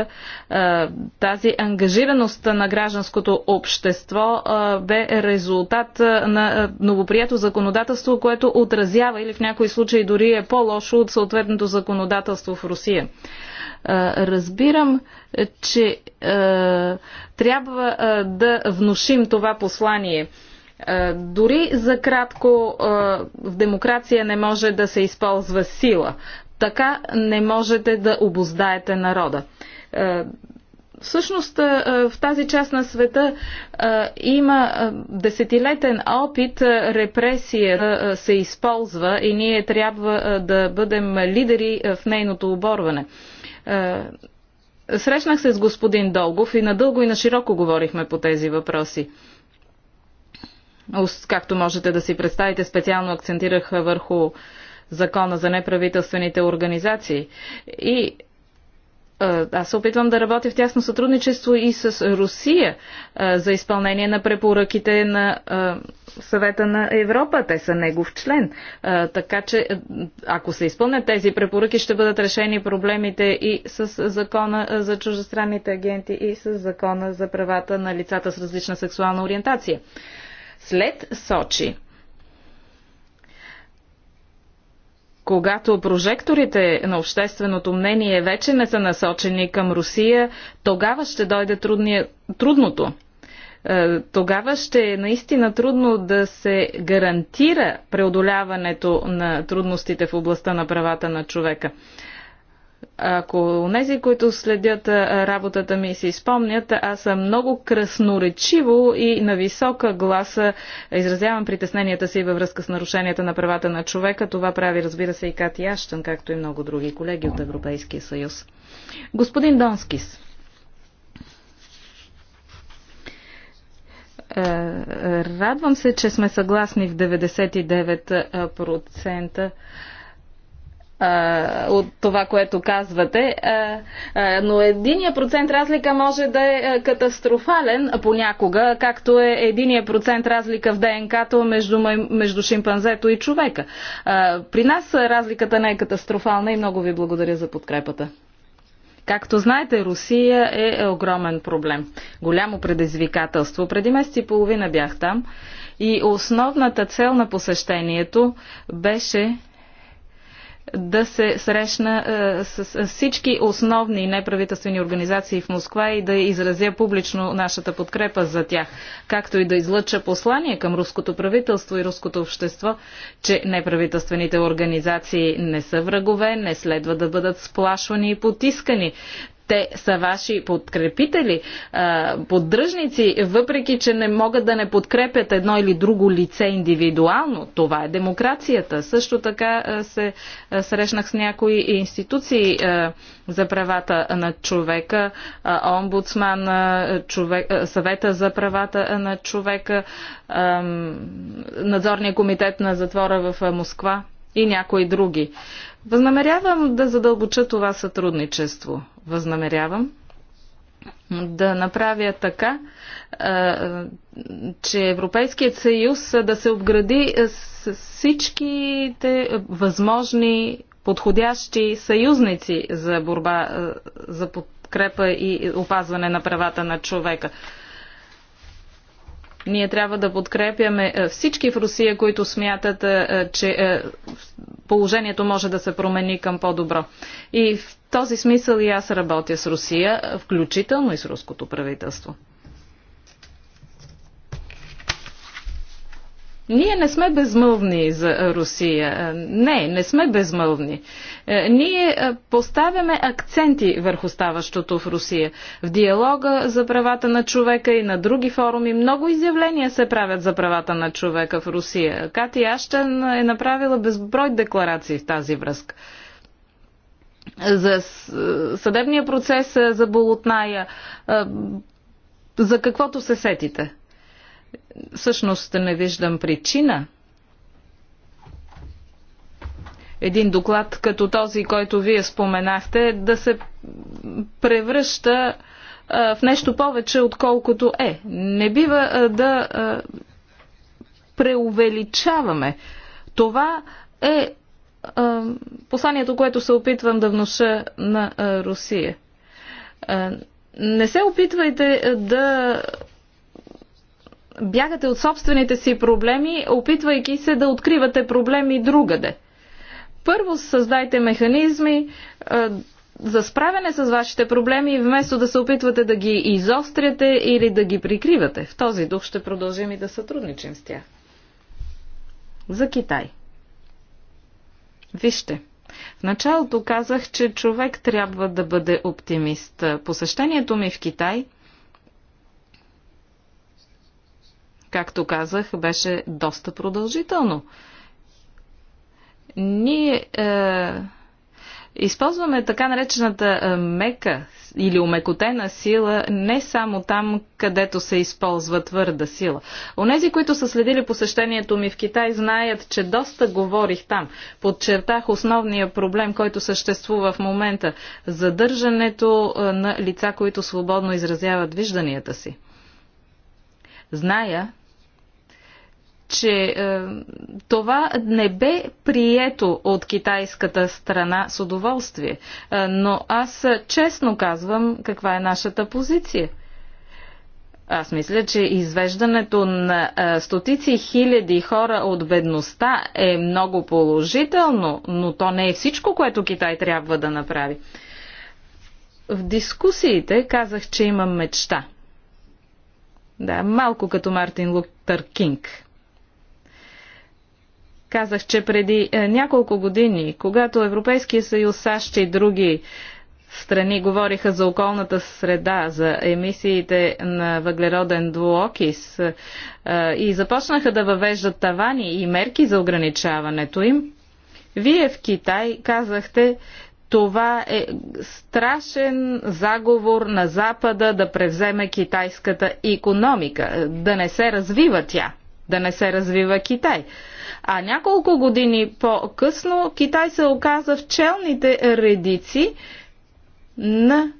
тази ангажираност на гражданското общество бе резултат на новоприето законодателство, което отразява или в някои случаи дори е по-лошо от съответното законодателство в Русия разбирам, че трябва да внушим това послание. дори за кратко в демокрация не може да се използва сила така не можете да обоздаете народа. Е, всъщност е, в тази част на света е, има десетилетен опит репресия се използва и ние трябва да бъдем лидери в нейното оборване. Срещнах се с господин Долгов и надълго и на широко говорихме по тези въпроси. Както можете да си представите, специално акцентирах върху закона за неправителствените организации. И аз се опитвам да работя в тясно сътрудничество и с Русия за изпълнение на препоръките на съвета на Европа. Те са негов член. Така че, ако се изпълнят тези препоръки, ще бъдат решени проблемите и с закона за чуждестранните агенти и с закона за правата на лицата с различна сексуална ориентация. След Сочи, когато прожекторите на общественото мнение вече не са насочени към Русия, тогава ще дойде трудния, трудното. Е, тогава ще е наистина трудно да се гарантира преодоляването на трудностите в областта на правата на човека. Ако тези, които следят работата ми си спомнят, аз съм много красноречиво и на висока гласа изразявам притесненията си във връзка с нарушенията на правата на човека. Това прави, разбира се, и Кати Ащен, както и много други колеги от Европейския съюз. Господин Донскис. Е, е, радвам се, че сме съгласни в 99% от това, което казвате, но единия процент разлика може да е катастрофален понякога, както е единия процент разлика в ДНК-то между, между шимпанзето и човека. При нас разликата не е катастрофална и много ви благодаря за подкрепата. Както знаете, Русия е огромен проблем. Голямо предизвикателство. Преди месец и половина бях там и основната цел на посещението беше да се срещна е, с, с всички основни неправителствени организации в Москва и да изразя публично нашата подкрепа за тях, както и да излъча послание към руското правителство и руското общество, че неправителствените организации не са врагове, не следва да бъдат сплашвани и потискани те са ваши подкрепители, поддръжници, въпреки че не могат да не подкрепят едно или друго лице индивидуално. Това е демокрацията. Също така се срещнах с някои институции за правата на човека, омбудсман, човек, съвета за правата на човека, надзорния комитет на затвора в Москва и някои други. Възнамерявам да задълбоча това сътрудничество. Възнамерявам да направя така, че Европейският съюз да се обгради с всичките възможни подходящи съюзници за борба за подкрепа и опазване на правата на човека. Ние трябва да подкрепяме е, всички в Русия, които смятат, е, е, че положението може да се промени към по-добро. И в този смисъл и аз работя с Русия, включително и с руското правителство. Ние не сме безмълвни за Русия. Е, не, не сме безмълвни. Е, ние е, поставяме акценти върху ставащото в Русия. В диалога за правата на човека и на други форуми много изявления се правят за правата на човека в Русия. Кати Ащен е направила безброй декларации в тази връзка. За съдебния процес за Болотная, за каквото се сетите. Всъщност не виждам причина един доклад като този, който вие споменахте, да се превръща в нещо повече, отколкото е. Не бива да преувеличаваме. Това е посланието, което се опитвам да внуша на Русия. Не се опитвайте да бягате от собствените си проблеми, опитвайки се да откривате проблеми другаде. Първо създайте механизми е, за справяне с вашите проблеми, вместо да се опитвате да ги изостряте или да ги прикривате. В този дух ще продължим и да сътрудничим с тях. За Китай. Вижте. В началото казах, че човек трябва да бъде оптимист. Посещението ми в Китай както казах, беше доста продължително. Ние е, използваме така наречената е, мека или умекотена сила не само там, където се използва твърда сила. Онези, които са следили посещението ми в Китай, знаят, че доста говорих там. Подчертах основния проблем, който съществува в момента – задържането е, на лица, които свободно изразяват вижданията си. Зная, че е, това не бе прието от китайската страна с удоволствие. Е, но аз е, честно казвам каква е нашата позиция. Аз мисля, че извеждането на е, стотици хиляди хора от бедността е много положително, но то не е всичко, което Китай трябва да направи. В дискусиите казах, че имам мечта. Да, малко като Мартин Лутър Кинг. Казах, че преди е, няколко години, когато Европейския съюз, САЩ и други страни говориха за околната среда, за емисиите на въглероден двуокис е, и започнаха да въвеждат тавани и мерки за ограничаването им, вие в Китай казахте, това е страшен заговор на Запада да превземе китайската економика, да не се развива тя, да не се развива Китай. А няколко години по-късно Китай се оказа в челните редици на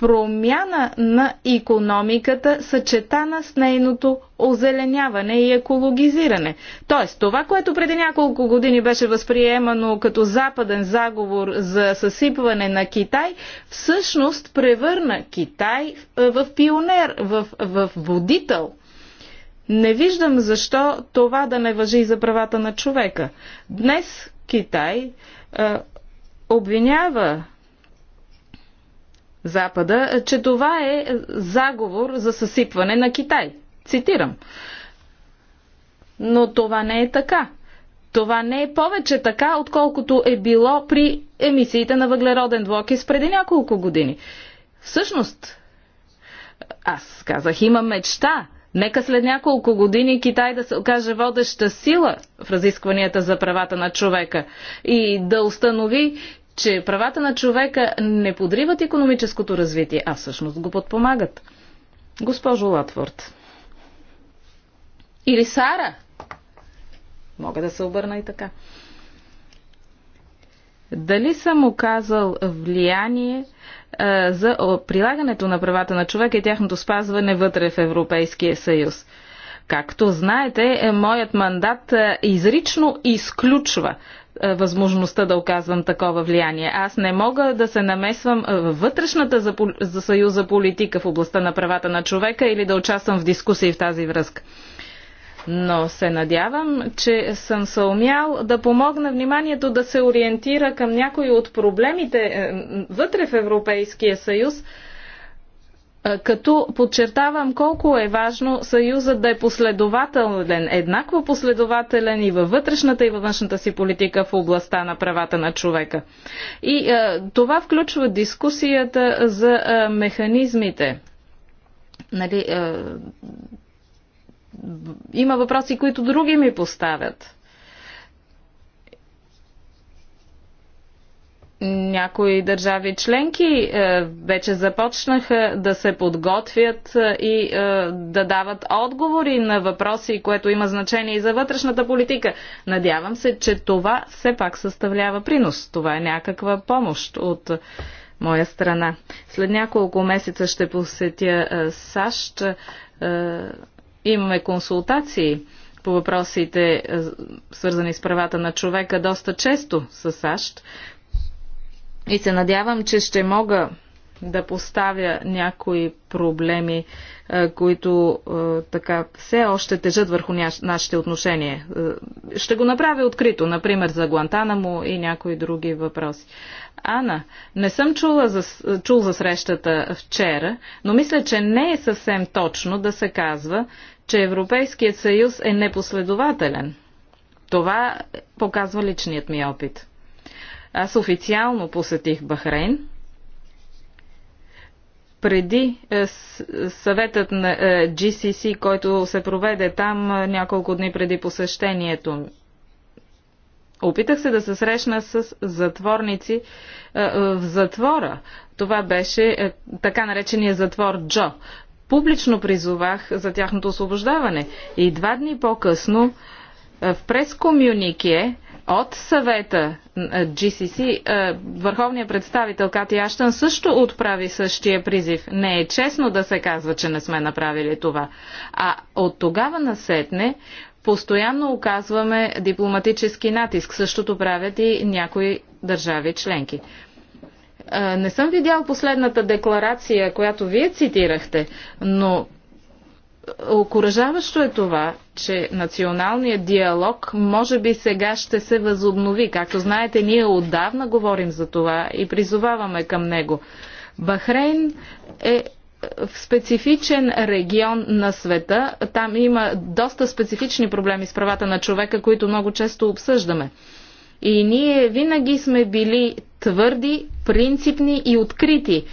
промяна на економиката, съчетана с нейното озеленяване и екологизиране. Тоест, това, което преди няколко години беше възприемано като западен заговор за съсипване на Китай, всъщност превърна Китай в пионер, в, в водител – не виждам защо това да не въжи и за правата на човека. Днес Китай е, обвинява Запада, е, че това е заговор за съсипване на Китай. Цитирам. Но това не е така. Това не е повече така, отколкото е било при емисиите на въглероден двокис преди няколко години. Всъщност, аз казах, има мечта Нека след няколко години Китай да се окаже водеща сила в разискванията за правата на човека и да установи, че правата на човека не подриват економическото развитие, а всъщност го подпомагат. Госпожо Латворд. Или Сара. Мога да се обърна и така. Дали съм оказал влияние е, за прилагането на правата на човека и тяхното спазване вътре в Европейския съюз. Както знаете, е, моят мандат е, изрично изключва възможността да оказвам такова влияние. Аз не мога да се намесвам във вътрешната за, за Съюза политика в областта на правата на човека или да участвам в дискусии в тази връзка но се надявам, че съм съумял да помогна вниманието да се ориентира към някои от проблемите е, вътре в Европейския съюз, е, като подчертавам колко е важно Съюзът да е последователен, еднакво последователен и във вътрешната и във външната си политика в областта на правата на човека. И е, това включва дискусията за е, механизмите. Нали, е, има въпроси, които други ми поставят. Някои държави членки е, вече започнаха да се подготвят е, и е, да дават отговори на въпроси, което има значение и за вътрешната политика. Надявам се, че това все пак съставлява принос. Това е някаква помощ от моя страна. След няколко месеца ще посетя САЩ Имаме консултации по въпросите, е, свързани с правата на човека, доста често с САЩ. И се надявам, че ще мога да поставя някои проблеми, е, които е, така все още тежат върху нашите отношения. Ще го направя открито, например за Гуантана му и някои други въпроси. Ана, не съм чула за, чул за срещата вчера, но мисля, че не е съвсем точно да се казва, че Европейският съюз е непоследователен. Това показва личният ми опит. Аз официално посетих Бахрейн преди е, съветът на GCC, е, който се проведе там е, няколко дни преди посещението. Опитах се да се срещна с затворници в затвора. Това беше така наречения затвор Джо публично призовах за тяхното освобождаване. И два дни по-късно е, в прес-комюнике от съвета GCC, е, е, върховният представител Кати Аштан също отправи същия призив. Не е честно да се казва, че не сме направили това. А от тогава насетне постоянно оказваме дипломатически натиск. Същото правят и някои държави членки. Не съм видял последната декларация, която вие цитирахте, но Окоръжаващо е това, че националният диалог може би сега ще се възобнови. Както знаете, ние отдавна говорим за това и призоваваме към него. Бахрейн е в специфичен регион на света. Там има доста специфични проблеми с правата на човека, които много често обсъждаме. И ние винаги сме били твърди, принципни и открити,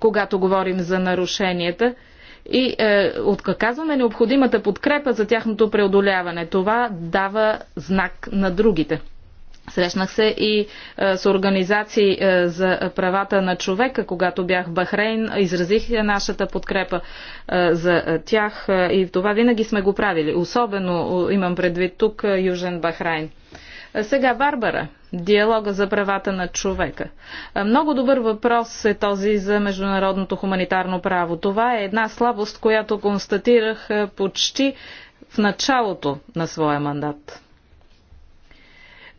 когато говорим за нарушенията и е, отказваме необходимата подкрепа за тяхното преодоляване. Това дава знак на другите. Срещнах се и е, с организации е, за правата на човека, когато бях в Бахрейн, изразих нашата подкрепа е, за тях е, и това винаги сме го правили. Особено е, имам предвид тук е, Южен Бахрейн. Сега, Барбара, диалога за правата на човека. Много добър въпрос е този за международното хуманитарно право. Това е една слабост, която констатирах е, почти в началото на своя мандат.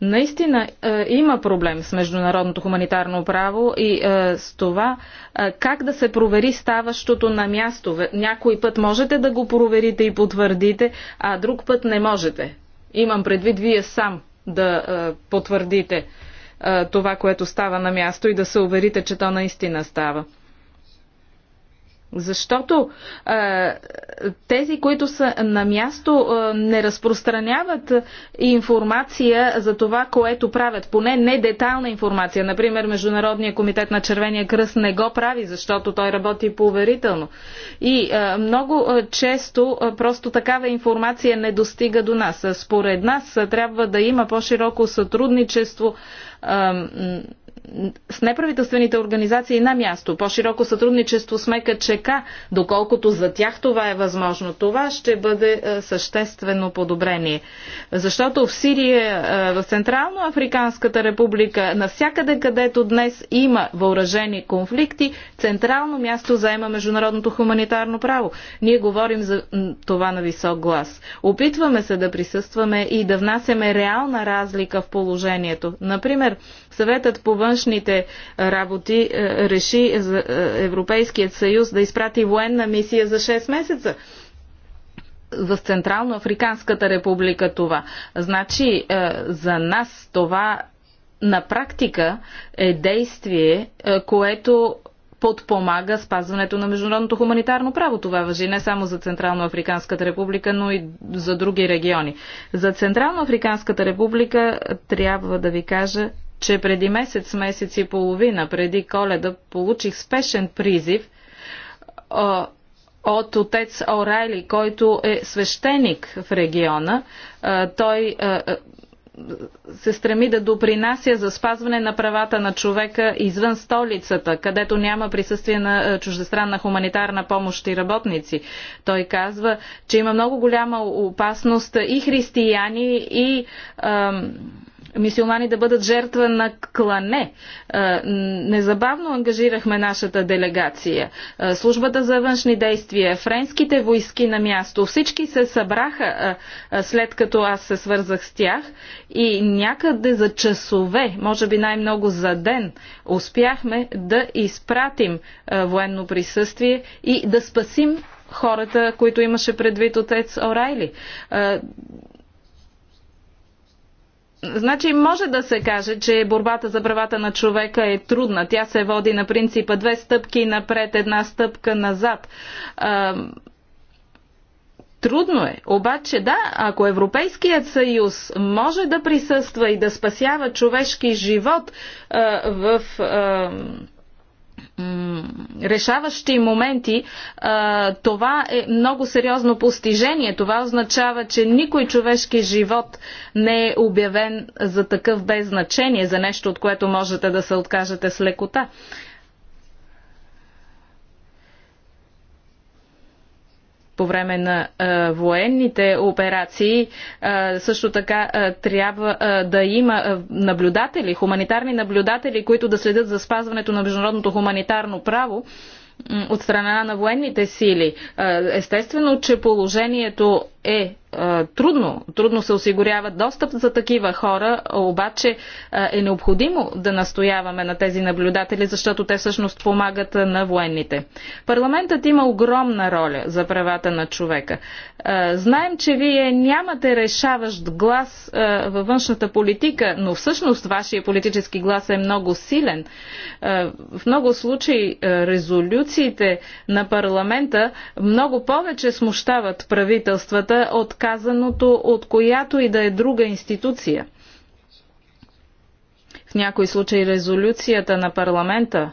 Наистина е, има проблем с международното хуманитарно право и е, с това е, как да се провери ставащото на място. Някой път можете да го проверите и потвърдите, а друг път не можете. Имам предвид вие сам да е, потвърдите е, това, което става на място и да се уверите, че то наистина става. Защото а, тези, които са на място, а, не разпространяват информация за това, което правят. Поне не детална информация. Например, Международния комитет на Червения кръст не го прави, защото той работи поверително. И а, много а, често а, просто такава информация не достига до нас. Според нас а, трябва да има по-широко сътрудничество. А, с неправителствените организации на място, по-широко сътрудничество с МКЧК, доколкото за тях това е възможно. Това ще бъде е, съществено подобрение. Защото в Сирия, е, в Централно Африканската република, навсякъде където днес има въоръжени конфликти, централно място заема международното хуманитарно право. Ние говорим за това на висок глас. Опитваме се да присъстваме и да внасяме реална разлика в положението. Например, Съветът по външните е, работи е, реши е, Европейският съюз да изпрати военна мисия за 6 месеца в Централно-Африканската република това. Значи за нас това на практика е действие, което подпомага спазването на международното хуманитарно право. Това въжи не само за Централно-Африканската република, но и за други региони. За Централно-Африканската република трябва да ви кажа, че преди месец, месец и половина, преди коледа, получих спешен призив а, от отец Орайли, който е свещеник в региона. А, той а, се стреми да допринася за спазване на правата на човека извън столицата, където няма присъствие на чуждестранна хуманитарна помощ и работници. Той казва, че има много голяма опасност и християни, и ам, мисиомани да бъдат жертва на клане. Е, незабавно ангажирахме нашата делегация. Е, службата за външни действия, френските войски на място, всички се събраха е, след като аз се свързах с тях и някъде за часове, може би най-много за ден, успяхме да изпратим военно присъствие и да спасим хората, които имаше предвид отец Орайли. Значи може да се каже, че борбата за правата на човека е трудна. Тя се води на принципа две стъпки напред, една стъпка назад. Трудно е. Обаче да, ако Европейският съюз може да присъства и да спасява човешки живот а, в а, решаващи моменти, това е много сериозно постижение. Това означава, че никой човешки живот не е обявен за такъв без значение, за нещо, от което можете да се откажете с лекота. по време на а, военните операции. А, също така а, трябва а, да има а, наблюдатели, хуманитарни наблюдатели, които да следят за спазването на международното хуманитарно право от страна на военните сили. Естествено, че положението е, е трудно, трудно се осигурява достъп за такива хора, обаче е, е необходимо да настояваме на тези наблюдатели, защото те всъщност помагат на военните. Парламентът има огромна роля за правата на човека. Е, знаем, че вие нямате решаващ глас във външната политика, но всъщност вашия политически глас е много силен. В много случаи резолюциите на парламента много повече смущават правителствата, доста е от казаното от която и да е друга институция. В някои случаи резолюцията на парламента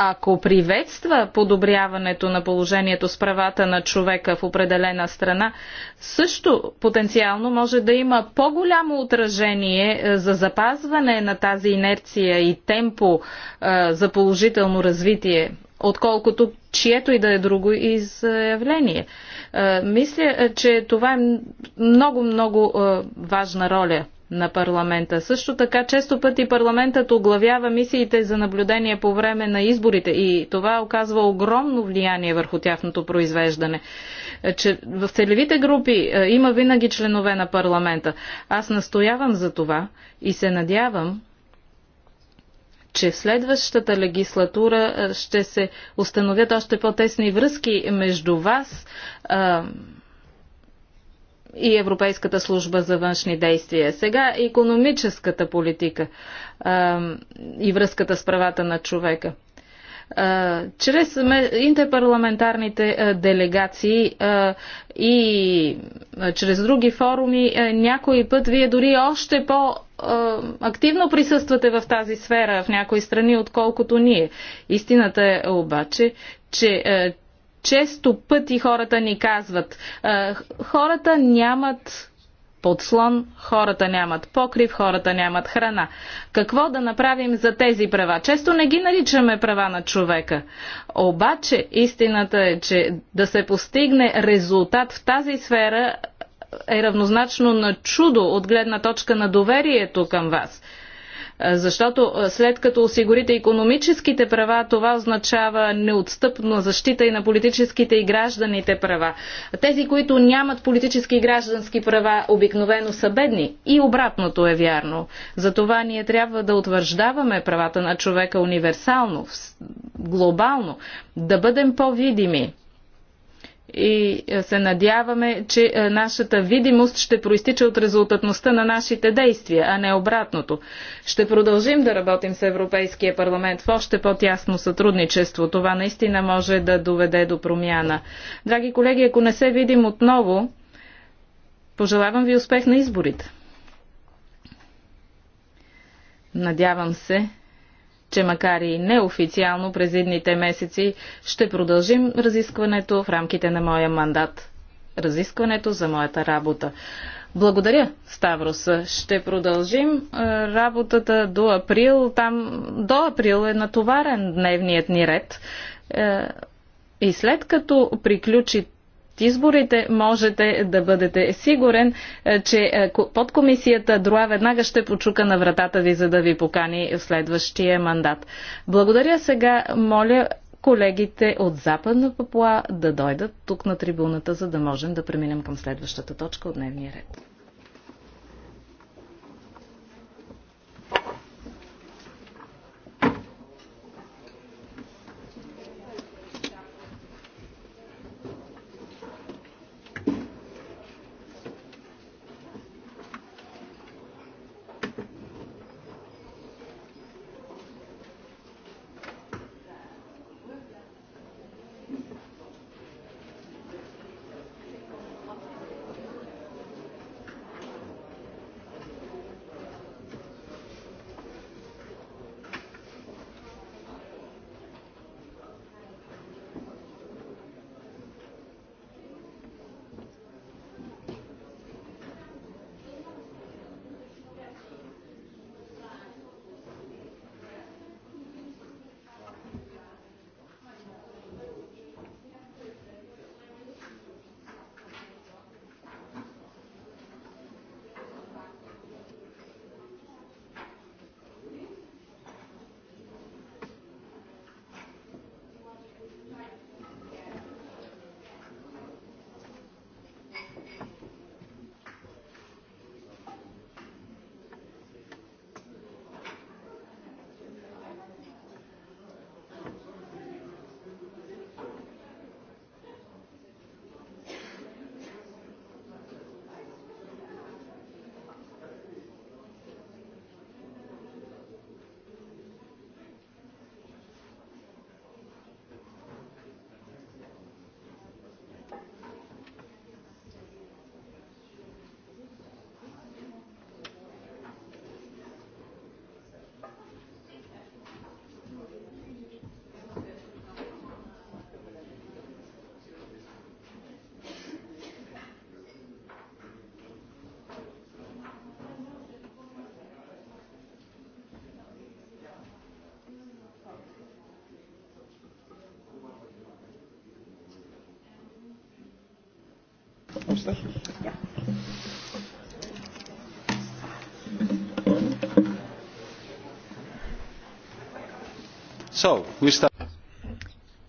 ако приветства подобряването на положението с правата на човека в определена страна, също потенциално може да има по-голямо отражение е, за запазване на тази инерция и темпо е, за положително развитие отколкото чието и да е друго изявление. Е, мисля, е, че това е много-много е, важна роля на парламента. Също така, често пъти парламентът оглавява мисиите за наблюдение по време на изборите и това оказва огромно влияние върху тяхното произвеждане. Че в целевите групи има винаги членове на парламента. Аз настоявам за това и се надявам, че в следващата легислатура ще се установят още по-тесни връзки между вас а, и Европейската служба за външни действия. Сега економическата политика а, и връзката с правата на човека чрез интерпарламентарните делегации и чрез други форуми, някой път вие дори още по- активно присъствате в тази сфера в някои страни, отколкото ние. Истината е обаче, че често пъти хората ни казват, хората нямат Подслон, хората нямат покрив, хората нямат храна. Какво да направим за тези права? Често не ги наричаме права на човека. Обаче истината е, че да се постигне резултат в тази сфера е равнозначно на чудо от гледна точка на доверието към вас. Е, защото е, след като осигурите економическите права, това означава неотстъпна защита и на политическите и гражданите права. Тези, които нямат политически и граждански права, обикновено са бедни. И обратното е вярно. Затова ние трябва да утвърждаваме правата на човека универсално, глобално, да бъдем по-видими и е, се надяваме, че е, нашата видимост ще проистича от резултатността на нашите действия, а не обратното. Ще продължим да работим с Европейския парламент в още по-тясно сътрудничество. Това наистина може да доведе до промяна. Драги колеги, ако не се видим отново, пожелавам ви успех на изборите. Надявам се, че макар и неофициално през едните месеци ще продължим разискването в рамките на моя мандат. Разискването за моята работа. Благодаря, Ставрос. Ще продължим е, работата до април. Там до април е натоварен дневният ни ред. Е, и след като приключи изборите можете да бъдете сигурен, е, че е, подкомисията Друа веднага ще почука на вратата ви, за да ви покани в следващия мандат. Благодаря сега, моля колегите от Западна Папуа да дойдат тук на трибуната, за да можем да преминем към следващата точка от дневния ред.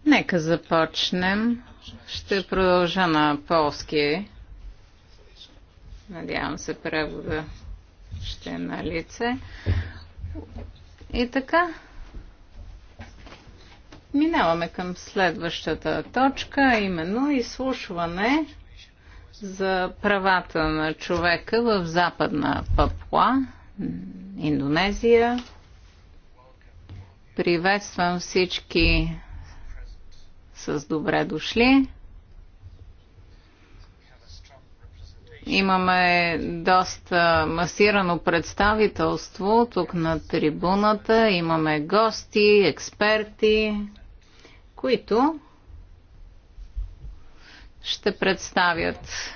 Нека започнем. Ще продължа на полски. Надявам се превода ще е на лице. И така, минаваме към следващата точка, именно изслушване за правата на човека в Западна Папуа, Индонезия, Приветствам всички с добре дошли. Имаме доста масирано представителство тук на трибуната. Имаме гости, експерти, които ще представят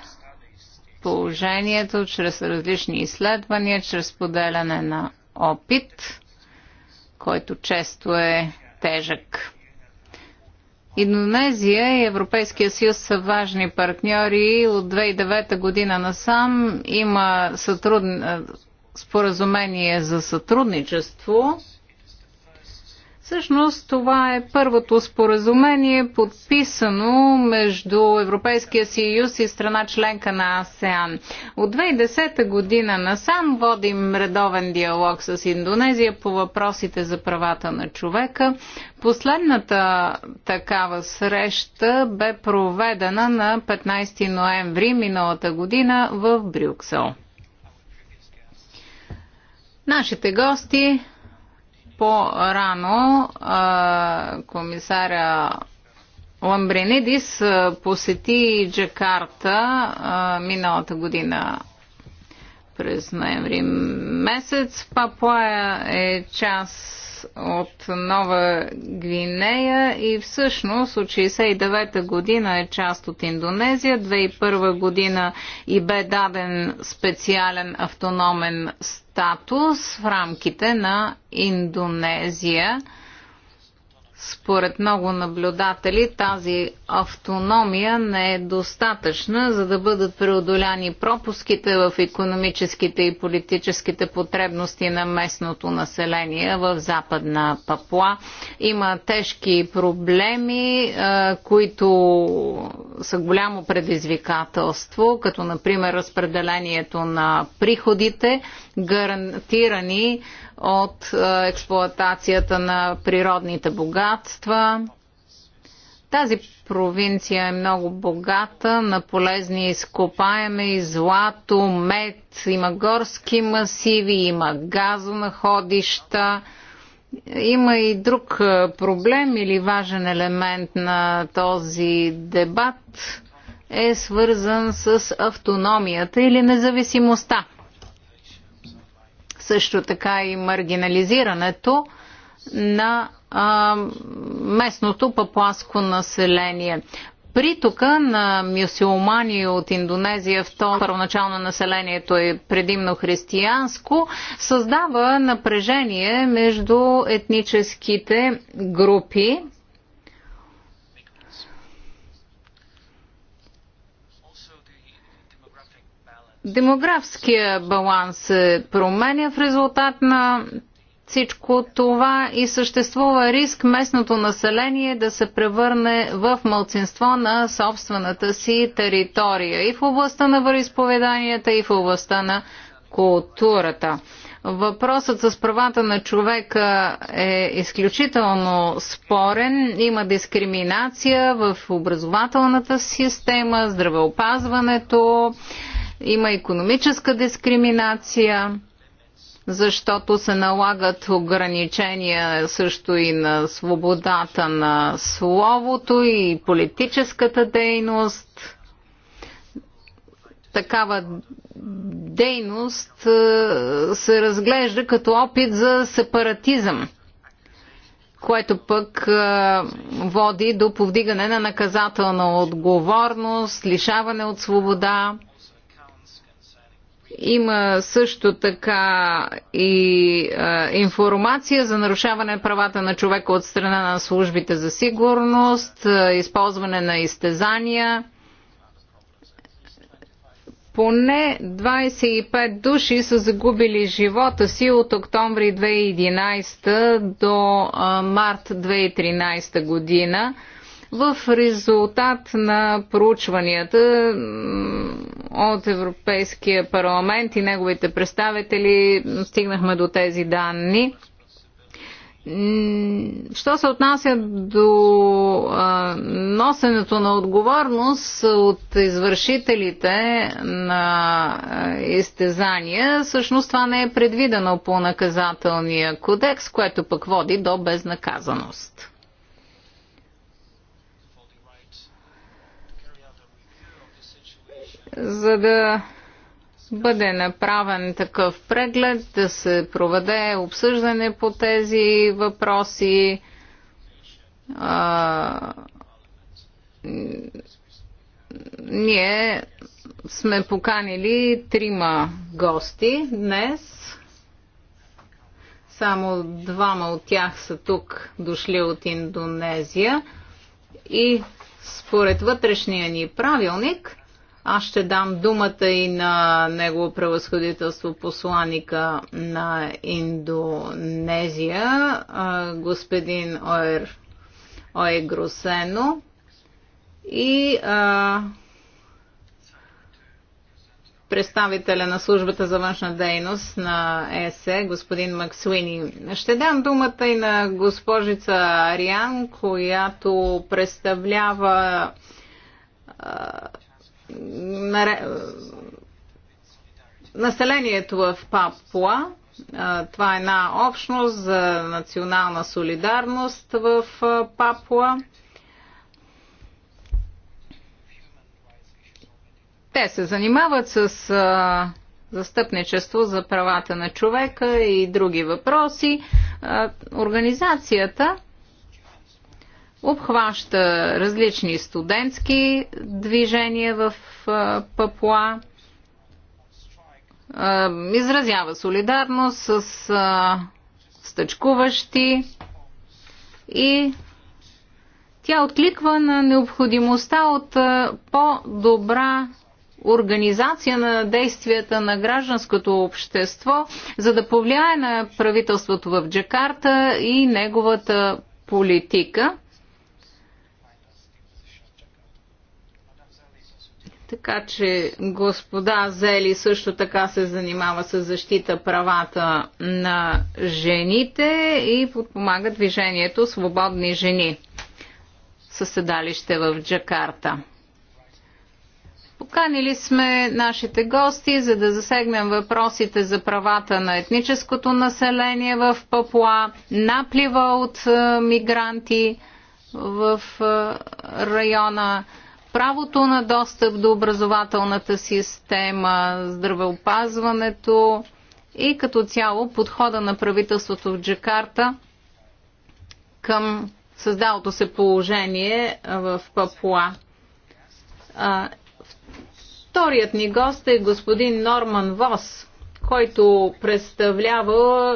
положението чрез различни изследвания, чрез поделяне на опит който често е тежък. Индонезия и Европейския съюз са важни партньори. От 2009 година насам има сътруд... споразумение за сътрудничество Всъщност това е първото споразумение, подписано между Европейския съюз и страна членка на АСЕАН. От 2010 година насам водим редовен диалог с Индонезия по въпросите за правата на човека. Последната такава среща бе проведена на 15 ноември миналата година в Брюксел. Нашите гости по-рано комисаря Ламбренидис посети Джакарта миналата година през ноември месец. Папуая е част от Нова Гвинея и всъщност от 69-та година е част от Индонезия. 2001 година и бе даден специален автономен статус статус в рамките на Индонезия. Според много наблюдатели тази автономия не е достатъчна, за да бъдат преодоляни пропуските в економическите и политическите потребности на местното население в Западна Папуа. Има тежки проблеми, които са голямо предизвикателство, като например разпределението на приходите, гарантирани от е, експлоатацията на природните богатства. Тази провинция е много богата на полезни изкопаеми, злато, мед, има горски масиви, има газонаходища, има и друг проблем или важен елемент на този дебат е свързан с автономията или независимостта. Също така и маргинализирането на а, местното папуаско население притока на мюсюлмани от Индонезия, в то първоначално населението е предимно християнско, създава напрежение между етническите групи. Демографския баланс се променя в резултат на всичко това и съществува риск местното население да се превърне в мълцинство на собствената си територия и в областта на вероисповеданията, и в областта на културата. Въпросът с правата на човека е изключително спорен. Има дискриминация в образователната система, здравеопазването, има економическа дискриминация защото се налагат ограничения също и на свободата на словото и политическата дейност. Такава дейност е, се разглежда като опит за сепаратизъм, което пък е, води до повдигане на наказателна отговорност, лишаване от свобода. Има също така и а, информация за нарушаване правата на човека от страна на службите за сигурност, а, използване на изтезания. Поне 25 души са загубили живота си от октомври 2011 до а, март 2013 година в резултат на проучванията от Европейския парламент и неговите представители стигнахме до тези данни. Що се отнася до а, носенето на отговорност от извършителите на изтезания, всъщност това не е предвидено по наказателния кодекс, което пък води до безнаказаност. за да бъде направен такъв преглед, да се проведе обсъждане по тези въпроси. А, ние сме поканили трима гости днес. Само двама от тях са тук, дошли от Индонезия. И според вътрешния ни правилник, аз ще дам думата и на негово превъзходителство посланика на Индонезия, господин Оер, Ое Гросено. И а, представителя на службата за външна дейност на ЕСЕ, господин Максуини. Ще дам думата и на госпожица Ариан, която представлява населението в Папуа. Това е една общност за национална солидарност в Папуа. Те се занимават с застъпничество за правата на човека и други въпроси. Организацията обхваща различни студентски движения в Папуа, изразява солидарност с стъчкуващи и тя откликва на необходимостта от по-добра организация на действията на гражданското общество, за да повлияе на правителството в Джакарта и неговата политика. Така че господа Зели също така се занимава с защита правата на жените и подпомага движението Свободни жени със седалище в Джакарта. Поканили сме нашите гости, за да засегнем въпросите за правата на етническото население в Папуа, наплива от мигранти в района правото на достъп до образователната система, здравеопазването и като цяло подхода на правителството в Джакарта към създалото се положение в Папуа. Вторият ни гост е господин Норман Вос, който представлява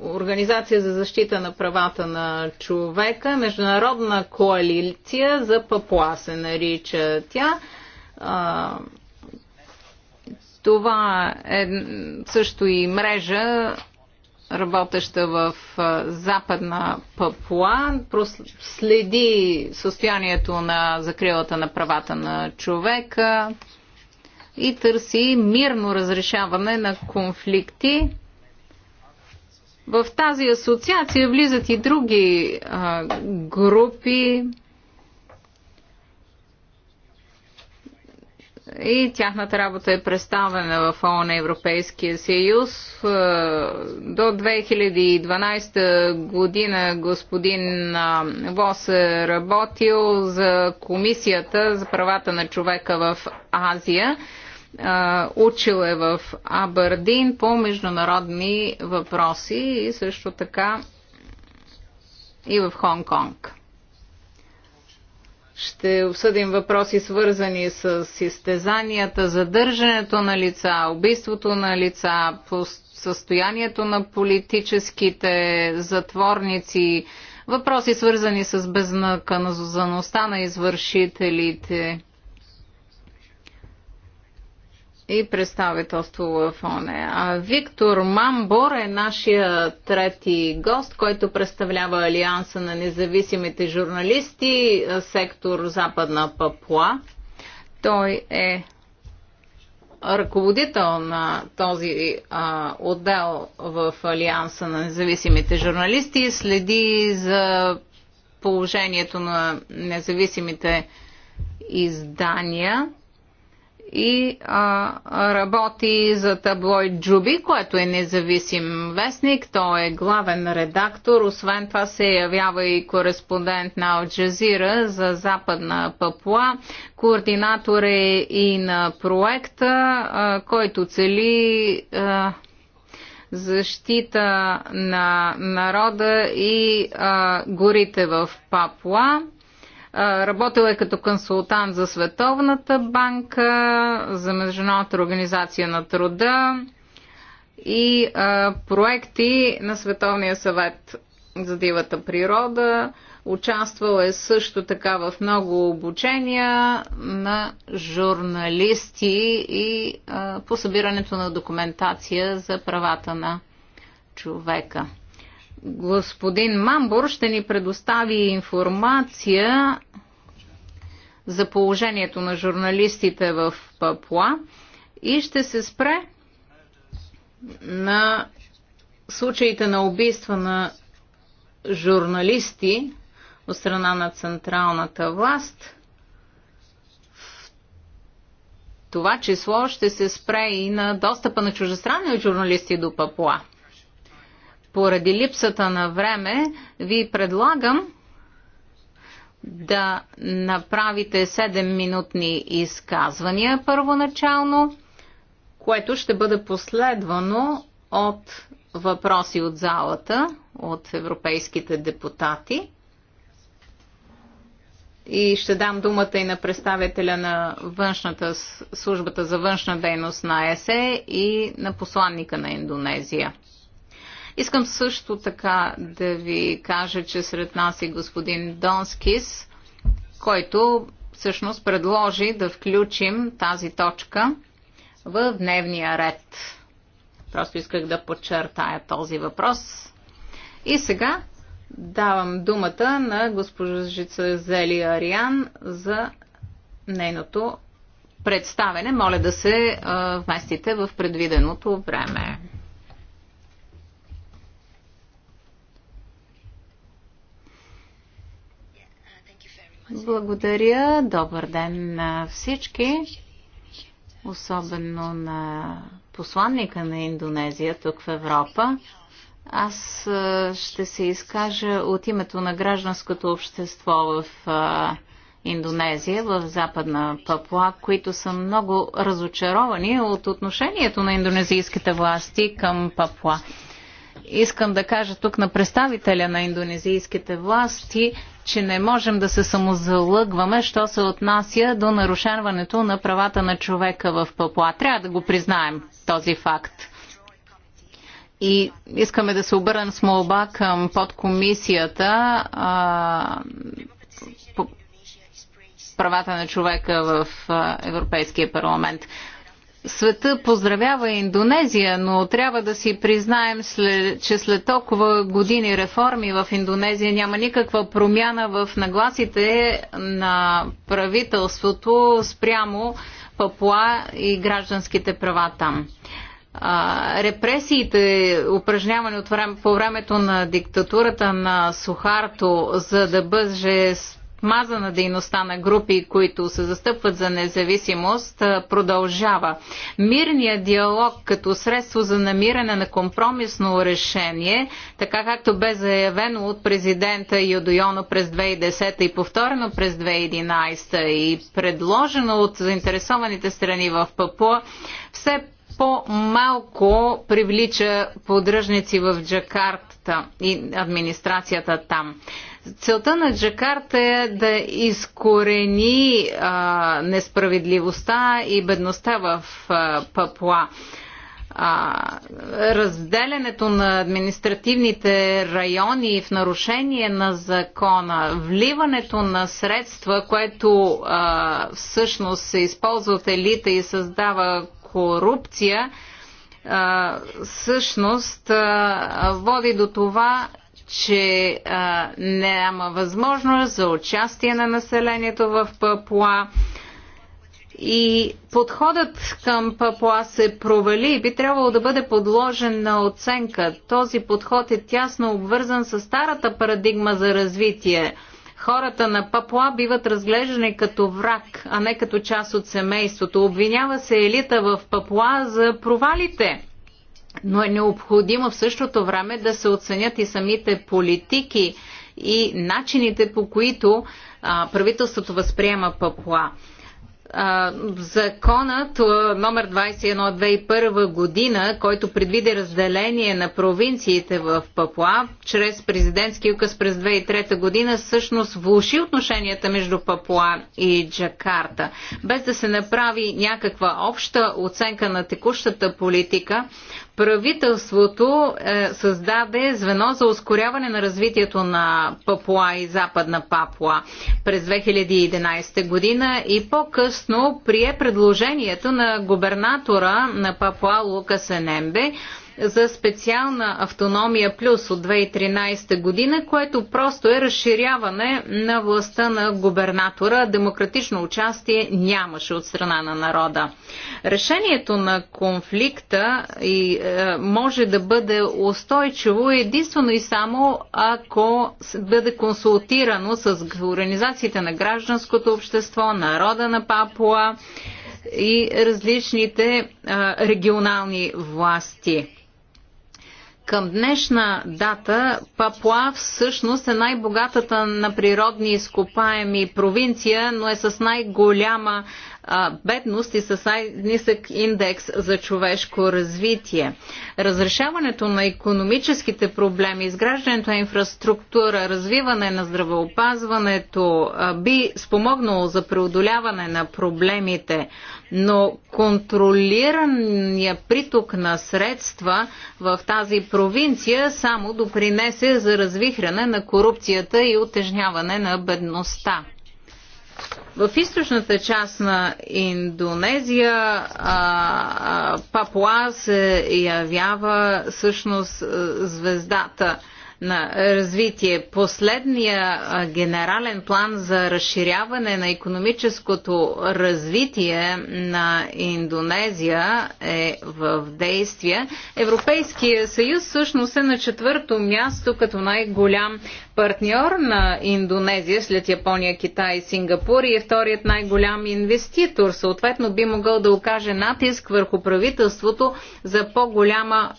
Организация за защита на правата на човека, Международна коалиция за Папуа се нарича тя. Това е също и мрежа, работеща в Западна Папуа, следи състоянието на закрилата на правата на човека и търси мирно разрешаване на конфликти в тази асоциация влизат и други а, групи и тяхната работа е представена в ООН Европейския съюз. До 2012 година господин Вос е работил за Комисията за правата на човека в Азия учил е в Абърдин по международни въпроси и също така и в Хонг-Конг. Ще обсъдим въпроси свързани с изтезанията, задържането на лица, убийството на лица, състоянието на политическите затворници, въпроси свързани с безнаказаността на извършителите и представителство в ОНЕ. А Виктор Мамбор е нашия трети гост, който представлява Алианса на независимите журналисти, сектор Западна Папуа. Той е ръководител на този а, отдел в Алианса на независимите журналисти и следи за положението на независимите издания и а, работи за Таблой Джуби, което е независим вестник. Той е главен редактор. Освен това се явява и кореспондент на Алджазира за Западна Папуа. Координатор е и на проекта, а, който цели а, защита на народа и а, горите в Папуа. Работила е като консултант за Световната банка, за Международната организация на труда и а, проекти на Световния съвет за дивата природа. участвала е също така в много обучения на журналисти и а, по събирането на документация за правата на човека господин Мамбор ще ни предостави информация за положението на журналистите в Папуа и ще се спре на случаите на убийства на журналисти от страна на централната власт. В това число ще се спре и на достъпа на чужестранни журналисти до Папуа. Поради липсата на време ви предлагам да направите 7-минутни изказвания първоначално, което ще бъде последвано от въпроси от залата, от европейските депутати. И ще дам думата и на представителя на външната, службата за външна дейност на ЕСЕ и на посланника на Индонезия. Искам също така да ви кажа, че сред нас е господин Донскис, който всъщност предложи да включим тази точка в дневния ред. Просто исках да подчертая този въпрос. И сега давам думата на госпожа Зели Ариан за нейното представене. Моля да се вместите в предвиденото време. Благодаря. Добър ден на всички, особено на посланника на Индонезия тук в Европа. Аз ще се изкажа от името на гражданското общество в Индонезия, в Западна Папуа, които са много разочаровани от отношението на индонезийските власти към Папуа искам да кажа тук на представителя на индонезийските власти, че не можем да се самозалъгваме, що се отнася до нарушаването на правата на човека в Папуа. Трябва да го признаем този факт. И искаме да се обърнем с молба към подкомисията а, по правата на човека в Европейския парламент света поздравява Индонезия, но трябва да си признаем, че след толкова години реформи в Индонезия няма никаква промяна в нагласите на правителството спрямо Папуа и гражданските права там. репресиите, упражнявани от време, по времето на диктатурата на Сухарто, за да бъде мазана дейността на групи, които се застъпват за независимост, продължава. Мирният диалог като средство за намиране на компромисно решение, така както бе заявено от президента Йодойоно през 2010 и повторено през 2011 и предложено от заинтересованите страни в ППО, все по-малко привлича поддръжници в Джакарта и администрацията там. Целта на Джакарта е да изкорени а, несправедливостта и бедността в а, Папуа. А, разделянето на административните райони в нарушение на закона, вливането на средства, което а, всъщност се използва от елита и създава корупция, а, всъщност а, води до това, че а, няма възможност за участие на населението в Папуа. И подходът към Папуа се провали и би трябвало да бъде подложен на оценка. Този подход е тясно обвързан с старата парадигма за развитие. Хората на Папуа биват разглеждани като враг, а не като част от семейството. Обвинява се елита в Папуа за провалите но е необходимо в същото време да се оценят и самите политики и начините по които а, правителството възприема ПАПЛА. Законът номер 21 2001 година, който предвиде разделение на провинциите в Папуа, чрез президентски указ през 2003 година, всъщност влуши отношенията между Папуа и Джакарта. Без да се направи някаква обща оценка на текущата политика, правителството е, създаде звено за ускоряване на развитието на Папуа и Западна Папуа през 2011 година и по-късно прие предложението на губернатора на Папуа Лукас Сенембе за специална автономия плюс от 2013 година, което просто е разширяване на властта на губернатора. Демократично участие нямаше от страна на народа. Решението на конфликта и, е, може да бъде устойчиво единствено и само ако бъде консултирано с организациите на гражданското общество, народа на Папуа и различните е, регионални власти. Към днешна дата Папуа всъщност е най-богатата на природни изкопаеми провинция, но е с най-голяма бедност и с най-нисък индекс за човешко развитие. Разрешаването на економическите проблеми, изграждането на инфраструктура, развиване на здравеопазването би спомогнало за преодоляване на проблемите, но контролирания приток на средства в тази провинция само допринесе за развихране на корупцията и отежняване на бедността в източната част на Индонезия Папуа се явява всъщност звездата на развитие. Последния генерален план за разширяване на економическото развитие на Индонезия е в действие. Европейския съюз всъщност е на четвърто място като най-голям партньор на Индонезия след Япония, Китай и Сингапур и е вторият най-голям инвеститор. Съответно би могъл да окаже натиск върху правителството за по-голяма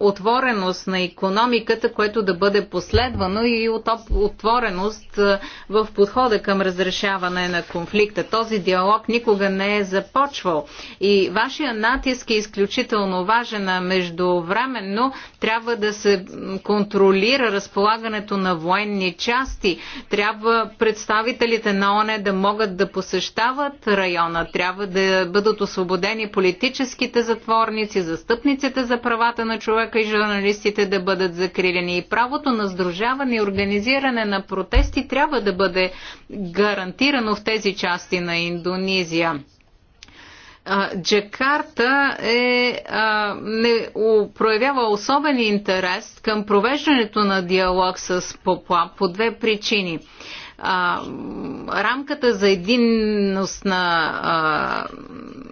отвореност на економиката, което да бъде последвано и от отвореност а, в подхода към разрешаване на конфликта. Този диалог никога не е започвал и вашия натиск е изключително важен, а междувременно трябва да се контролира разполагането на военни части. Трябва представителите на ОНЕ да могат да посещават района, трябва да бъдат освободени политическите затворници, застъпниците за правата на човека и журналистите да бъдат закрилени. И правото на сдружаване и организиране на протести трябва да бъде гарантирано в тези части на Индонезия. Джакарта е, а, не проявява особен интерес към провеждането на диалог с Попла по две причини. А, рамката за единност на а,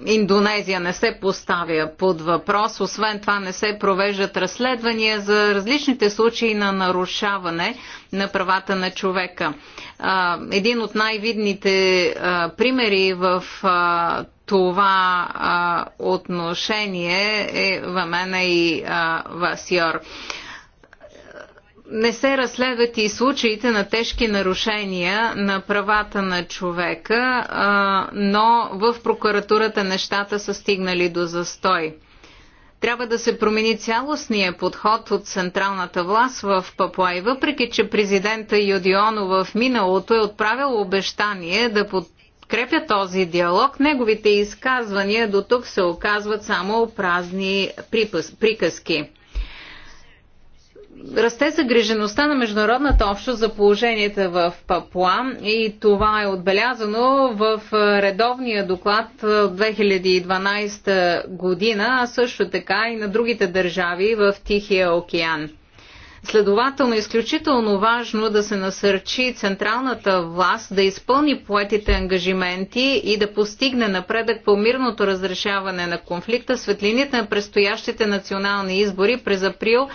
Индонезия не се поставя под въпрос. Освен това не се провеждат разследвания за различните случаи на нарушаване на правата на човека. А, един от най-видните примери в а, това а, отношение е в мене и а, Васьор. Не се разследват и случаите на тежки нарушения на правата на човека, а, но в прокуратурата нещата са стигнали до застой. Трябва да се промени цялостния подход от централната власт в Папуа и въпреки, че президента Юдионо в миналото е отправил обещание да под подкрепя този диалог, неговите изказвания до тук се оказват само празни припъс, приказки. Расте загрижеността на международната общност за положението в Папуа и това е отбелязано в редовния доклад от 2012 година, а също така и на другите държави в Тихия океан. Следователно е изключително важно да се насърчи централната власт да изпълни поетите ангажименти и да постигне напредък по мирното разрешаване на конфликта в светлините на предстоящите национални избори през април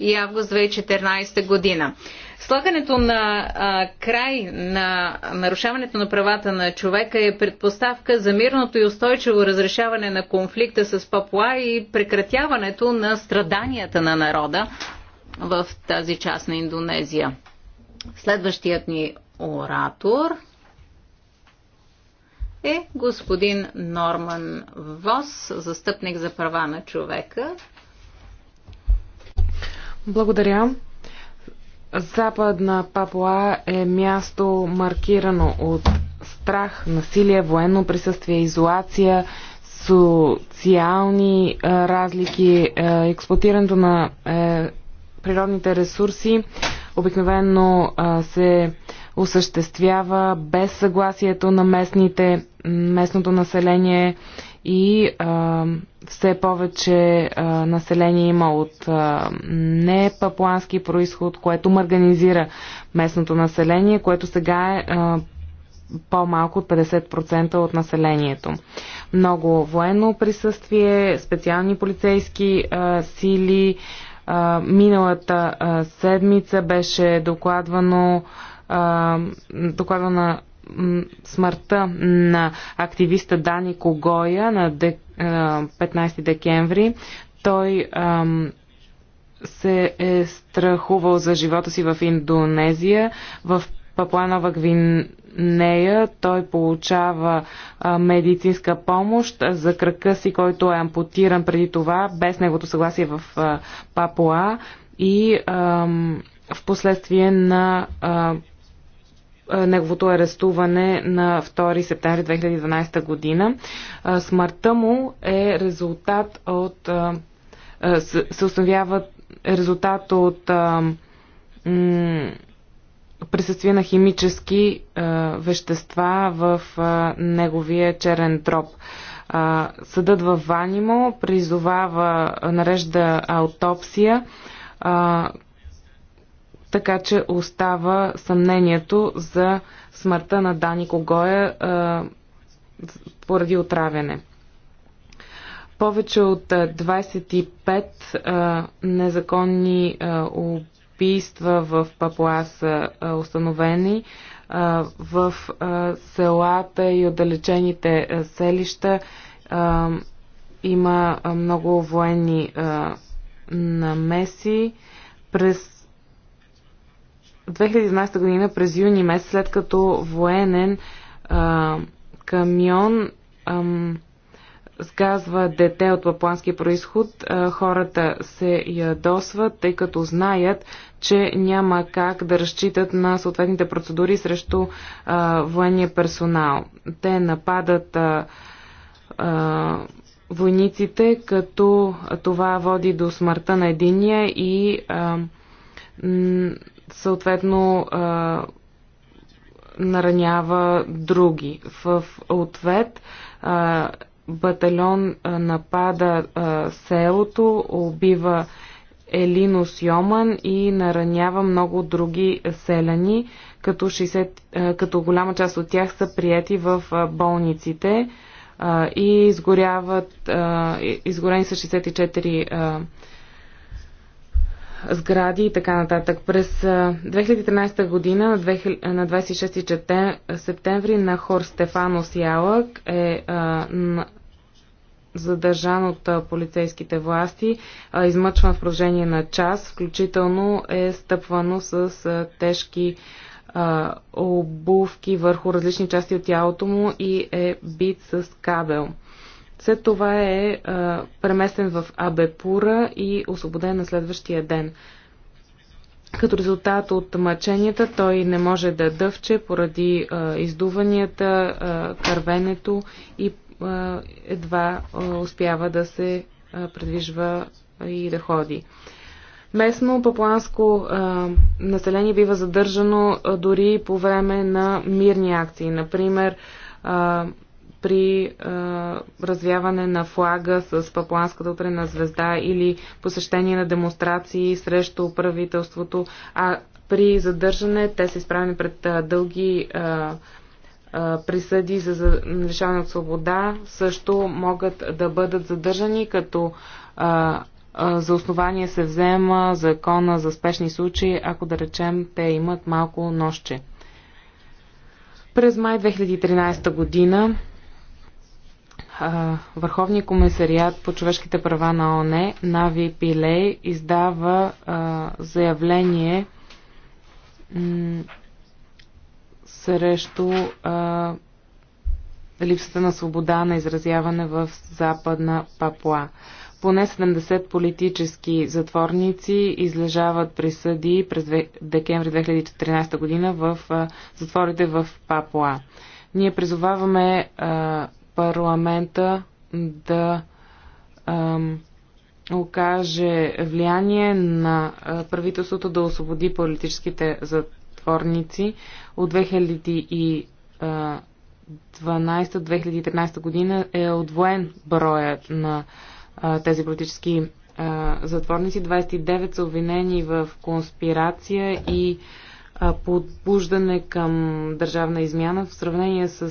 и август 2014 година. Слагането на а, край на нарушаването на правата на човека е предпоставка за мирното и устойчиво разрешаване на конфликта с Папуа и прекратяването на страданията на народа в тази част на Индонезия. Следващият ни оратор е господин Норман Вос, застъпник за права на човека. Благодаря. Западна Папуа е място маркирано от страх, насилие, военно присъствие, изолация, социални а, разлики, а, експлуатирането на а, е, природните ресурси обикновено се осъществява без съгласието на местните, местното население и а, все повече а, население има от а, не папуански происход, което марганизира местното население, което сега е а, по-малко от 50% от населението. Много военно присъствие, специални полицейски а, сили, а, миналата а, седмица беше докладвано а, докладвана смъртта на активиста Дани Когоя на 15 декември. Той ам, се е страхувал за живота си в Индонезия, в Папуанова Гвин нея. Той получава а, медицинска помощ за крака си, който е ампутиран преди това, без негото съгласие в а, Папуа и ам, в последствие на а, неговото арестуване на 2 септември 2012 година. А, смъртта му е резултат от. А, се установява резултат от а, присъствие на химически а, е, вещества в а, е, неговия черен троп. А, е, съдът в Ванимо призовава, нарежда аутопсия, а, така че остава съмнението за смъртта на Дани Когоя а, поради отравяне. Повече от 25 а, незаконни а, убийства в Папуа са установени в селата и отдалечените селища има много военни намеси. През 2011 година, през юни месец, след като военен камион сгазва дете от папуански происход, хората се ядосват, тъй като знаят, че няма как да разчитат на съответните процедури срещу а, военния персонал. Те нападат а, а, войниците, като това води до смъртта на единия и а, съответно а, наранява други. В ответ а, батальон напада а, селото, убива Елинус Йоман и наранява много други селяни, като, 60, е, като голяма част от тях са прияти в е, болниците е, и изгоряват, изгорени са 64 сгради и така нататък. През 2013 година на 26 септември на Хор Стефано Сялък е задържан от полицейските власти, измъчван в продължение на час, включително е стъпвано с тежки обувки върху различни части от тялото му и е бит с кабел. След това е преместен в Абепура и освободен на следващия ден. Като резултат от мъченията той не може да дъвче поради а, издуванията, а, кървенето и едва успява да се предвижва и да ходи. Местно папуанско население бива задържано дори по време на мирни акции. Например, при развяване на флага с папуанската утрена звезда или посещение на демонстрации срещу правителството, а при задържане те са изправени пред дълги присъди за лишаване от свобода също могат да бъдат задържани, като за основание се взема закона за спешни случаи, ако да речем те имат малко нощче. През май 2013 година Върховния комисариат по човешките права на ОНЕ, Нави Пилей, издава заявление срещу а, липсата на свобода на изразяване в Западна Папуа. Поне 70 политически затворници излежават присъди през декември 2014 година в а, затворите в Папуа. Ние призоваваме а, парламента да а, окаже влияние на правителството да освободи политическите затворници затворници от 2012-2013 година е отвоен броят на тези политически затворници. 29 са обвинени в конспирация и подбуждане към държавна измяна в сравнение с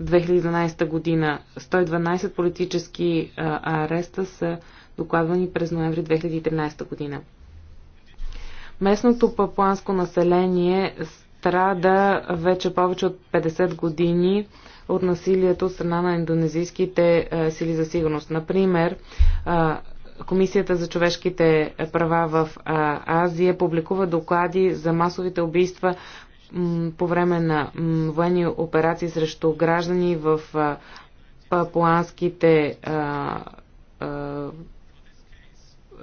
2012 година. 112 политически ареста са докладвани през ноември 2013 година. Местното папуанско население страда вече повече от 50 години от насилието от страна на индонезийските е, сили за сигурност. Например, е, Комисията за човешките права в е, Азия публикува доклади за масовите убийства по време на военни операции срещу граждани в папуанските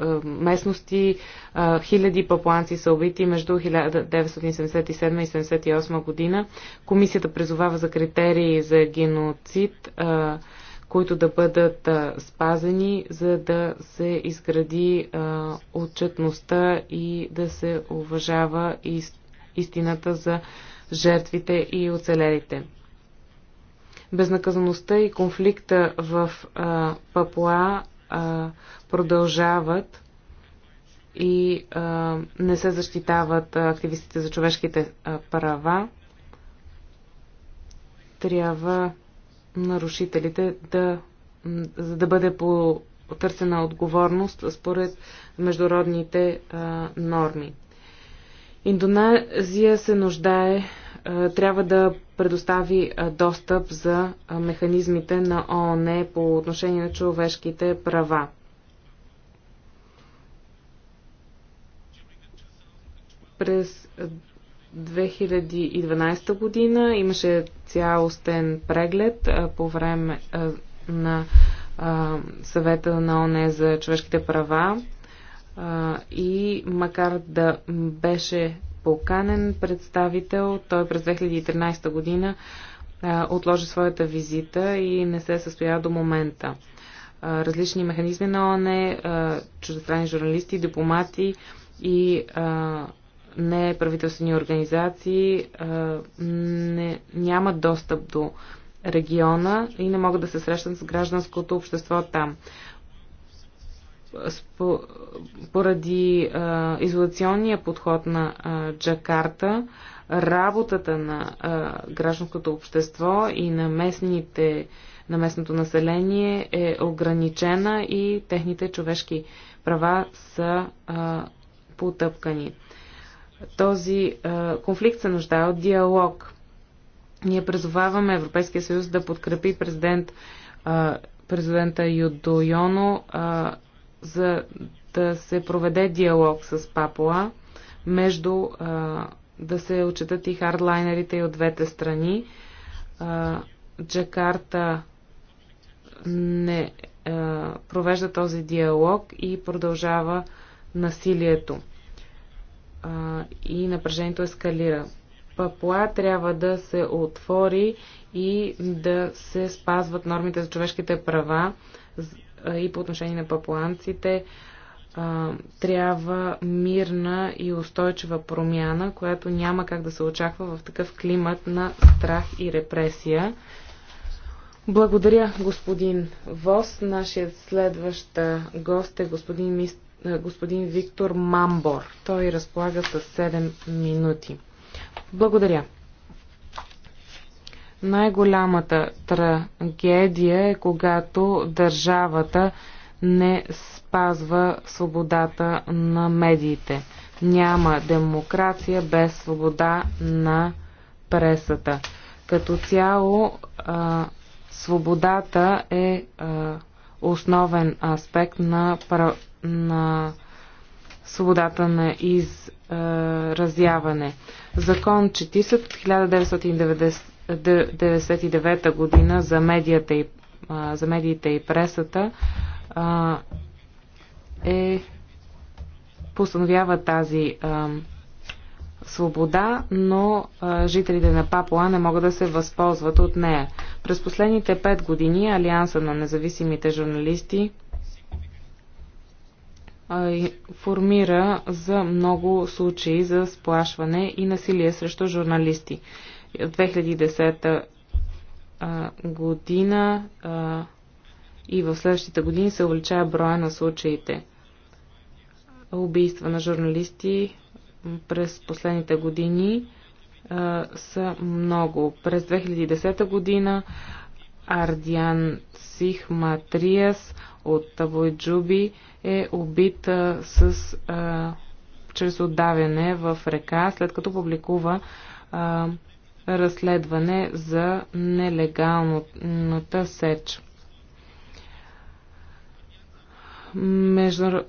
е, местности. Е, хиляди папуанци са убити между 1977 и 1978 година. Комисията призовава за критерии за геноцид, е, които да бъдат спазени, за да се изгради отчетността и да се уважава истината за жертвите и оцелелите безнаказаността и конфликта в а, Папуа а, продължават и а, не се защитават активистите за човешките а, права, трябва нарушителите да, за да бъде потърсена отговорност според международните а, норми. Индонезия се нуждае е, трябва да предостави е, достъп за е, механизмите на ООН по отношение на човешките права. През 2012 година имаше цялостен преглед по време на съвета на ОНЕ за човешките права и макар да беше поканен представител. Той през 2013 година отложи своята визита и не се е състоя до момента. Различни механизми на ОНЕ, чуждестранни журналисти, дипломати и неправителствени организации не, нямат достъп до региона и не могат да се срещат с гражданското общество там поради изолационния подход на Джакарта, работата на гражданското общество и на местните на местното население е ограничена и техните човешки права са а, потъпкани. Този а, конфликт се нуждае от диалог. Ние призоваваме Европейския съюз да подкрепи президент, а, президента Юдойоно а, за да се проведе диалог с Папуа между а, да се отчитат и хардлайнерите и от двете страни. А, Джакарта не а, провежда този диалог и продължава насилието. А, и напрежението ескалира. Папуа трябва да се отвори и да се спазват нормите за човешките права и по отношение на папуанците трябва мирна и устойчива промяна, която няма как да се очаква в такъв климат на страх и репресия. Благодаря, господин Вос. Нашият следващ гост е господин, господин Виктор Мамбор. Той разполага с 7 минути. Благодаря. Най-голямата трагедия е когато държавата не спазва свободата на медиите. Няма демокрация без свобода на пресата. Като цяло, а, свободата е а, основен аспект на, на свободата на изразяване. Закон 40 1990 1999 година за медията и за медиите и пресата а, е постановява тази а, свобода, но а, жителите на Папуа не могат да се възползват от нея. През последните пет години Алианса на независимите журналисти а, формира за много случаи за сплашване и насилие срещу журналисти. 2010 година и в следващите години се увеличава броя на случаите. Убийства на журналисти през последните години са много. През 2010 година Ардиан Сих Матриас от Тавойджуби е убит с, а, чрез отдавяне в река, след като публикува а, разследване за нелегалната сеч. Между...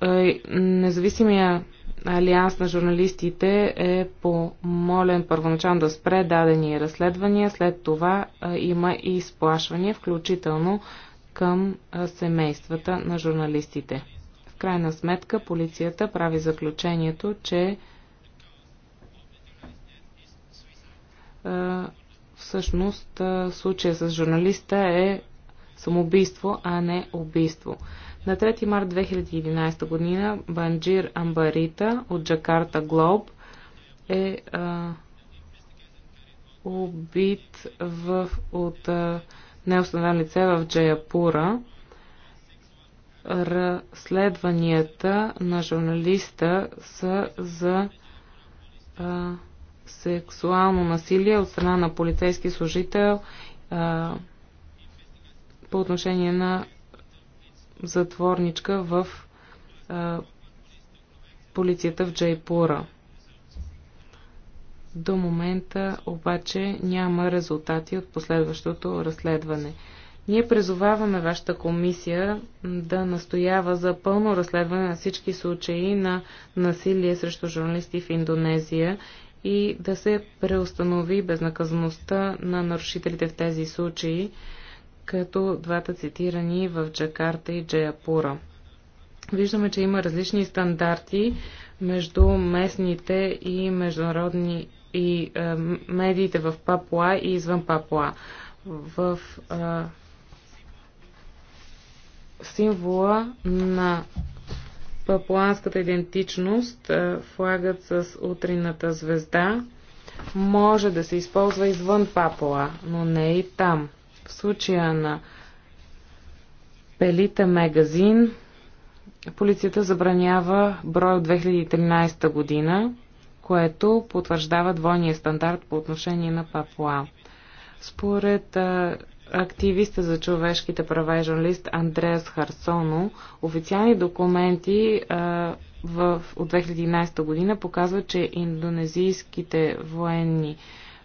Независимия Алианс на журналистите е помолен първоначално да спре дадени разследвания, след това има и изплашвания, включително към семействата на журналистите. В крайна сметка полицията прави заключението, че Е, всъщност е, случая с журналиста е самоубийство, а не убийство. На 3 март 2011 година Банджир Амбарита от Джакарта Глоб е а, е, убит в, от а, неустановен лице в Джаяпура. Разследванията на журналиста са за а, сексуално насилие от страна на полицейски служител а, по отношение на затворничка в а, полицията в Джейпура. До момента обаче няма резултати от последващото разследване. Ние призоваваме вашата комисия да настоява за пълно разследване на всички случаи на насилие срещу журналисти в Индонезия и да се преустанови безнаказаността на нарушителите в тези случаи, като двата цитирани в Джакарта и Джаяпура. Виждаме, че има различни стандарти между местните и международни и е, медиите в Папуа и извън Папуа. В е, символа на папуанската идентичност, е, флагът с утринната звезда може да се използва извън Папуа, но не и там. В случая на Пелита Мегазин полицията забранява брой от 2013 година, което потвърждава двойния стандарт по отношение на Папуа. Според а, е, активиста за човешките права и журналист Андреас Харсоно, официални документи а, в, от 2011 година показват, че индонезийските военни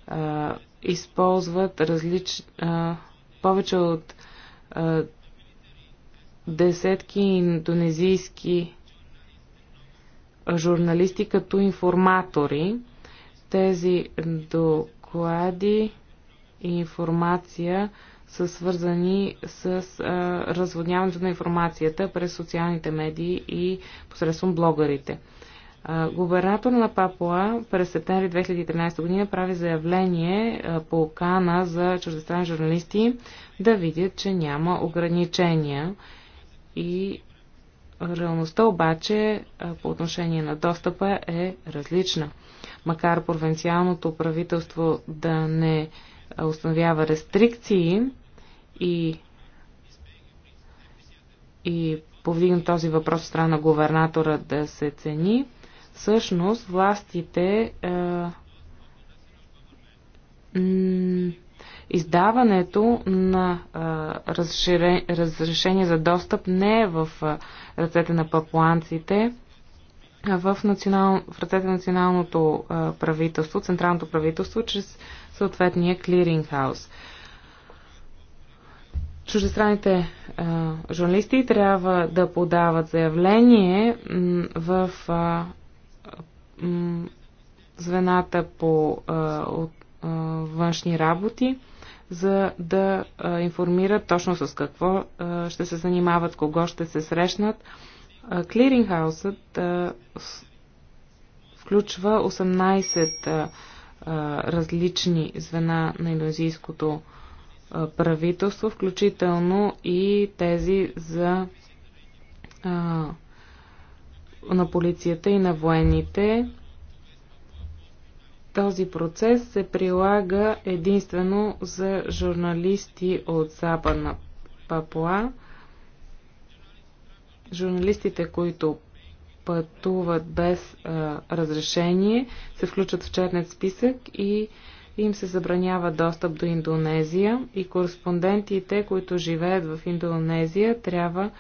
а, използват различ, а, повече от а, десетки индонезийски журналисти като информатори. Тези доклади и информация са свързани с а, разводняването на информацията през социалните медии и посредством блогърите. А, губернатор на Папуа през септември 2013 година прави заявление по окана за чуждестранни журналисти да видят, че няма ограничения и Реалността обаче по отношение на достъпа е различна. Макар провинциалното правителство да не установява рестрикции и, и повдигна този въпрос от страна на губернатора да се цени, всъщност властите е, издаването на е, разшире, разрешение за достъп не е в е, ръцете на папуанците, а в, национал, в ръцете на националното правителство, централното правителство, чрез съответния клирингхаус. Чуждестранните а, журналисти трябва да подават заявление в а, звената по а, от, а, външни работи, за да а, информират точно с какво а, ще се занимават, кого ще се срещнат. А, клирингхаусът а, включва 18 а, различни звена на индонезийското правителство, включително и тези за а, на полицията и на военните. Този процес се прилага единствено за журналисти от Западна Папуа. Журналистите, които пътуват без а, разрешение, се включат в черният списък и им се забранява достъп до Индонезия и кореспондентите, които живеят в Индонезия, трябва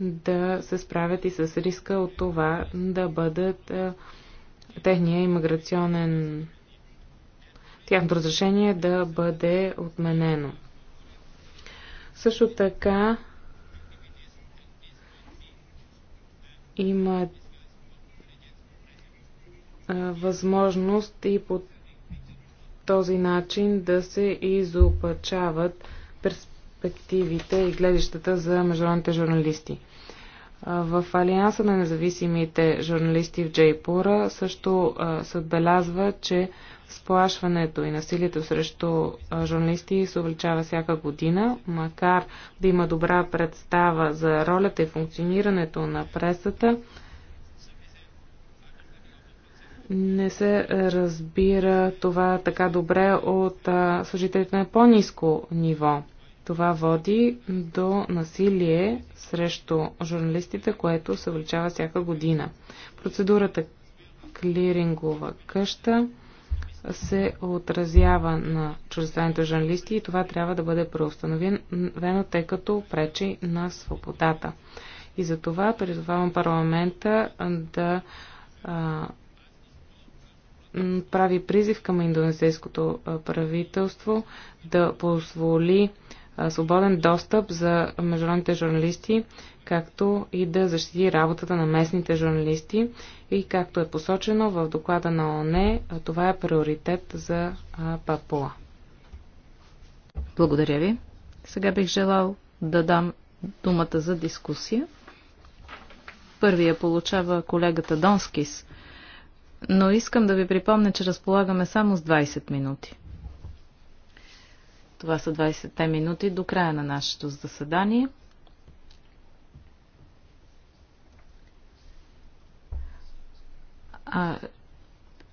да се справят и с риска от това да бъдат а, техния иммиграционен тяхното разрешение да бъде отменено. Също така имат възможност и по този начин да се изопачават перспективите и гледащата за международните журналисти. В Алианса на независимите журналисти в Джейпура също се отбелязва, че сплашването и насилието срещу журналисти се увеличава всяка година, макар да има добра представа за ролята и функционирането на пресата, не се разбира това така добре от служителите на по-низко ниво. Това води до насилие срещу журналистите, което се увеличава всяка година. Процедурата клирингова къща се отразява на чуждестранните журналисти и това трябва да бъде преустановено, тъй като пречи на свободата. И за това призовавам парламента да а, прави призив към индонезийското правителство да позволи свободен достъп за международните журналисти, както и да защити работата на местните журналисти. И както е посочено в доклада на ОНЕ, това е приоритет за Папуа. Благодаря ви. Сега бих желал да дам думата за дискусия. Първия получава колегата Донскис но искам да ви припомня, че разполагаме само с 20 минути. Това са 20-те минути до края на нашето заседание. А,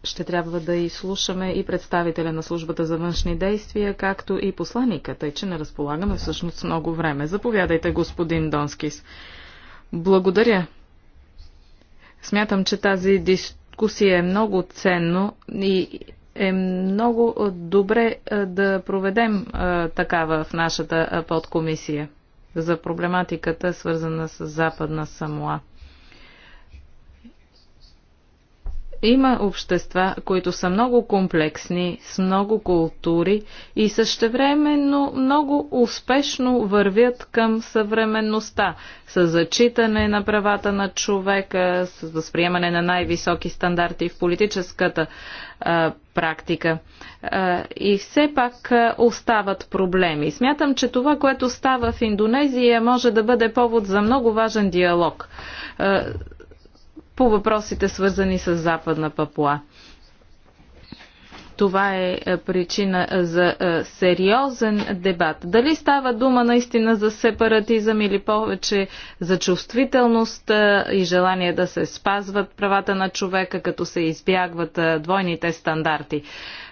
ще трябва да изслушаме и представителя на службата за външни действия, както и посланика, тъй че не разполагаме всъщност много време. Заповядайте, господин Донскис. Благодаря. Смятам, че тази дис си е много ценно и е много добре да проведем такава в нашата подкомисия за проблематиката, свързана с Западна Самоа. Има общества, които са много комплексни, с много култури и същевременно много успешно вървят към съвременността, с зачитане на правата на човека, с възприемане на най-високи стандарти в политическата а, практика. А, и все пак а, остават проблеми. Смятам, че това, което става в Индонезия, може да бъде повод за много важен диалог. А, по въпросите свързани с Западна Папуа. Това е, е причина за е, сериозен дебат. Дали става дума наистина за сепаратизъм или повече за чувствителност е, и желание да се спазват правата на човека, като се избягват двойните стандарти.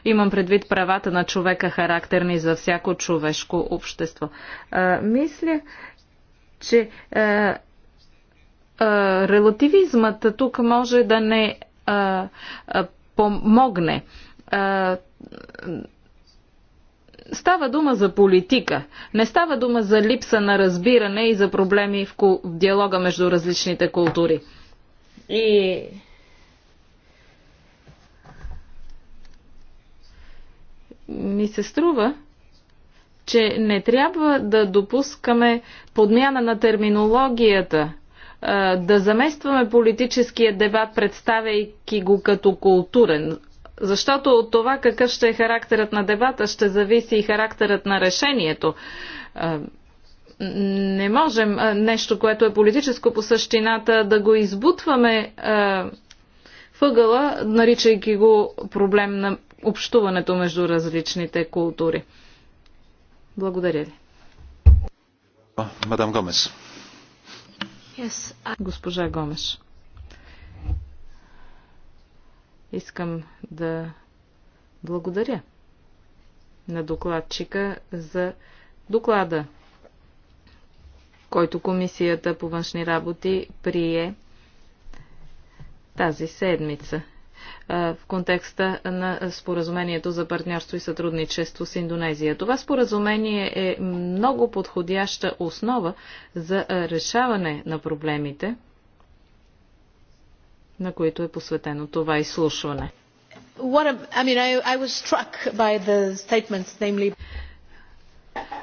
Имам предвид правата на човека, характерни за всяко човешко общество. мисля, че релативизмът тук може да не а, а, помогне. А, става дума за политика. Не става дума за липса на разбиране и за проблеми в, в диалога между различните култури. И ми се струва, че не трябва да допускаме подмяна на терминологията – да заместваме политическия дебат, представяйки го като културен. Защото от това какъв ще е характерът на дебата, ще зависи и характерът на решението. Не можем нещо, което е политическо по същината, да го избутваме въгъла, наричайки го проблем на общуването между различните култури. Благодаря ви. Мадам Гомес. Yes, I... Госпожа Гомеш. Искам да благодаря на докладчика за доклада, който Комисията по външни работи прие тази седмица в контекста на споразумението за партньорство и сътрудничество с Индонезия. Това споразумение е много подходяща основа за решаване на проблемите, на които е посветено това изслушване.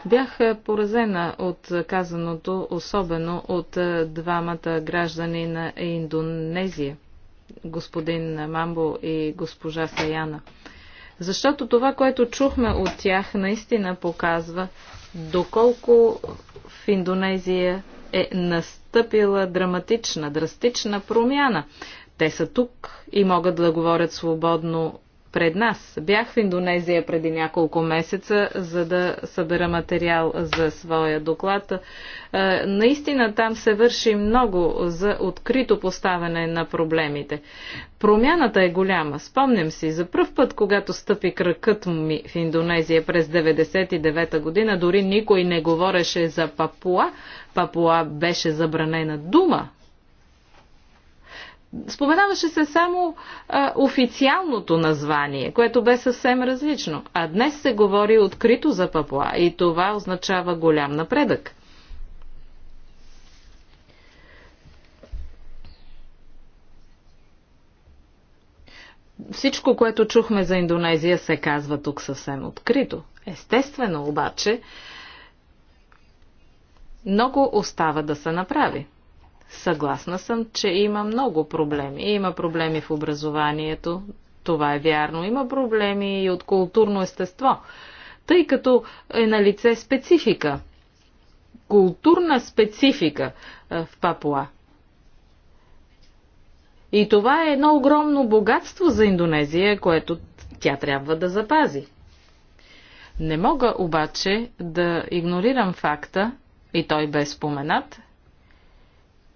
Бях поразена от казаното, особено от двамата граждани на Индонезия господин Мамбо и госпожа Саяна. Защото това, което чухме от тях, наистина показва доколко в Индонезия е настъпила драматична, драстична промяна. Те са тук и могат да говорят свободно пред нас. Бях в Индонезия преди няколко месеца, за да събера материал за своя доклад. Е, наистина там се върши много за открито поставяне на проблемите. Промяната е голяма. Спомням си, за пръв път, когато стъпи кракът ми в Индонезия през 99-та година, дори никой не говореше за Папуа. Папуа беше забранена дума Споменаваше се само а, официалното название, което бе съвсем различно. А днес се говори открито за Папуа и това означава голям напредък. Всичко, което чухме за Индонезия, се казва тук съвсем открито. Естествено обаче, много остава да се направи. Съгласна съм, че има много проблеми. Има проблеми в образованието, това е вярно. Има проблеми и от културно естество, тъй като е на лице специфика. Културна специфика е, в Папуа. И това е едно огромно богатство за Индонезия, което тя трябва да запази. Не мога обаче да игнорирам факта, и той бе споменат,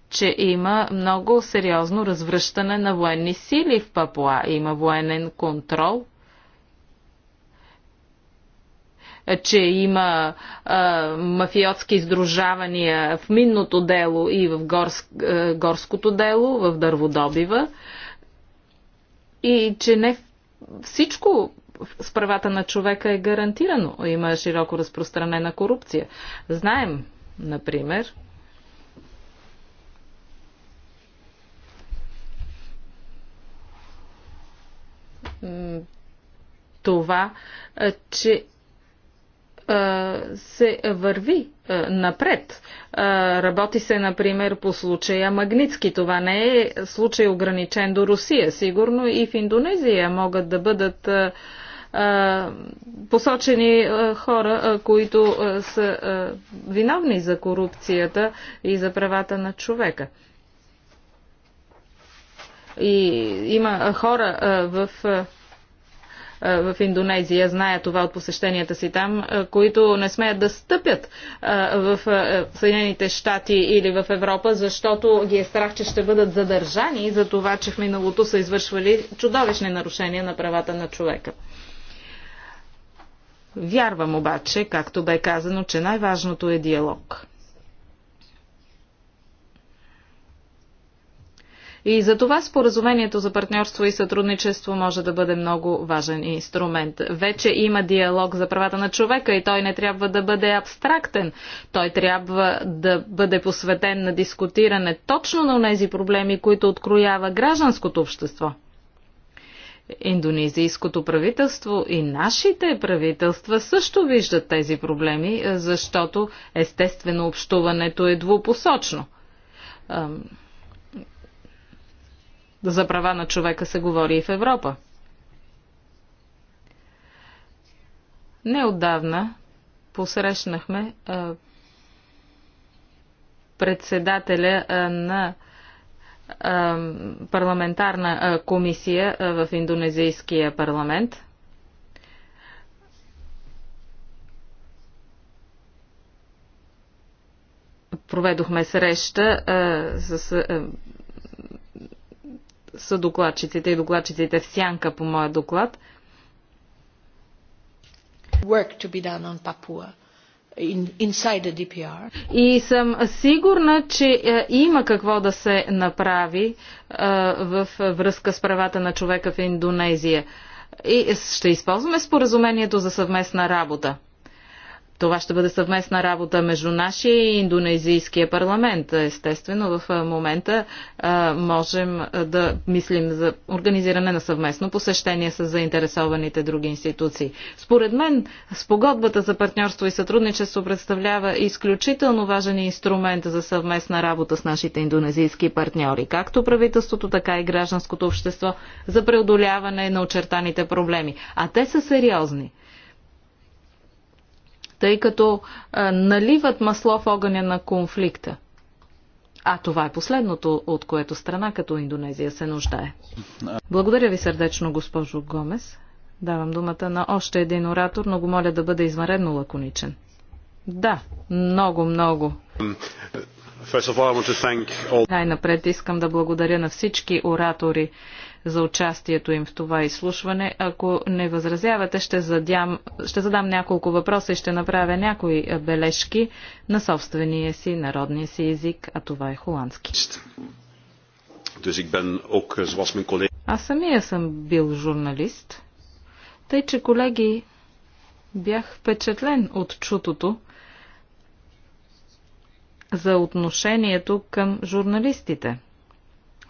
че има много сериозно развръщане на военни сили в Папуа. Има военен контрол, че има а, мафиотски издружавания в минното дело и в горск, а, горското дело, в дърводобива. И че не всичко с правата на човека е гарантирано. Има широко разпространена корупция. Знаем, например, това, че се върви напред. Работи се, например, по случая Магницки. Това не е случай ограничен до Русия. Сигурно и в Индонезия могат да бъдат посочени хора, които са виновни за корупцията и за правата на човека. И има хора в в Индонезия, зная това от посещенията си там, които не смеят да стъпят в Съединените щати или в Европа, защото ги е страх, че ще бъдат задържани за това, че в миналото са извършвали чудовищни нарушения на правата на човека. Вярвам обаче, както бе казано, че най-важното е диалог – И за това споразумението за партньорство и сътрудничество може да бъде много важен инструмент. Вече има диалог за правата на човека и той не трябва да бъде абстрактен. Той трябва да бъде посветен на дискутиране точно на тези проблеми, които откроява гражданското общество. Индонезийското правителство и нашите правителства също виждат тези проблеми, защото естествено общуването е двупосочно за права на човека се говори и в Европа. Неотдавна посрещнахме а, председателя а, на а, парламентарна а, комисия а, в индонезийския парламент. Проведохме среща а, с. А, са докладчиците и докладчиците в сянка по моя доклад. Work to be done on Papua. И съм сигурна, че е, има какво да се направи е, в връзка с правата на човека в Индонезия. И ще използваме споразумението за съвместна работа. Това ще бъде съвместна работа между нашия и индонезийския парламент. Естествено, в момента можем да мислим за организиране на съвместно посещение с заинтересованите други институции. Според мен, спогодбата за партньорство и сътрудничество представлява изключително важен инструмент за съвместна работа с нашите индонезийски партньори, както правителството, така и гражданското общество, за преодоляване на очертаните проблеми. А те са сериозни тъй като а, наливат масло в огъня на конфликта. А това е последното, от което страна като Индонезия се нуждае. Благодаря ви сърдечно, госпожо Гомес. Давам думата на още един оратор, но го моля да бъде измаредно лаконичен. Да, много, много. Най-напред искам да благодаря на всички оратори за участието им в това изслушване. Ако не възразявате, ще, задям, ще задам няколко въпроса и ще направя някои е, бележки на собствения си, народния си език, а това е холандски. Е, Аз самия съм бил журналист, тъй че, колеги, бях впечатлен от чутото за отношението към журналистите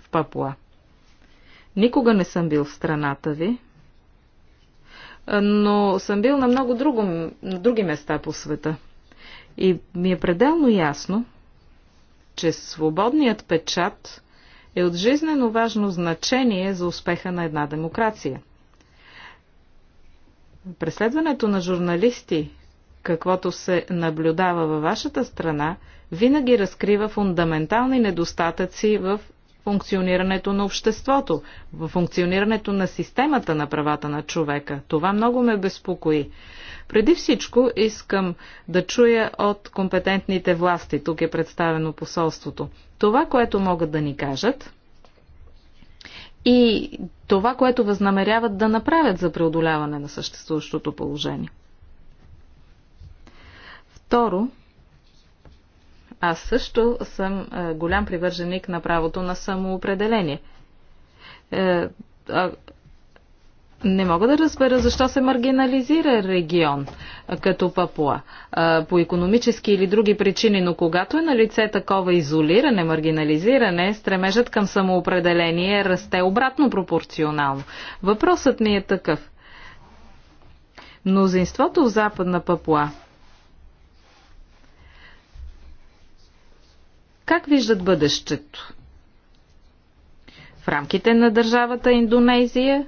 в Папуа. Никога не съм бил в страната ви, но съм бил на много друго, на други места по света. И ми е пределно ясно, че свободният печат е от жизнено важно значение за успеха на една демокрация. Преследването на журналисти, каквото се наблюдава във вашата страна, винаги разкрива фундаментални недостатъци в функционирането на обществото, в функционирането на системата на правата на човека. Това много ме безпокои. Преди всичко искам да чуя от компетентните власти, тук е представено посолството, това, което могат да ни кажат и това, което възнамеряват да направят за преодоляване на съществуващото положение. Второ, аз също съм е, голям привърженик на правото на самоопределение. Е, не мога да разбера защо се маргинализира регион е, като Папуа по економически или други причини, но когато е на лице такова изолиране, маргинализиране, стремежът към самоопределение расте обратно пропорционално. Въпросът ми е такъв. Мнозинството в Западна Папуа Как виждат бъдещето? В рамките на държавата Индонезия,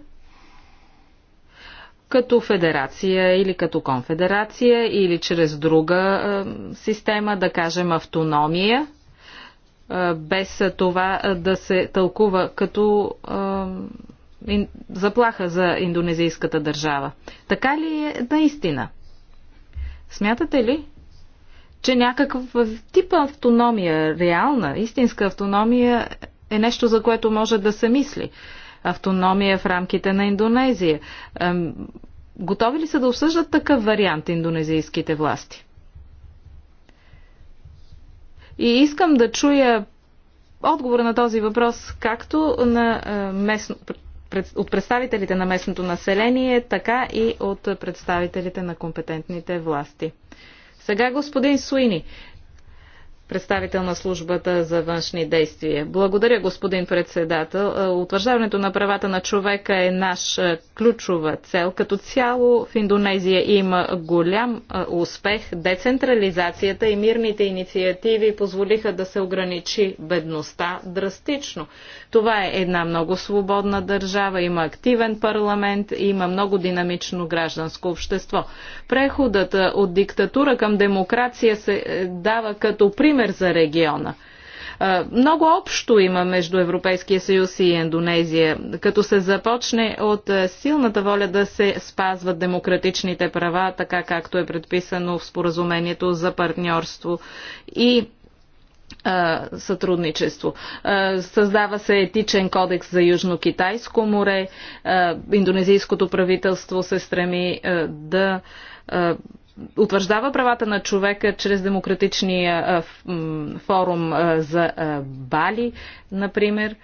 като федерация или като конфедерация или чрез друга е, система, да кажем автономия, е, без това е, да се тълкува като е, ин, заплаха за индонезийската държава. Така ли е наистина? Смятате ли, че някакъв тип автономия, реална, истинска автономия е нещо, за което може да се мисли. Автономия в рамките на Индонезия. Готови ли са да обсъждат такъв вариант индонезийските власти? И искам да чуя отговора на този въпрос както на местно, от представителите на местното население, така и от представителите на компетентните власти. Сега господин Суини представител на службата за външни действия. Благодаря, господин председател. Е, утвърждаването на правата на човека е наша е, ключова цел. Като цяло в Индонезия има голям е, успех. Децентрализацията и мирните инициативи позволиха да се ограничи бедността драстично. Това е една много свободна държава, има активен парламент, има много динамично гражданско общество. Преходът от диктатура към демокрация се дава като пример пример за региона. Много общо има между Европейския съюз и Индонезия, като се започне от силната воля да се спазват демократичните права, така както е предписано в споразумението за партньорство и сътрудничество. Създава се етичен кодекс за Южно-Китайско море. Индонезийското правителство се стреми да утвърждава правата на човека чрез демократичния форум за Бали, например.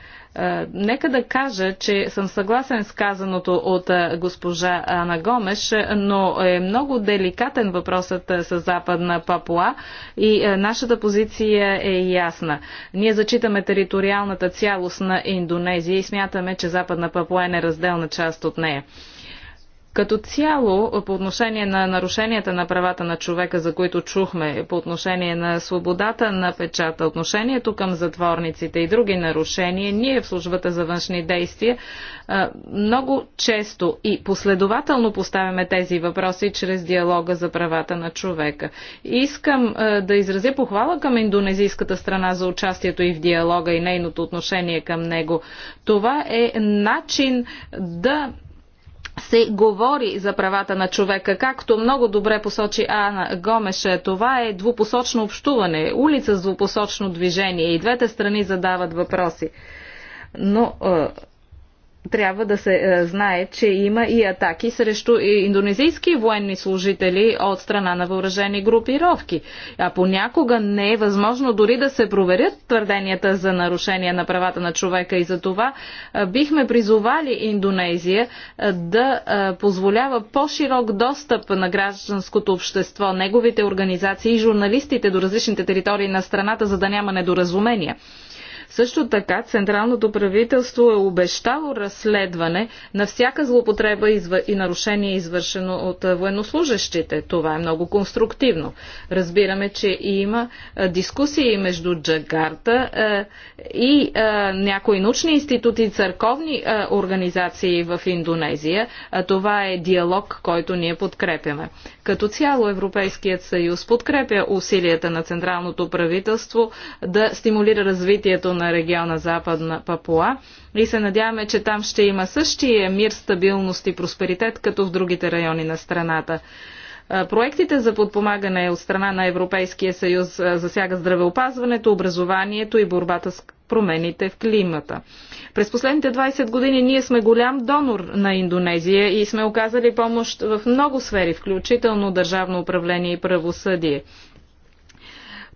Нека да кажа, че съм съгласен с казаното от госпожа Ана Гомеш, но е много деликатен въпросът с Западна Папуа и нашата позиция е ясна. Ние зачитаме териториалната цялост на Индонезия и смятаме, че Западна Папуа е неразделна част от нея. Като цяло, по отношение на нарушенията на правата на човека, за които чухме, по отношение на свободата на печата, отношението към затворниците и други нарушения, ние в службата за външни действия много често и последователно поставяме тези въпроси чрез диалога за правата на човека. Искам да изразя похвала към индонезийската страна за участието и в диалога и нейното отношение към него. Това е начин да се говори за правата на човека. Както много добре посочи Ана Гомеше. това е двупосочно общуване, улица с двупосочно движение и двете страни задават въпроси. Но е, трябва да се е, знае, че има и атаки срещу индонезийски военни служители от страна на въоръжени групировки. А понякога не е възможно дори да се проверят твърденията за нарушение на правата на човека и за това е, бихме призовали Индонезия е, да позволява по-широк достъп на гражданското общество, неговите организации и журналистите до различните територии на страната, за да няма недоразумения. Също така Централното правителство е обещало разследване на всяка злоупотреба и нарушение извършено от военнослужащите. Това е много конструктивно. Разбираме, че има дискусии между Джагарта и някои научни институти, църковни организации в Индонезия. Това е диалог, който ние подкрепяме. Като цяло Европейският съюз подкрепя усилията на Централното правителство да стимулира развитието на региона Западна Папуа и се надяваме, че там ще има същия мир, стабилност и просперитет, като в другите райони на страната. Проектите за подпомагане от страна на Европейския съюз засяга здравеопазването, образованието и борбата с промените в климата. През последните 20 години ние сме голям донор на Индонезия и сме оказали помощ в много сфери, включително държавно управление и правосъдие.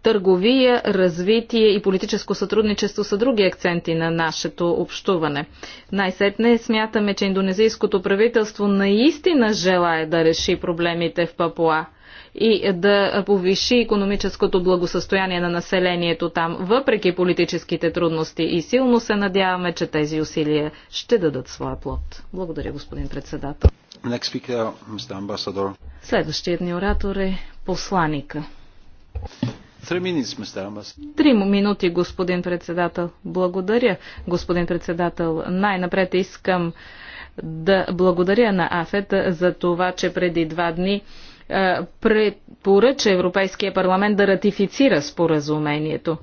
Търговия, развитие и политическо сътрудничество са други акценти на нашето общуване. Най-сетне смятаме, че индонезийското правителство наистина желая да реши проблемите в Папуа и да повиши економическото благосъстояние на населението там, въпреки политическите трудности и силно се надяваме, че тези усилия ще дадат своя плод. Благодаря, господин председател. Speaker, Следващият ни оратор е посланика. Три минути, господин председател. Благодаря, господин председател. Най-напред искам да благодаря на АФЕТ за това, че преди два дни препоръча Европейския парламент да ратифицира споразумението.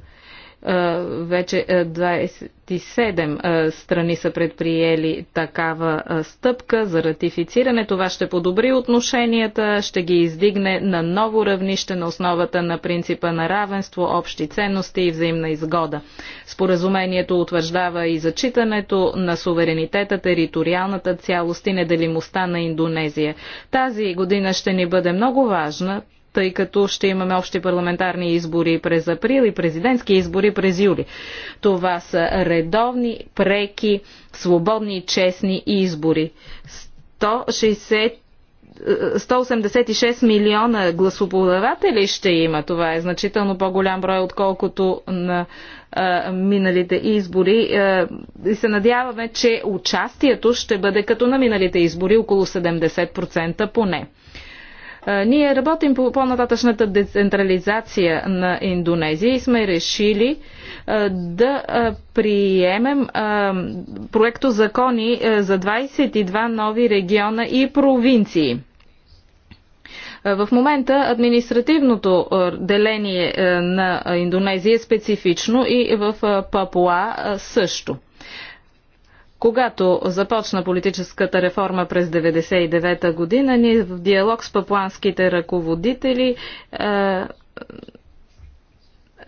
Е, вече 27 е, е, страни са предприели такава стъпка за ратифициране. Това ще подобри отношенията, ще ги издигне на ново равнище на основата на принципа на равенство, общи ценности и взаимна изгода. Споразумението утвърждава и зачитането на суверенитета, териториалната цялост и неделимостта на Индонезия. Тази година ще ни бъде много важна, тъй като ще имаме общи парламентарни избори през април и президентски избори през юли. Това са редовни, преки, свободни и честни избори. 160 186 е, милиона гласоподаватели ще има. Това е значително по-голям брой, отколкото на а, е, миналите избори. А, е, и се надяваме, че участието ще бъде като на миналите избори, около 70% поне. Ние работим по по-нататъчната децентрализация на Индонезия и сме решили да приемем проекто закони за 22 нови региона и провинции. В момента административното деление на Индонезия е специфично и в Папуа също. Когато започна политическата реформа през 1999 година, ние в диалог с папуанските ръководители е,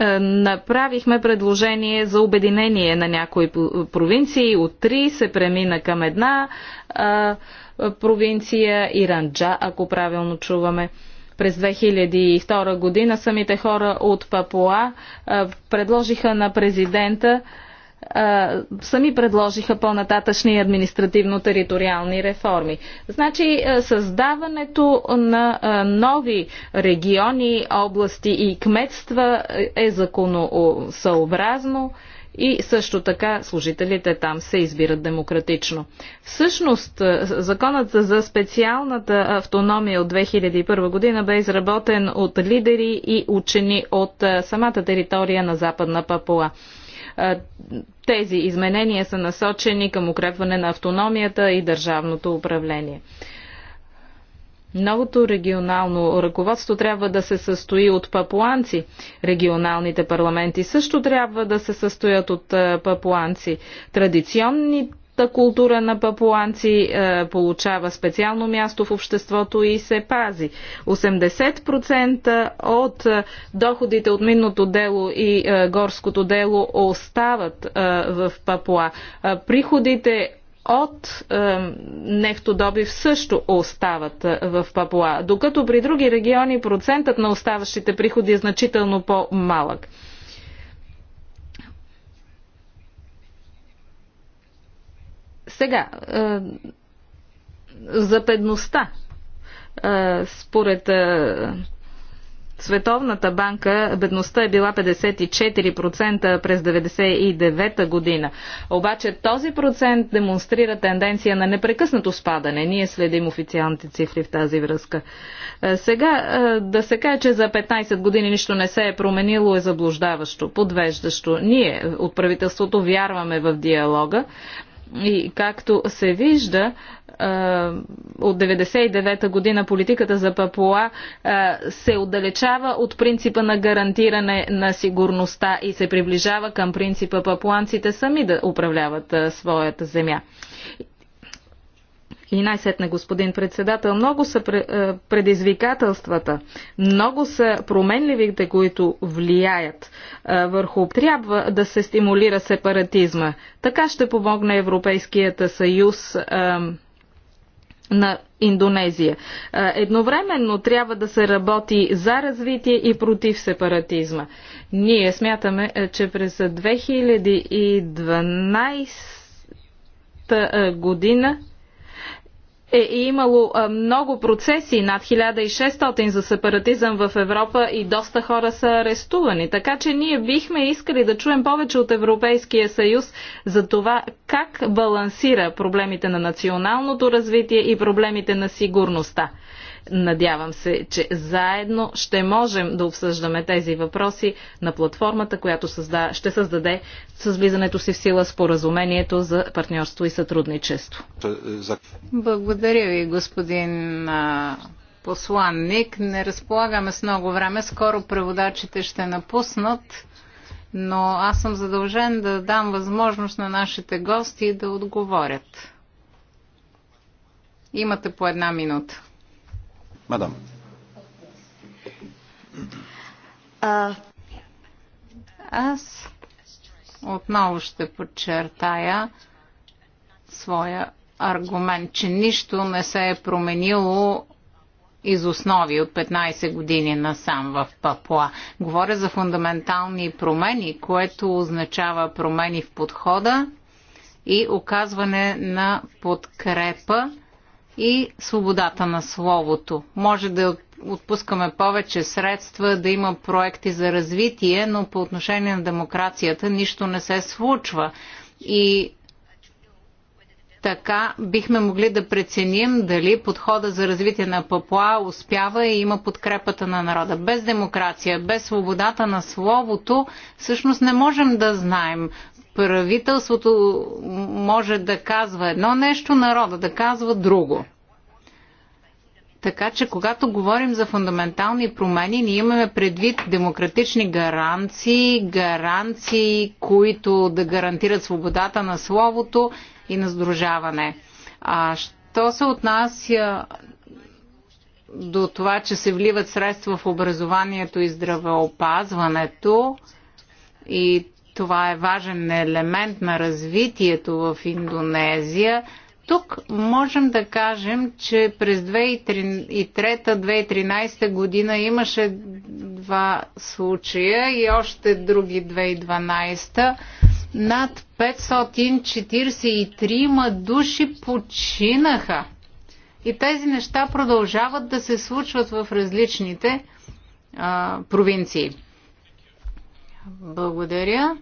е, направихме предложение за обединение на някои провинции. От три се премина към една е, провинция Иранджа, ако правилно чуваме. През 2002 година самите хора от Папуа предложиха на президента сами предложиха по-нататъчни административно-териториални реформи. Значи създаването на нови региони, области и кметства е законосъобразно и също така служителите там се избират демократично. Всъщност, законът за специалната автономия от 2001 година бе изработен от лидери и учени от самата територия на Западна Папуа. Тези изменения са насочени към укрепване на автономията и държавното управление. Новото регионално ръководство трябва да се състои от папуанци. Регионалните парламенти също трябва да се състоят от папуанци. Традиционни Българската култура на папуанци е, получава специално място в обществото и се пази. 80% от е, доходите от минното дело и е, горското дело остават е, в Папуа. Е, приходите от е, нефтодобив също остават е, в Папуа, докато при други региони процентът на оставащите приходи е значително по-малък. Сега, е, за бедността. Е, според е, Световната банка бедността е била 54% през 1999 година. Обаче този процент демонстрира тенденция на непрекъснато спадане. Ние следим официалните цифри в тази връзка. Сега да се каже, че за 15 години нищо не се е променило е заблуждаващо, подвеждащо. Ние от правителството вярваме в диалога. И както се вижда, от 99-та година политиката за Папуа се отдалечава от принципа на гарантиране на сигурността и се приближава към принципа папуанците сами да управляват своята земя. И най-сетне, господин председател, много са е, предизвикателствата, много са променливите, които влияят е, върху. Трябва да се стимулира сепаратизма. Така ще помогне Европейският съюз е, на Индонезия. Едновременно трябва да се работи за развитие и против сепаратизма. Ние смятаме, че през 2012 година е, е имало много процеси, над 1600 за сепаратизъм в Европа и доста хора са арестувани. Така че ние бихме искали да чуем повече от Европейския съюз за това как балансира проблемите на националното развитие и проблемите на сигурността. Надявам се, че заедно ще можем да обсъждаме тези въпроси на платформата, която създа... ще създаде с влизането си в сила споразумението за партньорство и сътрудничество. Благодаря ви, господин посланник. Не разполагаме с много време. Скоро преводачите ще напуснат, но аз съм задължен да дам възможност на нашите гости да отговорят. Имате по една минута. Аз отново ще подчертая своя аргумент, че нищо не се е променило из основи от 15 години насам в Папуа. Говоря за фундаментални промени, което означава промени в подхода и оказване на подкрепа и свободата на словото. Може да отпускаме повече средства, да има проекти за развитие, но по отношение на демокрацията нищо не се случва. И така бихме могли да преценим дали подхода за развитие на Папуа успява и има подкрепата на народа. Без демокрация, без свободата на словото, всъщност не можем да знаем правителството може да казва едно нещо, народа да казва друго. Така че, когато говорим за фундаментални промени, ние имаме предвид демократични гаранции, гаранции, които да гарантират свободата на словото и на сдружаване. А що се отнася до това, че се вливат средства в образованието и здравеопазването, и това е важен елемент на развитието в Индонезия. Тук можем да кажем, че през 2003-2013 година имаше два случая и още други 2012. Над 543 души починаха. И тези неща продължават да се случват в различните а, провинции. Благодаря.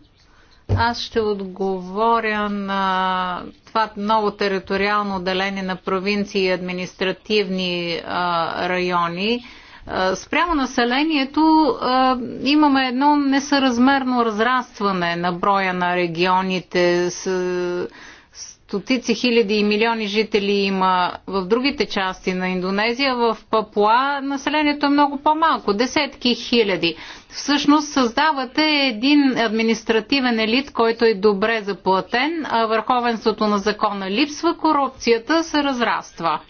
Аз ще отговоря на това ново териториално отделение на провинции и административни а, райони. А, спрямо населението а, имаме едно несъразмерно разрастване на броя на регионите. С, стотици хиляди и милиони жители има в другите части на Индонезия, в Папуа населението е много по-малко, десетки хиляди. Всъщност създавате един административен елит, който е добре заплатен, а върховенството на закона липсва, корупцията се разраства.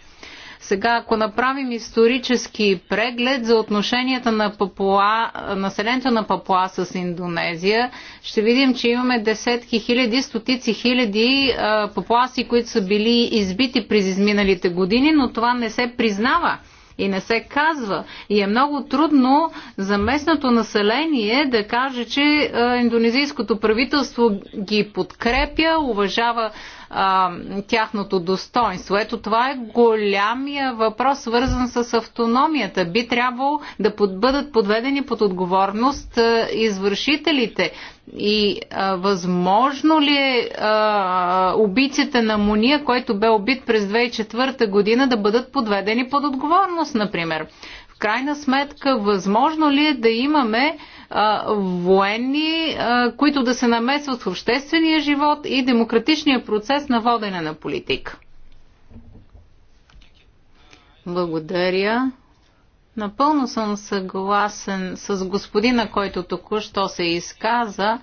Сега, ако направим исторически преглед за отношенията на Папуа, населението на Папуа с Индонезия, ще видим, че имаме десетки хиляди, стотици хиляди а, папуаси, които са били избити през изминалите години, но това не се признава и не се казва. И е много трудно за местното население да каже, че индонезийското правителство ги подкрепя, уважава а, тяхното достоинство. Ето това е голямия въпрос, свързан с автономията. Би трябвало да под, бъдат подведени под отговорност а, извършителите. И а, възможно ли е а, убийците на Мония, който бе убит през 2004 година, да бъдат подведени под отговорност, например? В крайна сметка, възможно ли е да имаме а, военни, а, които да се намесват в обществения живот и демократичния процес на водене на политика. Благодаря. Напълно съм съгласен с господина, който току-що се изказа.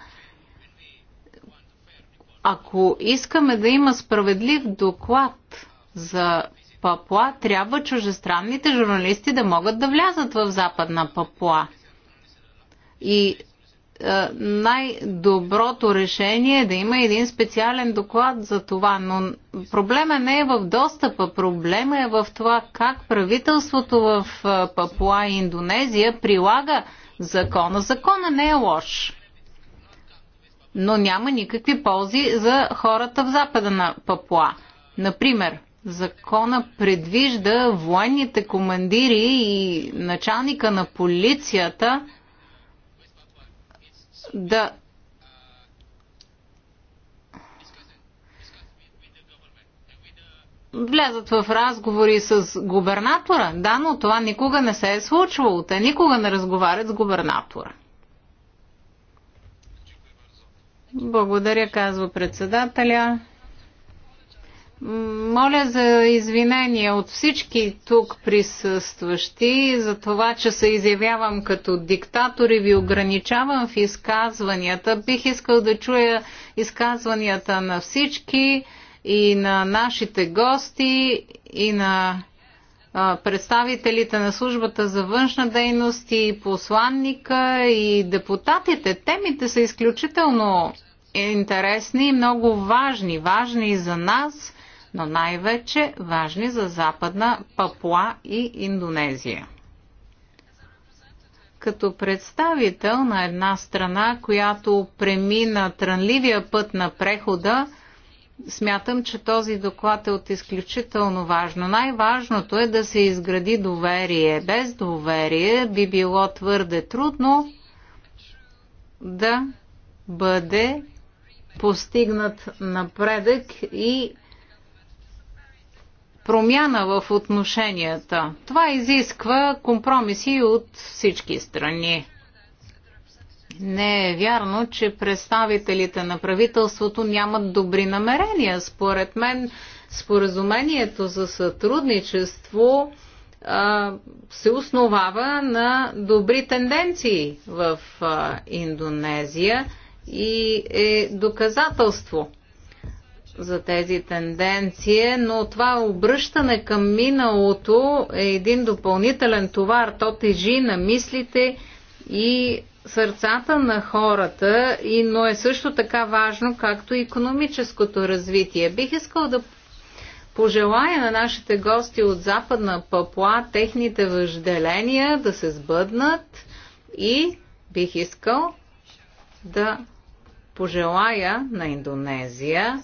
Ако искаме да има справедлив доклад за Папуа, трябва чужестранните журналисти да могат да влязат в Западна Папуа. И е, най-доброто решение е да има един специален доклад за това, но проблема не е в достъпа, проблема е в това как правителството в е, Папуа и Индонезия прилага закона. Закона не е лош, но няма никакви ползи за хората в запада на Папуа. Например, закона предвижда военните командири и началника на полицията – да влязат в разговори с губернатора. Да, но това никога не се е случвало. Те никога не разговарят с губернатора. Благодаря, казва председателя. Моля за извинение от всички тук присъстващи за това, че се изявявам като диктатор и ви ограничавам в изказванията. Бих искал да чуя изказванията на всички и на нашите гости и на представителите на службата за външна дейност и посланника и депутатите. Темите са изключително интересни и много важни. Важни и за нас, но най-вече важни за Западна Папуа и Индонезия. Като представител на една страна, която премина трънливия път на прехода, смятам, че този доклад е от изключително важно. Най-важното е да се изгради доверие. Без доверие би било твърде трудно да бъде постигнат напредък и промяна в отношенията. Това изисква компромиси от всички страни. Не е вярно, че представителите на правителството нямат добри намерения. Според мен, споразумението за сътрудничество а, се основава на добри тенденции в а, Индонезия и е доказателство – за тези тенденции, но това обръщане към миналото е един допълнителен товар. То тежи на мислите и сърцата на хората, и, но е също така важно, както и економическото развитие. Бих искал да пожелая на нашите гости от Западна Папуа техните въжделения да се сбъднат и бих искал да пожелая на Индонезия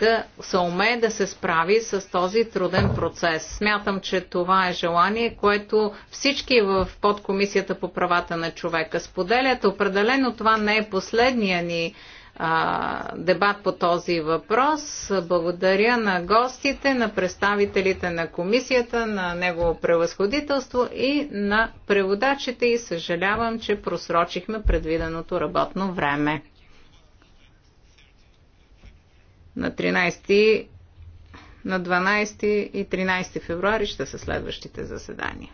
да се умее да се справи с този труден процес. Смятам, че това е желание, което всички в подкомисията по правата на човека споделят. Определено това не е последния ни а, дебат по този въпрос. Благодаря на гостите, на представителите на комисията, на негово превъзходителство и на преводачите и съжалявам, че просрочихме предвиденото работно време. На 13, на 12 и 13 февруари ще са следващите заседания.